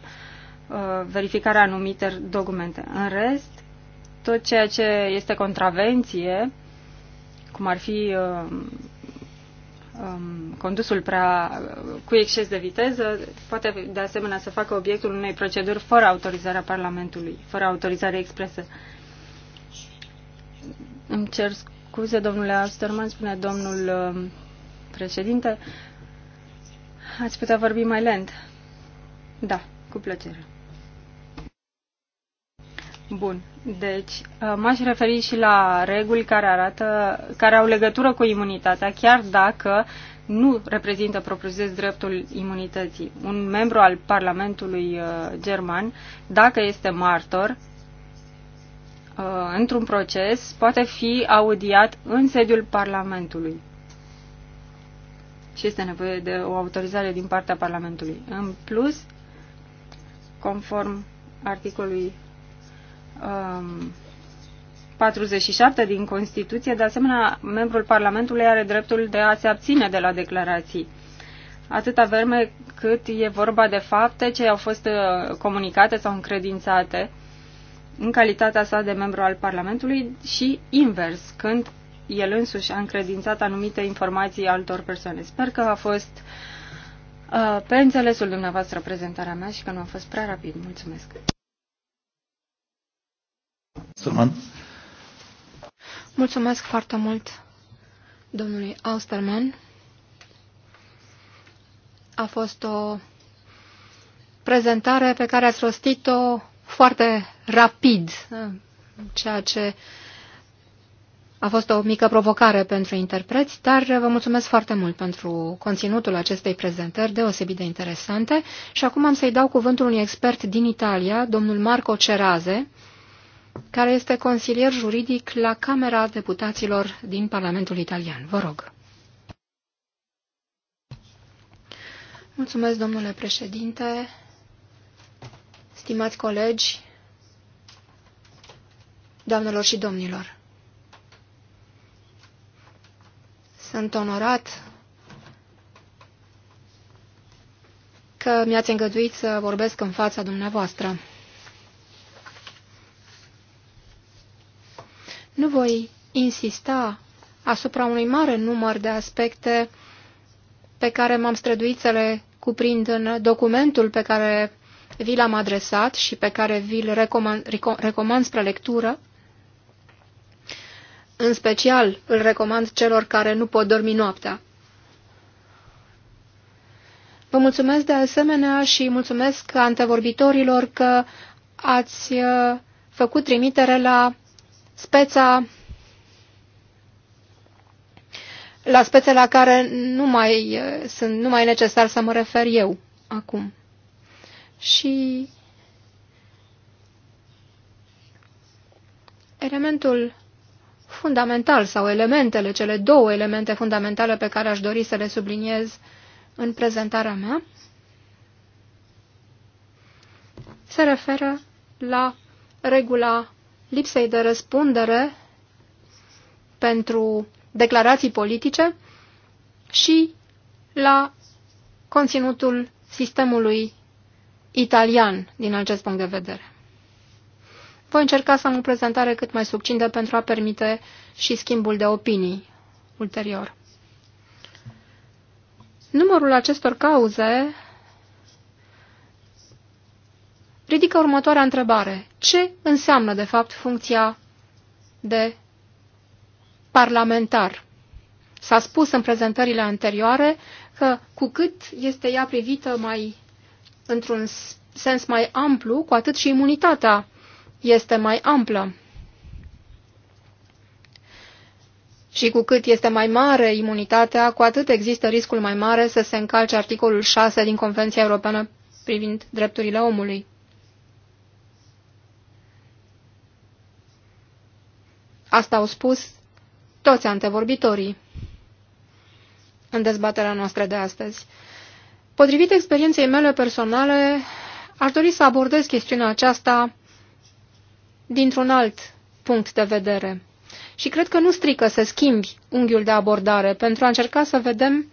verificarea anumitor documente. În rest, tot ceea ce este contravenție, cum ar fi um, um, condusul prea cu exces de viteză poate de asemenea să facă obiectul unei proceduri fără autorizarea Parlamentului, fără autorizare expresă. Îmi cer scuze, domnule Austerman, spune domnul um, președinte. Ați putea vorbi mai lent? Da, cu plăcere. Bun. Deci, uh, m-aș referi și la reguli care arată, care au legătură cu imunitatea, chiar dacă nu reprezintă propriu-zis dreptul imunității. Un membru al Parlamentului uh, german, dacă este martor uh, într-un proces, poate fi audiat în sediul Parlamentului. Și este nevoie de o autorizare din partea Parlamentului. În plus, conform articolului 47 um, din Constituție, de asemenea, membrul Parlamentului are dreptul de a se abține de la declarații. Atâta verme cât e vorba de fapte ce au fost uh, comunicate sau încredințate în calitatea sa de membru al Parlamentului și invers, când el însuși a încredințat anumite informații altor persoane. Sper că a fost uh, pe înțelesul dumneavoastră prezentarea mea și că nu a fost prea rapid. Mulțumesc! Mulțumesc foarte mult domnului Austerman. A fost o prezentare pe care ați rostit-o foarte rapid, ceea ce a fost o mică provocare pentru interpreți, dar vă mulțumesc foarte mult pentru conținutul acestei prezentări deosebit de interesante și acum am să-i dau cuvântul unui expert din Italia, domnul Marco Ceraze, care este consilier juridic la Camera Deputaților din Parlamentul Italian. Vă rog. Mulțumesc, domnule președinte, stimați colegi, doamnelor și domnilor. Sunt onorat că mi-ați îngăduit să vorbesc în fața dumneavoastră. Nu voi insista asupra unui mare număr de aspecte pe care m-am străduit să le cuprind în documentul pe care vi l-am adresat și pe care vi-l recomand, recomand spre lectură. În special îl recomand celor care nu pot dormi noaptea. Vă mulțumesc de asemenea și mulțumesc antevorbitorilor că ați uh, făcut trimitere la speța la spețe la care nu mai eh, sunt nu mai necesar să mă refer eu acum. Și elementul fundamental sau elementele, cele două elemente fundamentale pe care aș dori să le subliniez în prezentarea mea, se referă la regula lipsei de răspundere pentru declarații politice și la conținutul sistemului italian din acest punct de vedere. Voi încerca să am o prezentare cât mai succintă pentru a permite și schimbul de opinii ulterior. Numărul acestor cauze ridică următoarea întrebare. Ce înseamnă, de fapt, funcția de parlamentar? S-a spus în prezentările anterioare că cu cât este ea privită mai într-un sens mai amplu, cu atât și imunitatea este mai amplă. Și cu cât este mai mare imunitatea, cu atât există riscul mai mare să se încalce articolul 6 din Convenția Europeană privind drepturile omului. Asta au spus toți antevorbitorii în dezbaterea noastră de astăzi. Potrivit experienței mele personale, aș dori să abordez chestiunea aceasta dintr-un alt punct de vedere. Și cred că nu strică să schimbi unghiul de abordare pentru a încerca să vedem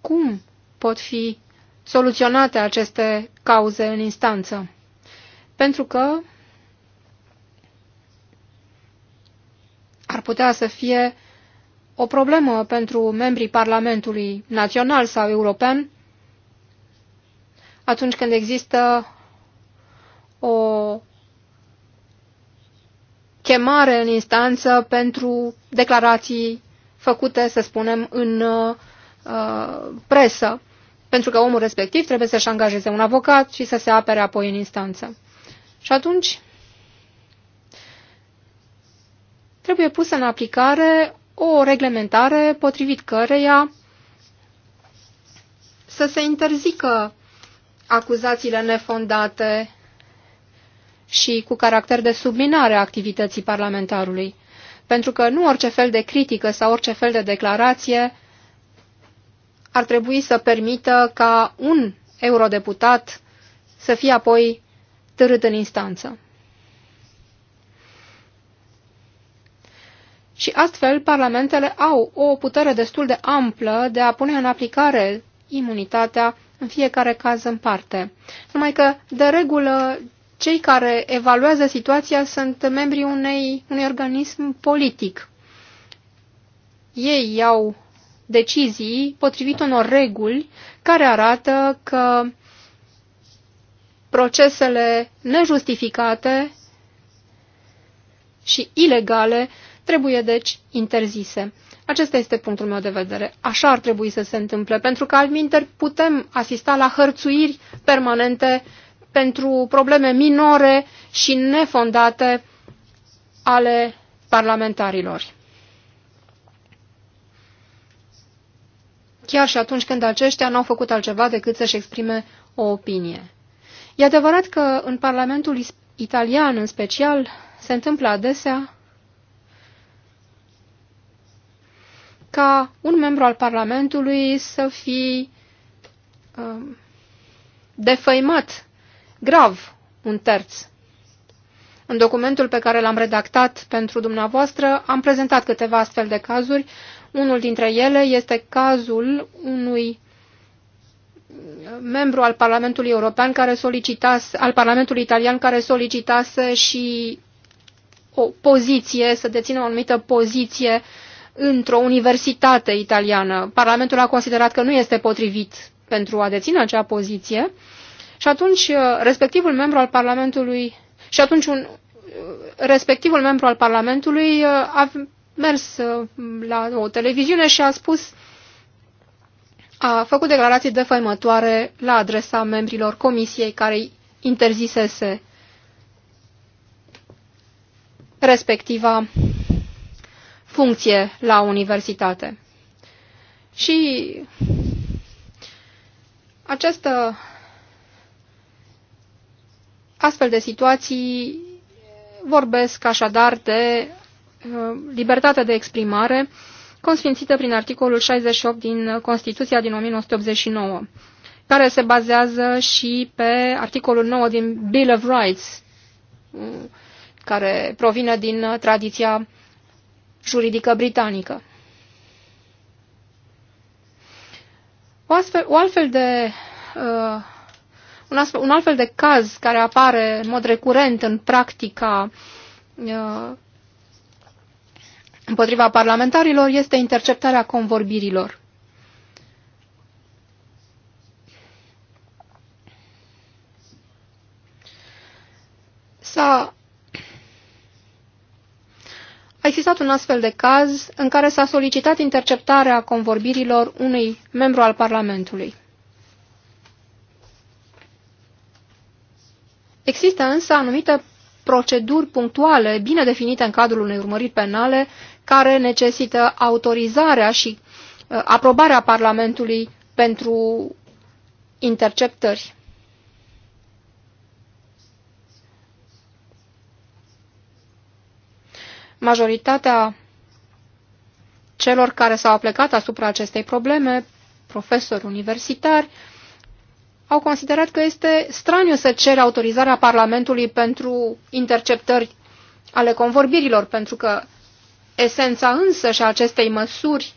cum pot fi soluționate aceste cauze în instanță. Pentru că ar putea să fie o problemă pentru membrii Parlamentului Național sau European atunci când există o chemare în instanță pentru declarații făcute, să spunem, în uh, presă, pentru că omul respectiv trebuie să-și angajeze un avocat și să se apere apoi în instanță. Și atunci trebuie pusă în aplicare o reglementare potrivit căreia să se interzică acuzațiile nefondate și cu caracter de subminare a activității parlamentarului, pentru că nu orice fel de critică sau orice fel de declarație ar trebui să permită ca un eurodeputat să fie apoi târât în instanță. și astfel parlamentele au o putere destul de amplă de a pune în aplicare imunitatea în fiecare caz în parte. Numai că, de regulă, cei care evaluează situația sunt membrii unei, unui organism politic. Ei iau decizii potrivit unor reguli care arată că procesele nejustificate și ilegale trebuie deci interzise. Acesta este punctul meu de vedere. Așa ar trebui să se întâmple, pentru că altminteri putem asista la hărțuiri permanente pentru probleme minore și nefondate ale parlamentarilor. Chiar și atunci când aceștia n-au făcut altceva decât să-și exprime o opinie. E adevărat că în Parlamentul italian, în special, se întâmplă adesea ca un membru al Parlamentului să fi um, defăimat grav un terț. În documentul pe care l-am redactat pentru dumneavoastră am prezentat câteva astfel de cazuri. Unul dintre ele este cazul unui membru al Parlamentului European care solicitase, al Parlamentului Italian care solicitase și o poziție, să dețină o anumită poziție uh, într-o universitate italiană. Parlamentul a considerat că nu este potrivit pentru a deține acea poziție și atunci uh, respectivul membru al Parlamentului și atunci un, uh, respectivul membru al Parlamentului uh, a mers la o televiziune și a spus a făcut declarații defăimătoare la adresa membrilor comisiei care interzisese respectiva funcție la universitate. Și această astfel de situații vorbesc așadar de uh, libertatea de exprimare consfințită prin articolul 68 din Constituția din 1989, care se bazează și pe articolul 9 din Bill of Rights, uh, care provine din tradiția juridică britanică. O, astfel, o altfel de, uh, un, astfel, un altfel de caz care apare în mod recurent în practica uh, împotriva parlamentarilor este interceptarea convorbirilor. S-a a existat un astfel de caz în care s-a solicitat interceptarea convorbirilor unui membru al Parlamentului. Există însă anumite proceduri punctuale, bine definite în cadrul unei urmăriri penale, care necesită autorizarea și uh, aprobarea Parlamentului pentru interceptări. majoritatea celor care s-au aplecat asupra acestei probleme, profesori universitari, au considerat că este straniu să cere autorizarea Parlamentului pentru interceptări ale convorbirilor, pentru că esența însă și a acestei măsuri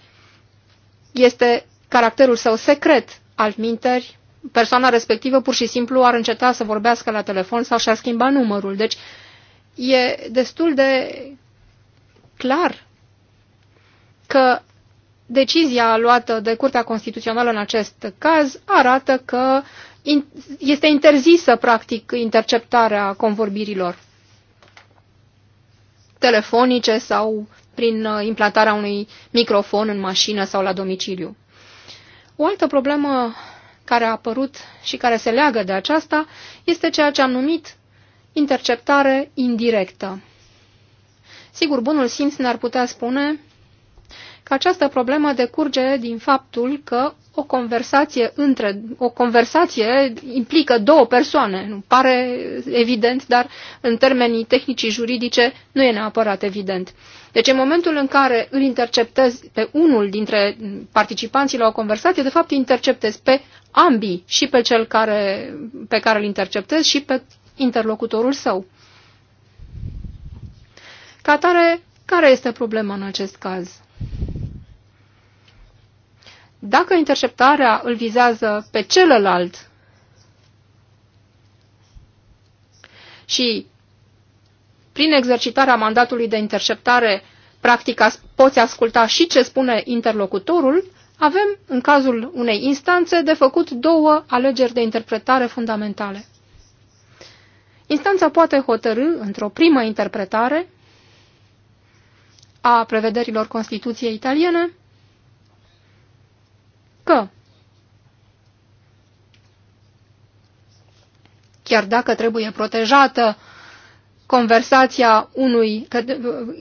este caracterul său secret. al minteri, persoana respectivă pur și simplu ar înceta să vorbească la telefon sau și-ar schimba numărul. Deci e destul de clar că decizia luată de Curtea Constituțională în acest caz arată că este interzisă, practic, interceptarea convorbirilor telefonice sau prin uh, implantarea unui microfon în mașină sau la domiciliu. O altă problemă care a apărut și care se leagă de aceasta este ceea ce am numit interceptare indirectă. Sigur, bunul simț ne-ar putea spune că această problemă decurge din faptul că o conversație, între, o conversație implică două persoane. Nu pare evident, dar în termenii tehnicii juridice nu e neapărat evident. Deci în momentul în care îl interceptezi pe unul dintre participanții la o conversație, de fapt interceptezi pe ambii, și pe cel care, pe care îl interceptezi și pe interlocutorul său. Ca tare, care este problema în acest caz? Dacă interceptarea îl vizează pe celălalt și prin exercitarea mandatului de interceptare, practic poți asculta și ce spune interlocutorul, avem, în cazul unei instanțe, de făcut două alegeri de interpretare fundamentale. Instanța poate hotărâ, într-o primă interpretare, a prevederilor Constituției italiene că chiar dacă trebuie protejată conversația unui, că,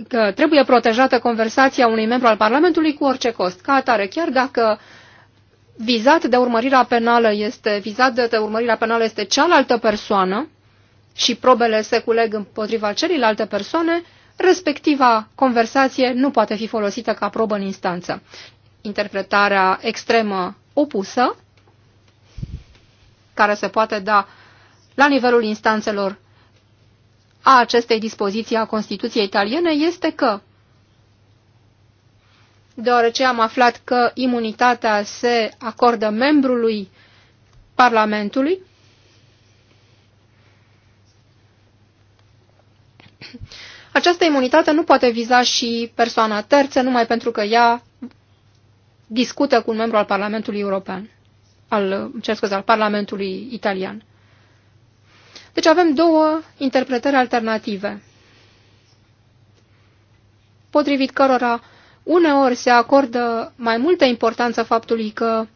că trebuie protejată conversația unui membru al Parlamentului cu orice cost, ca atare, chiar dacă vizat de urmărirea penală este, vizat de urmărirea penală este cealaltă persoană și probele se culeg împotriva celelalte persoane, respectiva conversație nu poate fi folosită ca probă în instanță. Interpretarea extremă opusă, care se poate da la nivelul instanțelor a acestei dispoziții a Constituției italiene, este că, deoarece am aflat că imunitatea se acordă membrului Parlamentului, această imunitate nu poate viza și persoana terță numai pentru că ea discută cu un membru al Parlamentului European, al, cer scuze, al Parlamentului Italian. Deci avem două interpretări alternative, potrivit cărora uneori se acordă mai multă importanță faptului că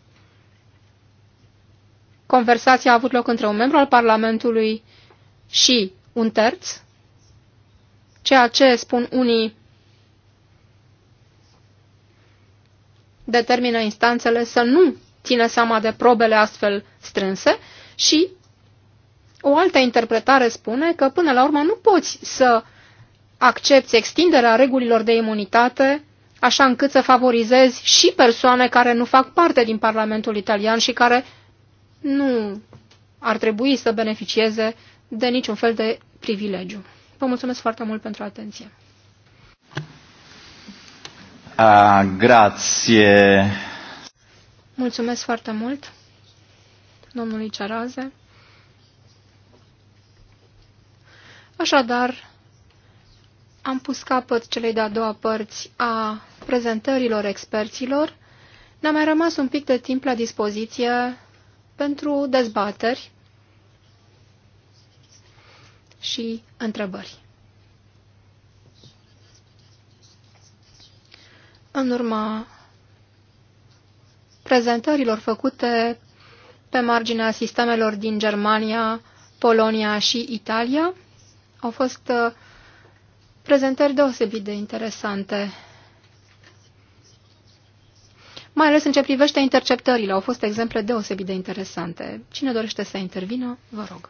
conversația a avut loc între un membru al Parlamentului și un terț, Ceea ce, spun unii, determină instanțele să nu țină seama de probele astfel strânse și o altă interpretare spune că până la urmă nu poți să accepti extinderea regulilor de imunitate așa încât să favorizezi și persoane care nu fac parte din Parlamentul italian și care nu ar trebui să beneficieze de niciun fel de privilegiu. Vă mulțumesc foarte mult pentru atenție. A, grație. Mulțumesc foarte mult domnului Ceraze. Așadar, am pus capăt celei de-a doua părți a prezentărilor experților. Ne-a mai rămas un pic de timp la dispoziție pentru dezbateri și întrebări. În urma prezentărilor făcute pe marginea sistemelor din Germania, Polonia și Italia, au fost uh, prezentări deosebit de interesante mai ales în ce privește interceptările. Au fost exemple deosebit de interesante. Cine dorește să intervină, vă rog.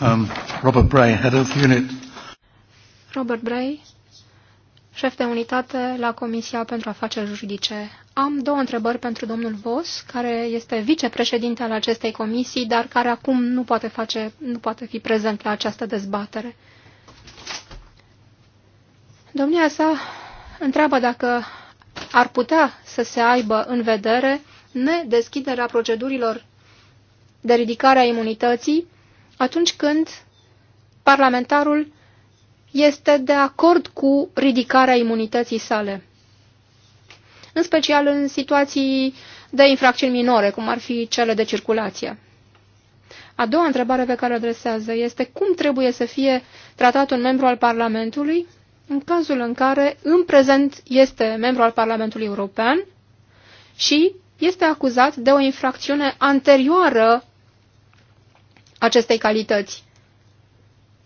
Um, Robert Bray, Head of Unit. Robert Bray, șef de unitate la Comisia pentru Afaceri Juridice. Am două întrebări pentru domnul Vos, care este vicepreședinte al acestei comisii, dar care acum nu poate, face, nu poate fi prezent la această dezbatere. Domnia sa întreabă dacă ar putea să se aibă în vedere nedeschiderea procedurilor de ridicare a imunității atunci când parlamentarul este de acord cu ridicarea imunității sale. În special în situații de infracțiuni minore, cum ar fi cele de circulație. A doua întrebare pe care o adresează este cum trebuie să fie tratat un membru al Parlamentului în cazul în care în prezent este membru al Parlamentului European și este acuzat de o infracțiune anterioară acestei calități.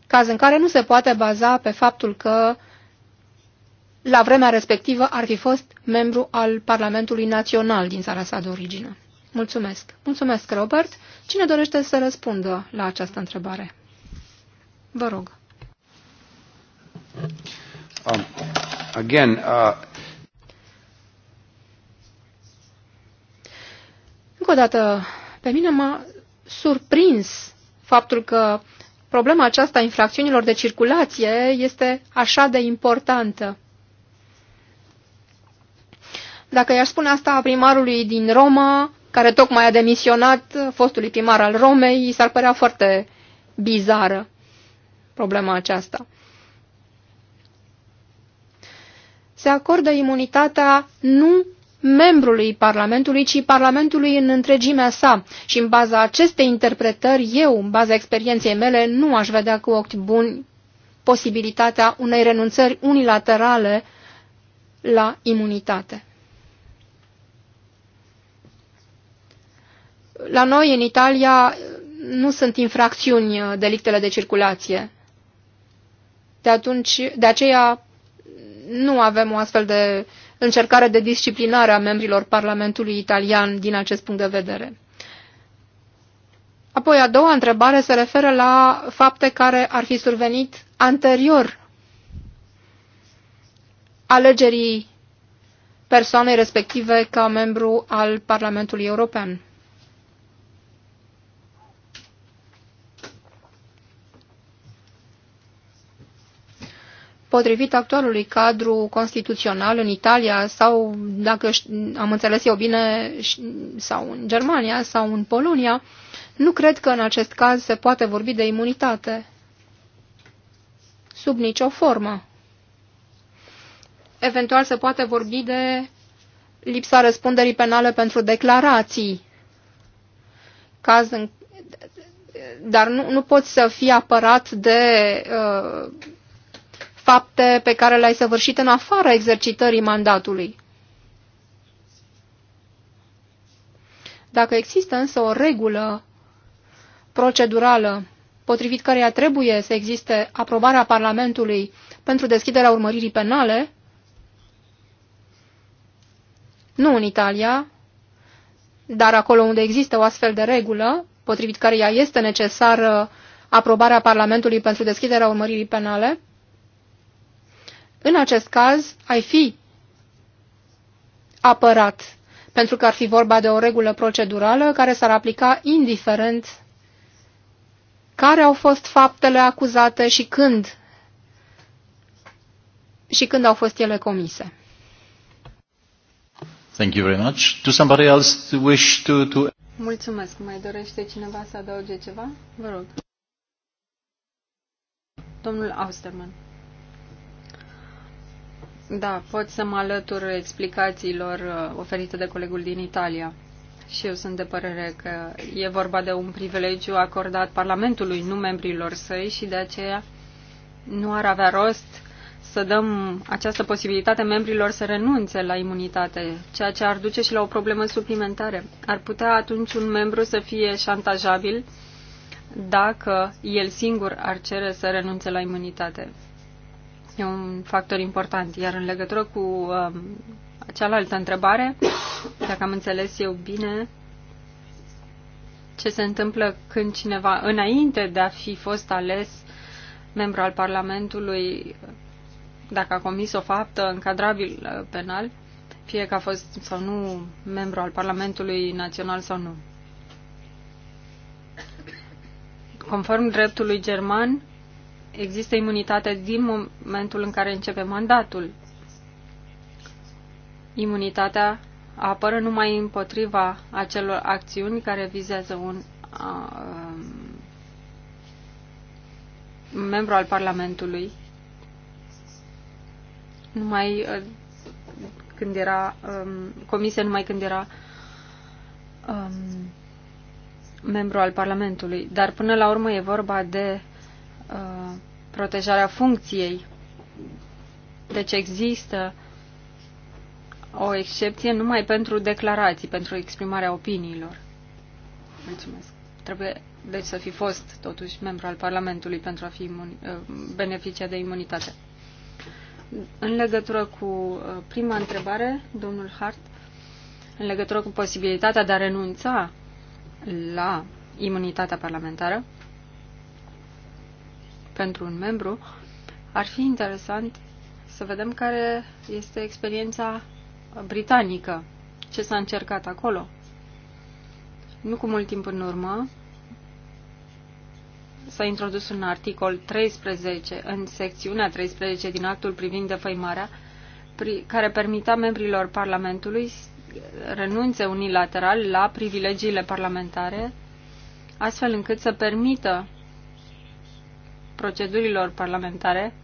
Caz în care nu se poate baza pe faptul că la vremea respectivă ar fi fost membru al Parlamentului Național din țara sa de origine. Mulțumesc. Mulțumesc, Robert. Cine dorește să răspundă la această întrebare? Vă rog. Um, again, uh... Încă o dată, pe mine m-a surprins faptul că problema aceasta a infracțiunilor de circulație este așa de importantă. Dacă i-aș spune asta primarului din Roma, care tocmai a demisionat, fostului primar al Romei, i s-ar părea foarte bizară problema aceasta. Se acordă imunitatea nu membrului Parlamentului, ci Parlamentului în întregimea sa. Și în baza acestei interpretări, eu, în baza experienței mele, nu aș vedea cu ochi buni posibilitatea unei renunțări unilaterale la imunitate. La noi, în Italia, nu sunt infracțiuni uh, delictele de circulație. De, atunci, de aceea nu avem o astfel de uh, încercare de disciplinare a membrilor Parlamentului italian din acest punct de vedere. Apoi, a doua întrebare se referă la fapte care ar fi survenit anterior alegerii persoanei respective ca membru al Parlamentului European. potrivit actualului cadru constituțional în Italia sau, dacă am înțeles eu bine, sau în Germania sau în Polonia, nu cred că în acest caz se poate vorbi de imunitate. Sub nicio formă. Eventual se poate vorbi de lipsa răspunderii penale pentru declarații. Caz în... Dar nu, nu poți să fii apărat de uh, fapte pe care le-ai săvârșit în afara exercitării mandatului. Dacă există însă o regulă procedurală potrivit căreia trebuie să existe aprobarea Parlamentului pentru deschiderea urmăririi penale, nu în Italia, dar acolo unde există o astfel de regulă, potrivit căreia este necesară aprobarea Parlamentului pentru deschiderea urmăririi penale, în acest caz ai fi apărat, pentru că ar fi vorba de o regulă procedurală care s-ar aplica indiferent care au fost faptele acuzate și când și când au fost ele comise. Thank you very much. Do somebody else wish to, to... Mulțumesc. Mai dorește cineva să adauge ceva? Vă rog. Domnul Austerman. Da, pot să mă alătur explicațiilor uh, oferite de colegul din Italia. Și eu sunt de părere că e vorba de un privilegiu acordat Parlamentului, nu membrilor săi și de aceea nu ar avea rost să dăm această posibilitate membrilor să renunțe la imunitate, ceea ce ar duce și la o problemă suplimentară. Ar putea atunci un membru să fie șantajabil dacă el singur ar cere să renunțe la imunitate. E un factor important. Iar în legătură cu uh, cealaltă întrebare, dacă am înțeles eu bine, ce se întâmplă când cineva, înainte de a fi fost ales membru al Parlamentului, dacă a comis o faptă încadrabil uh, penal, fie că a fost sau nu membru al Parlamentului Național sau nu. Conform dreptului german, există imunitate din momentul în care începe mandatul. Imunitatea apără numai împotriva acelor acțiuni care vizează un a, a, um, membru al Parlamentului, numai a, uh, când era a, um, comisie, numai când era a, um, membru al Parlamentului. Dar până la urmă e vorba de Uh, protejarea funcției. Deci există o excepție numai pentru declarații, pentru exprimarea opiniilor. Mulțumesc. Trebuie deci să fi fost totuși membru al Parlamentului pentru a fi imun, uh, beneficia de imunitate. În legătură cu uh, prima întrebare, domnul Hart, în legătură cu posibilitatea de a renunța la imunitatea parlamentară, pentru un membru, ar fi interesant să vedem care este experiența britanică, ce s-a încercat acolo. Nu cu mult timp în urmă s-a introdus un articol 13 în secțiunea 13 din actul privind defăimarea, care permita membrilor Parlamentului renunțe unilateral la privilegiile parlamentare, astfel încât să permită procedurilor parlamentare,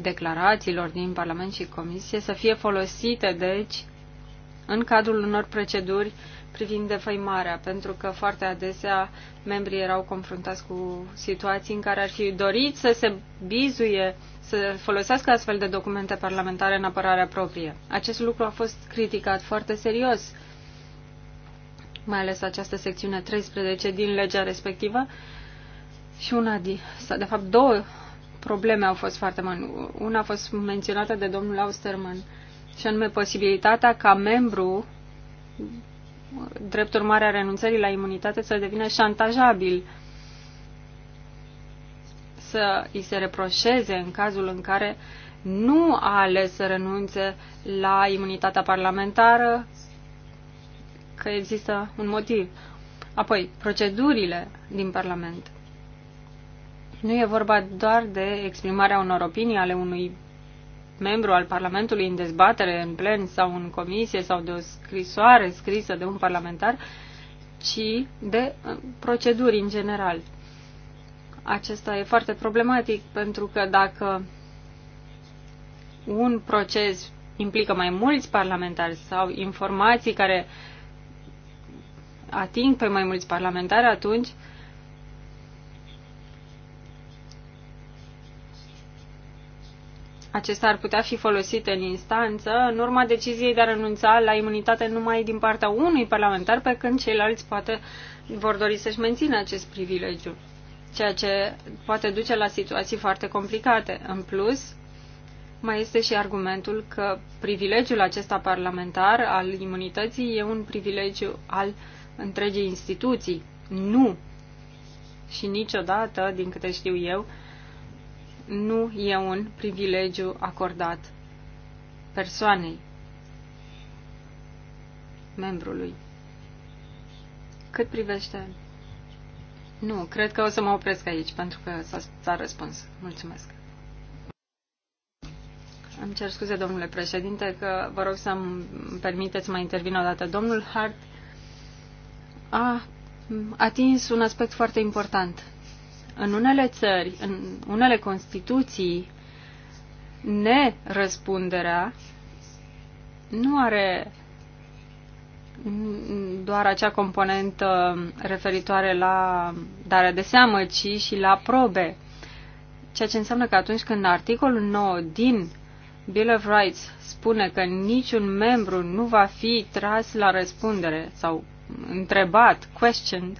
declarațiilor din Parlament și Comisie, să fie folosite, deci, în cadrul unor proceduri privind defăimarea, pentru că foarte adesea membrii erau confruntați cu situații în care ar fi dorit să se bizuie, să folosească astfel de documente parlamentare în apărarea proprie. Acest lucru a fost criticat foarte serios, mai ales această secțiune 13 din legea respectivă, și una, de, de fapt două probleme au fost foarte mari. Una a fost menționată de domnul Austerman și anume posibilitatea ca membru, drept urmare a renunțării la imunitate, să devină șantajabil, să îi se reproșeze în cazul în care nu a ales să renunțe la imunitatea parlamentară, că există un motiv. Apoi, procedurile din Parlament nu e vorba doar de exprimarea unor opinii ale unui membru al Parlamentului în dezbatere, în plen sau în comisie sau de o scrisoare scrisă de un parlamentar, ci de uh, proceduri în general. Acesta e foarte problematic pentru că dacă un proces implică mai mulți parlamentari sau informații care ating pe mai mulți parlamentari, atunci uh, Acesta ar putea fi folosit în instanță în urma deciziei de a renunța la imunitate numai din partea unui parlamentar, pe când ceilalți poate vor dori să-și mențină acest privilegiu, ceea ce poate duce la situații foarte complicate. În plus, mai este și argumentul că privilegiul acesta parlamentar al imunității e un privilegiu al întregii instituții. Nu! Și niciodată, din câte știu eu, nu e un privilegiu acordat persoanei, membrului. Cât privește... Nu, cred că o să mă opresc aici, pentru că s-a răspuns. Mulțumesc. Îmi cer scuze, domnule președinte, că vă rog să-mi permiteți să mai intervin o dată. Domnul Hart a atins un aspect foarte important în unele țări, în unele constituții, nerăspunderea nu are doar acea componentă referitoare la darea de seamă, ci și la probe. Ceea ce înseamnă că atunci când articolul 9 din Bill of Rights spune că niciun membru nu va fi tras la răspundere sau întrebat, questioned, uh,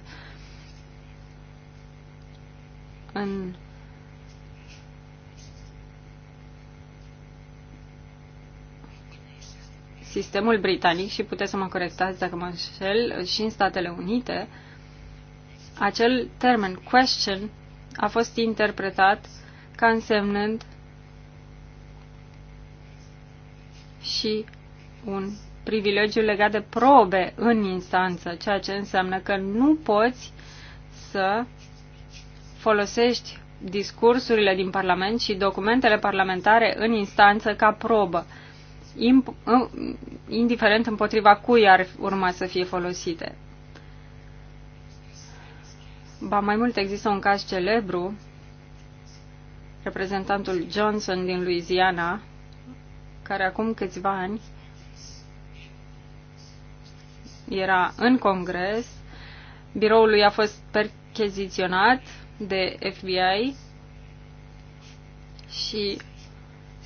în sistemul britanic și puteți să mă corectați dacă mă înșel, și în Statele Unite, acel termen question a fost interpretat ca însemnând și un privilegiu legat de probe în instanță, ceea ce înseamnă că nu poți să folosești discursurile din Parlament și documentele parlamentare în instanță ca probă, indiferent împotriva cui ar urma să fie folosite. Ba mai mult există un caz celebru, reprezentantul Johnson din Louisiana, care acum câțiva ani era în congres, biroul lui a fost percheziționat de FBI și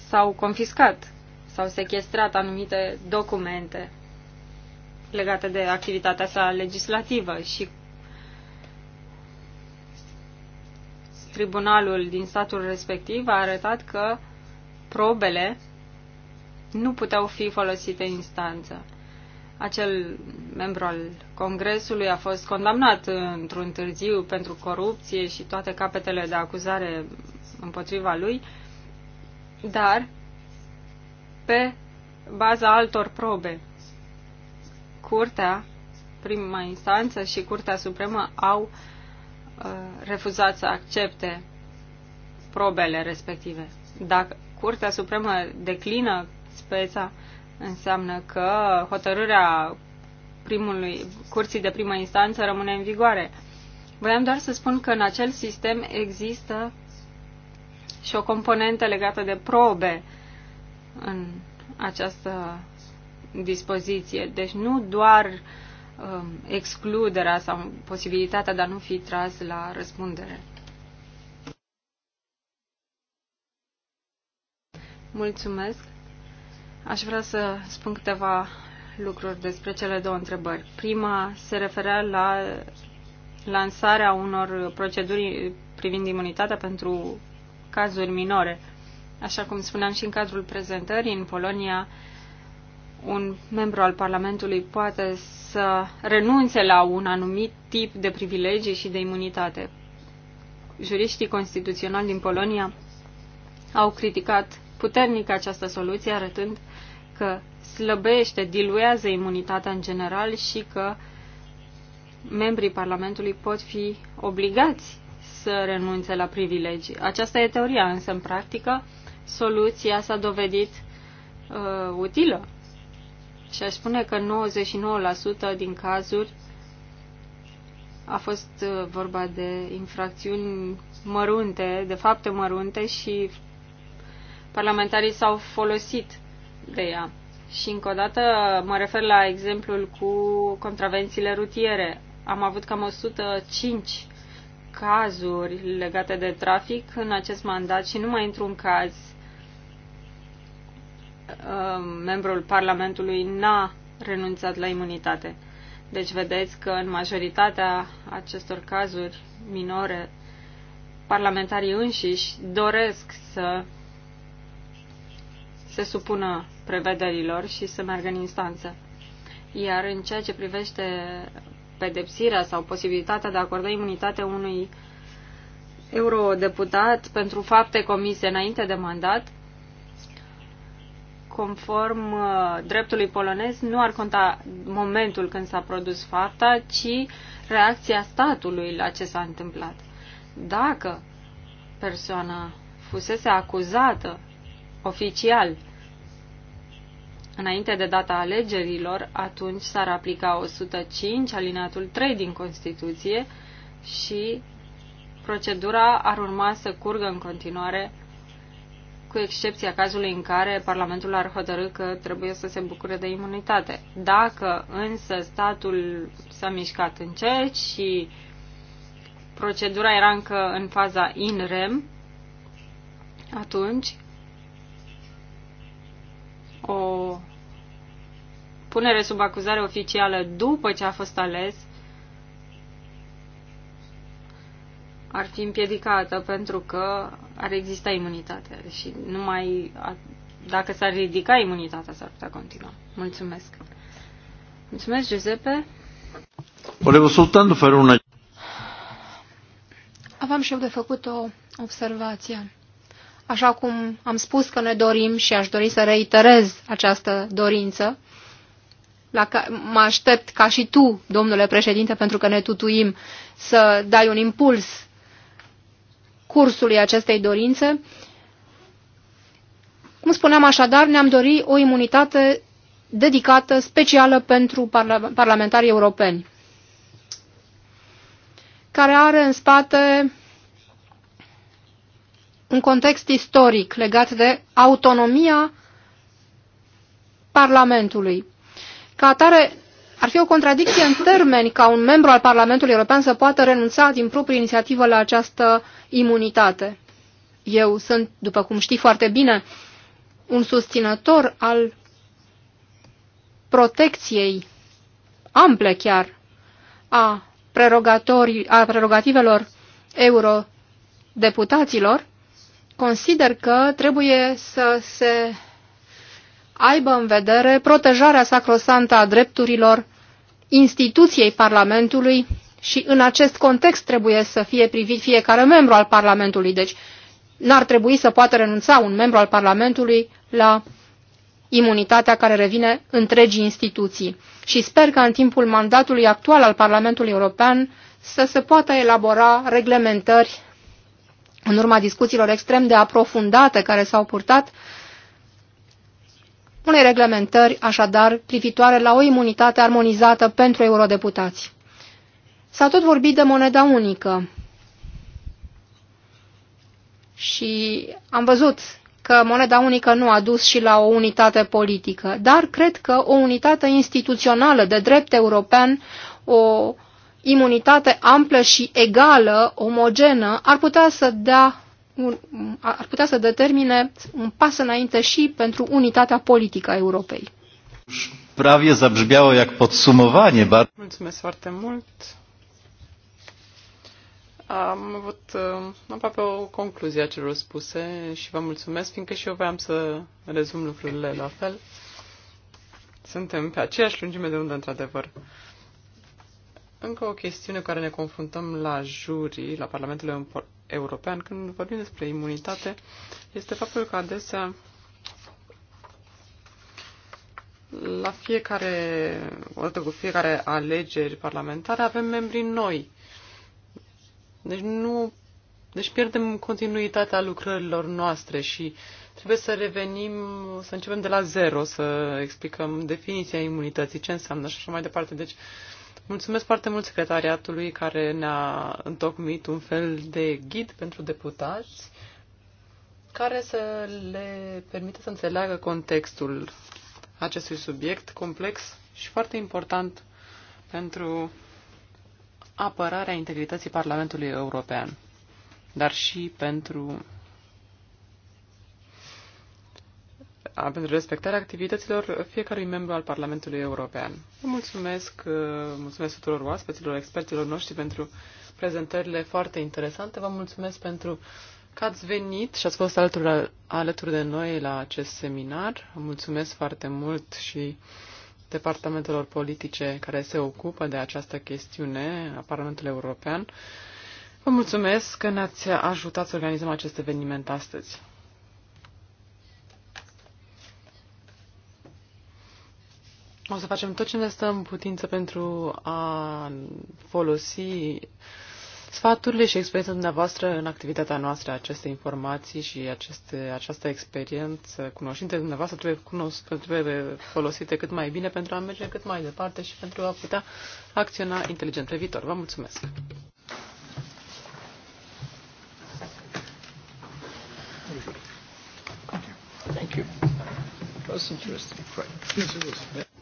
s-au confiscat, s-au sequestrat anumite documente legate de activitatea sa legislativă și tribunalul din statul respectiv a arătat că probele nu puteau fi folosite în instanță. Acel membru al Congresului a fost condamnat într-un târziu pentru corupție și toate capetele de acuzare împotriva lui, dar pe baza altor probe. Curtea, prima instanță și Curtea Supremă au uh, refuzat să accepte probele respective. Dacă Curtea Supremă declină speța înseamnă că hotărârea primului, curții de primă instanță rămâne în vigoare. Voiam doar să spun că în acel sistem există și o componentă legată de probe în această dispoziție. Deci nu doar um, excluderea sau posibilitatea de a nu fi tras la răspundere. Mulțumesc. Aș vrea să spun câteva lucruri despre cele două întrebări. Prima se referea la lansarea unor proceduri privind imunitatea pentru cazuri minore. Așa cum spuneam și în cadrul prezentării, în Polonia, un membru al Parlamentului poate să renunțe la un anumit tip de privilegii și de imunitate. Juriștii constituționali din Polonia au criticat puternic această soluție, arătând că slăbește, diluează imunitatea în general și că membrii Parlamentului pot fi obligați să renunțe la privilegii. Aceasta e teoria, însă în practică soluția s-a dovedit uh, utilă. Și aș spune că 99% din cazuri a fost uh, vorba de infracțiuni mărunte, de fapte mărunte și parlamentarii s-au folosit de ea. Și încă o dată mă refer la exemplul cu contravențiile rutiere. Am avut cam 105 cazuri legate de trafic în acest mandat și numai într-un caz um, membrul Parlamentului n-a renunțat la imunitate. Deci vedeți că în majoritatea acestor cazuri minore, parlamentarii înșiși doresc să se supună prevederilor și să meargă în instanță. Iar în ceea ce privește pedepsirea sau posibilitatea de a acorda imunitate unui eurodeputat pentru fapte comise înainte de mandat, conform uh, dreptului polonez, nu ar conta momentul când s-a produs fapta, ci reacția statului la ce s-a întâmplat. Dacă persoana fusese acuzată oficial înainte de data alegerilor, atunci s-ar aplica 105, alineatul 3 din Constituție și procedura ar urma să curgă în continuare, cu excepția cazului în care Parlamentul ar hotărâ că trebuie să se bucure de imunitate. Dacă însă statul s-a mișcat încet și procedura era încă în faza in rem, atunci o punere sub acuzare oficială după ce a fost ales ar fi împiedicată pentru că ar exista imunitate și numai dacă s-ar ridica imunitatea s-ar putea continua. Mulțumesc. Mulțumesc, Giuseppe. Volevo soltanto fare una... Aveam și eu de făcut o observație așa cum am spus că ne dorim și aș dori să reiterez această dorință, la ca, mă aștept ca și tu, domnule președinte, pentru că ne tutuim, să dai un impuls cursului acestei dorințe. Cum spuneam așadar, ne-am dorit o imunitate dedicată, specială pentru parla parlamentarii europeni, care are în spate un context istoric legat de autonomia Parlamentului. Ca atare, ar fi o contradicție în termeni ca un membru al Parlamentului European să poată renunța din proprie inițiativă la această imunitate. Eu sunt, după cum știi foarte bine, un susținător al protecției ample chiar a, a prerogativelor eurodeputaților consider că trebuie să se aibă în vedere protejarea sacrosantă a drepturilor instituției Parlamentului și în acest context trebuie să fie privit fiecare membru al Parlamentului. Deci n-ar trebui să poată renunța un membru al Parlamentului la imunitatea care revine întregii instituții. Și sper că în timpul mandatului actual al Parlamentului European să se poată elabora reglementări în urma discuțiilor extrem de aprofundate care s-au purtat, unei reglementări, așadar, privitoare la o imunitate armonizată pentru eurodeputați. S-a tot vorbit de moneda unică și am văzut că moneda unică nu a dus și la o unitate politică, dar cred că o unitate instituțională de drept european, o imunitate amplă și egală, omogenă, ar putea să dea un, ar putea să determine un pas înainte și pentru unitatea politică a Europei. Pravie zabrzmiało jak podsumowanie. Mulțumesc foarte mult. Am avut uh, aproape o concluzie a celor spuse și vă mulțumesc, fiindcă și eu voiam să rezum lucrurile la fel. Suntem pe aceeași lungime de undă, într-adevăr încă o chestiune care ne confruntăm la jurii, la Parlamentul European, când vorbim despre imunitate, este faptul că adesea la fiecare, odată cu fiecare alegeri parlamentare, avem membri noi. Deci nu deci pierdem continuitatea lucrărilor noastre și trebuie să revenim, să începem de la zero, să explicăm definiția imunității, ce înseamnă și așa mai departe. Deci Mulțumesc foarte mult secretariatului care ne-a întocmit un fel de ghid pentru deputați care să le permită să înțeleagă contextul acestui subiect complex și foarte important pentru apărarea integrității Parlamentului European, dar și pentru pentru respectarea activităților fiecărui membru al Parlamentului European. Vă mulțumesc, uh, mulțumesc tuturor oaspeților, experților noștri pentru prezentările foarte interesante. Vă mulțumesc pentru că ați venit și ați fost alături, alături de noi la acest seminar. Mulțumesc foarte mult și departamentelor politice care se ocupă de această chestiune a Parlamentului European. Vă mulțumesc că ne-ați ajutat să organizăm acest eveniment astăzi. O să facem tot ce ne stă în putință pentru a folosi sfaturile și experiența dumneavoastră în activitatea noastră, aceste informații și aceste, această experiență, cunoștințe dumneavoastră trebuie, cunosc, trebuie folosite cât mai bine pentru a merge cât mai departe și pentru a putea acționa inteligent pe viitor. Vă mulțumesc! Thank you. That was interesting. Right. Yes, it was. Yeah.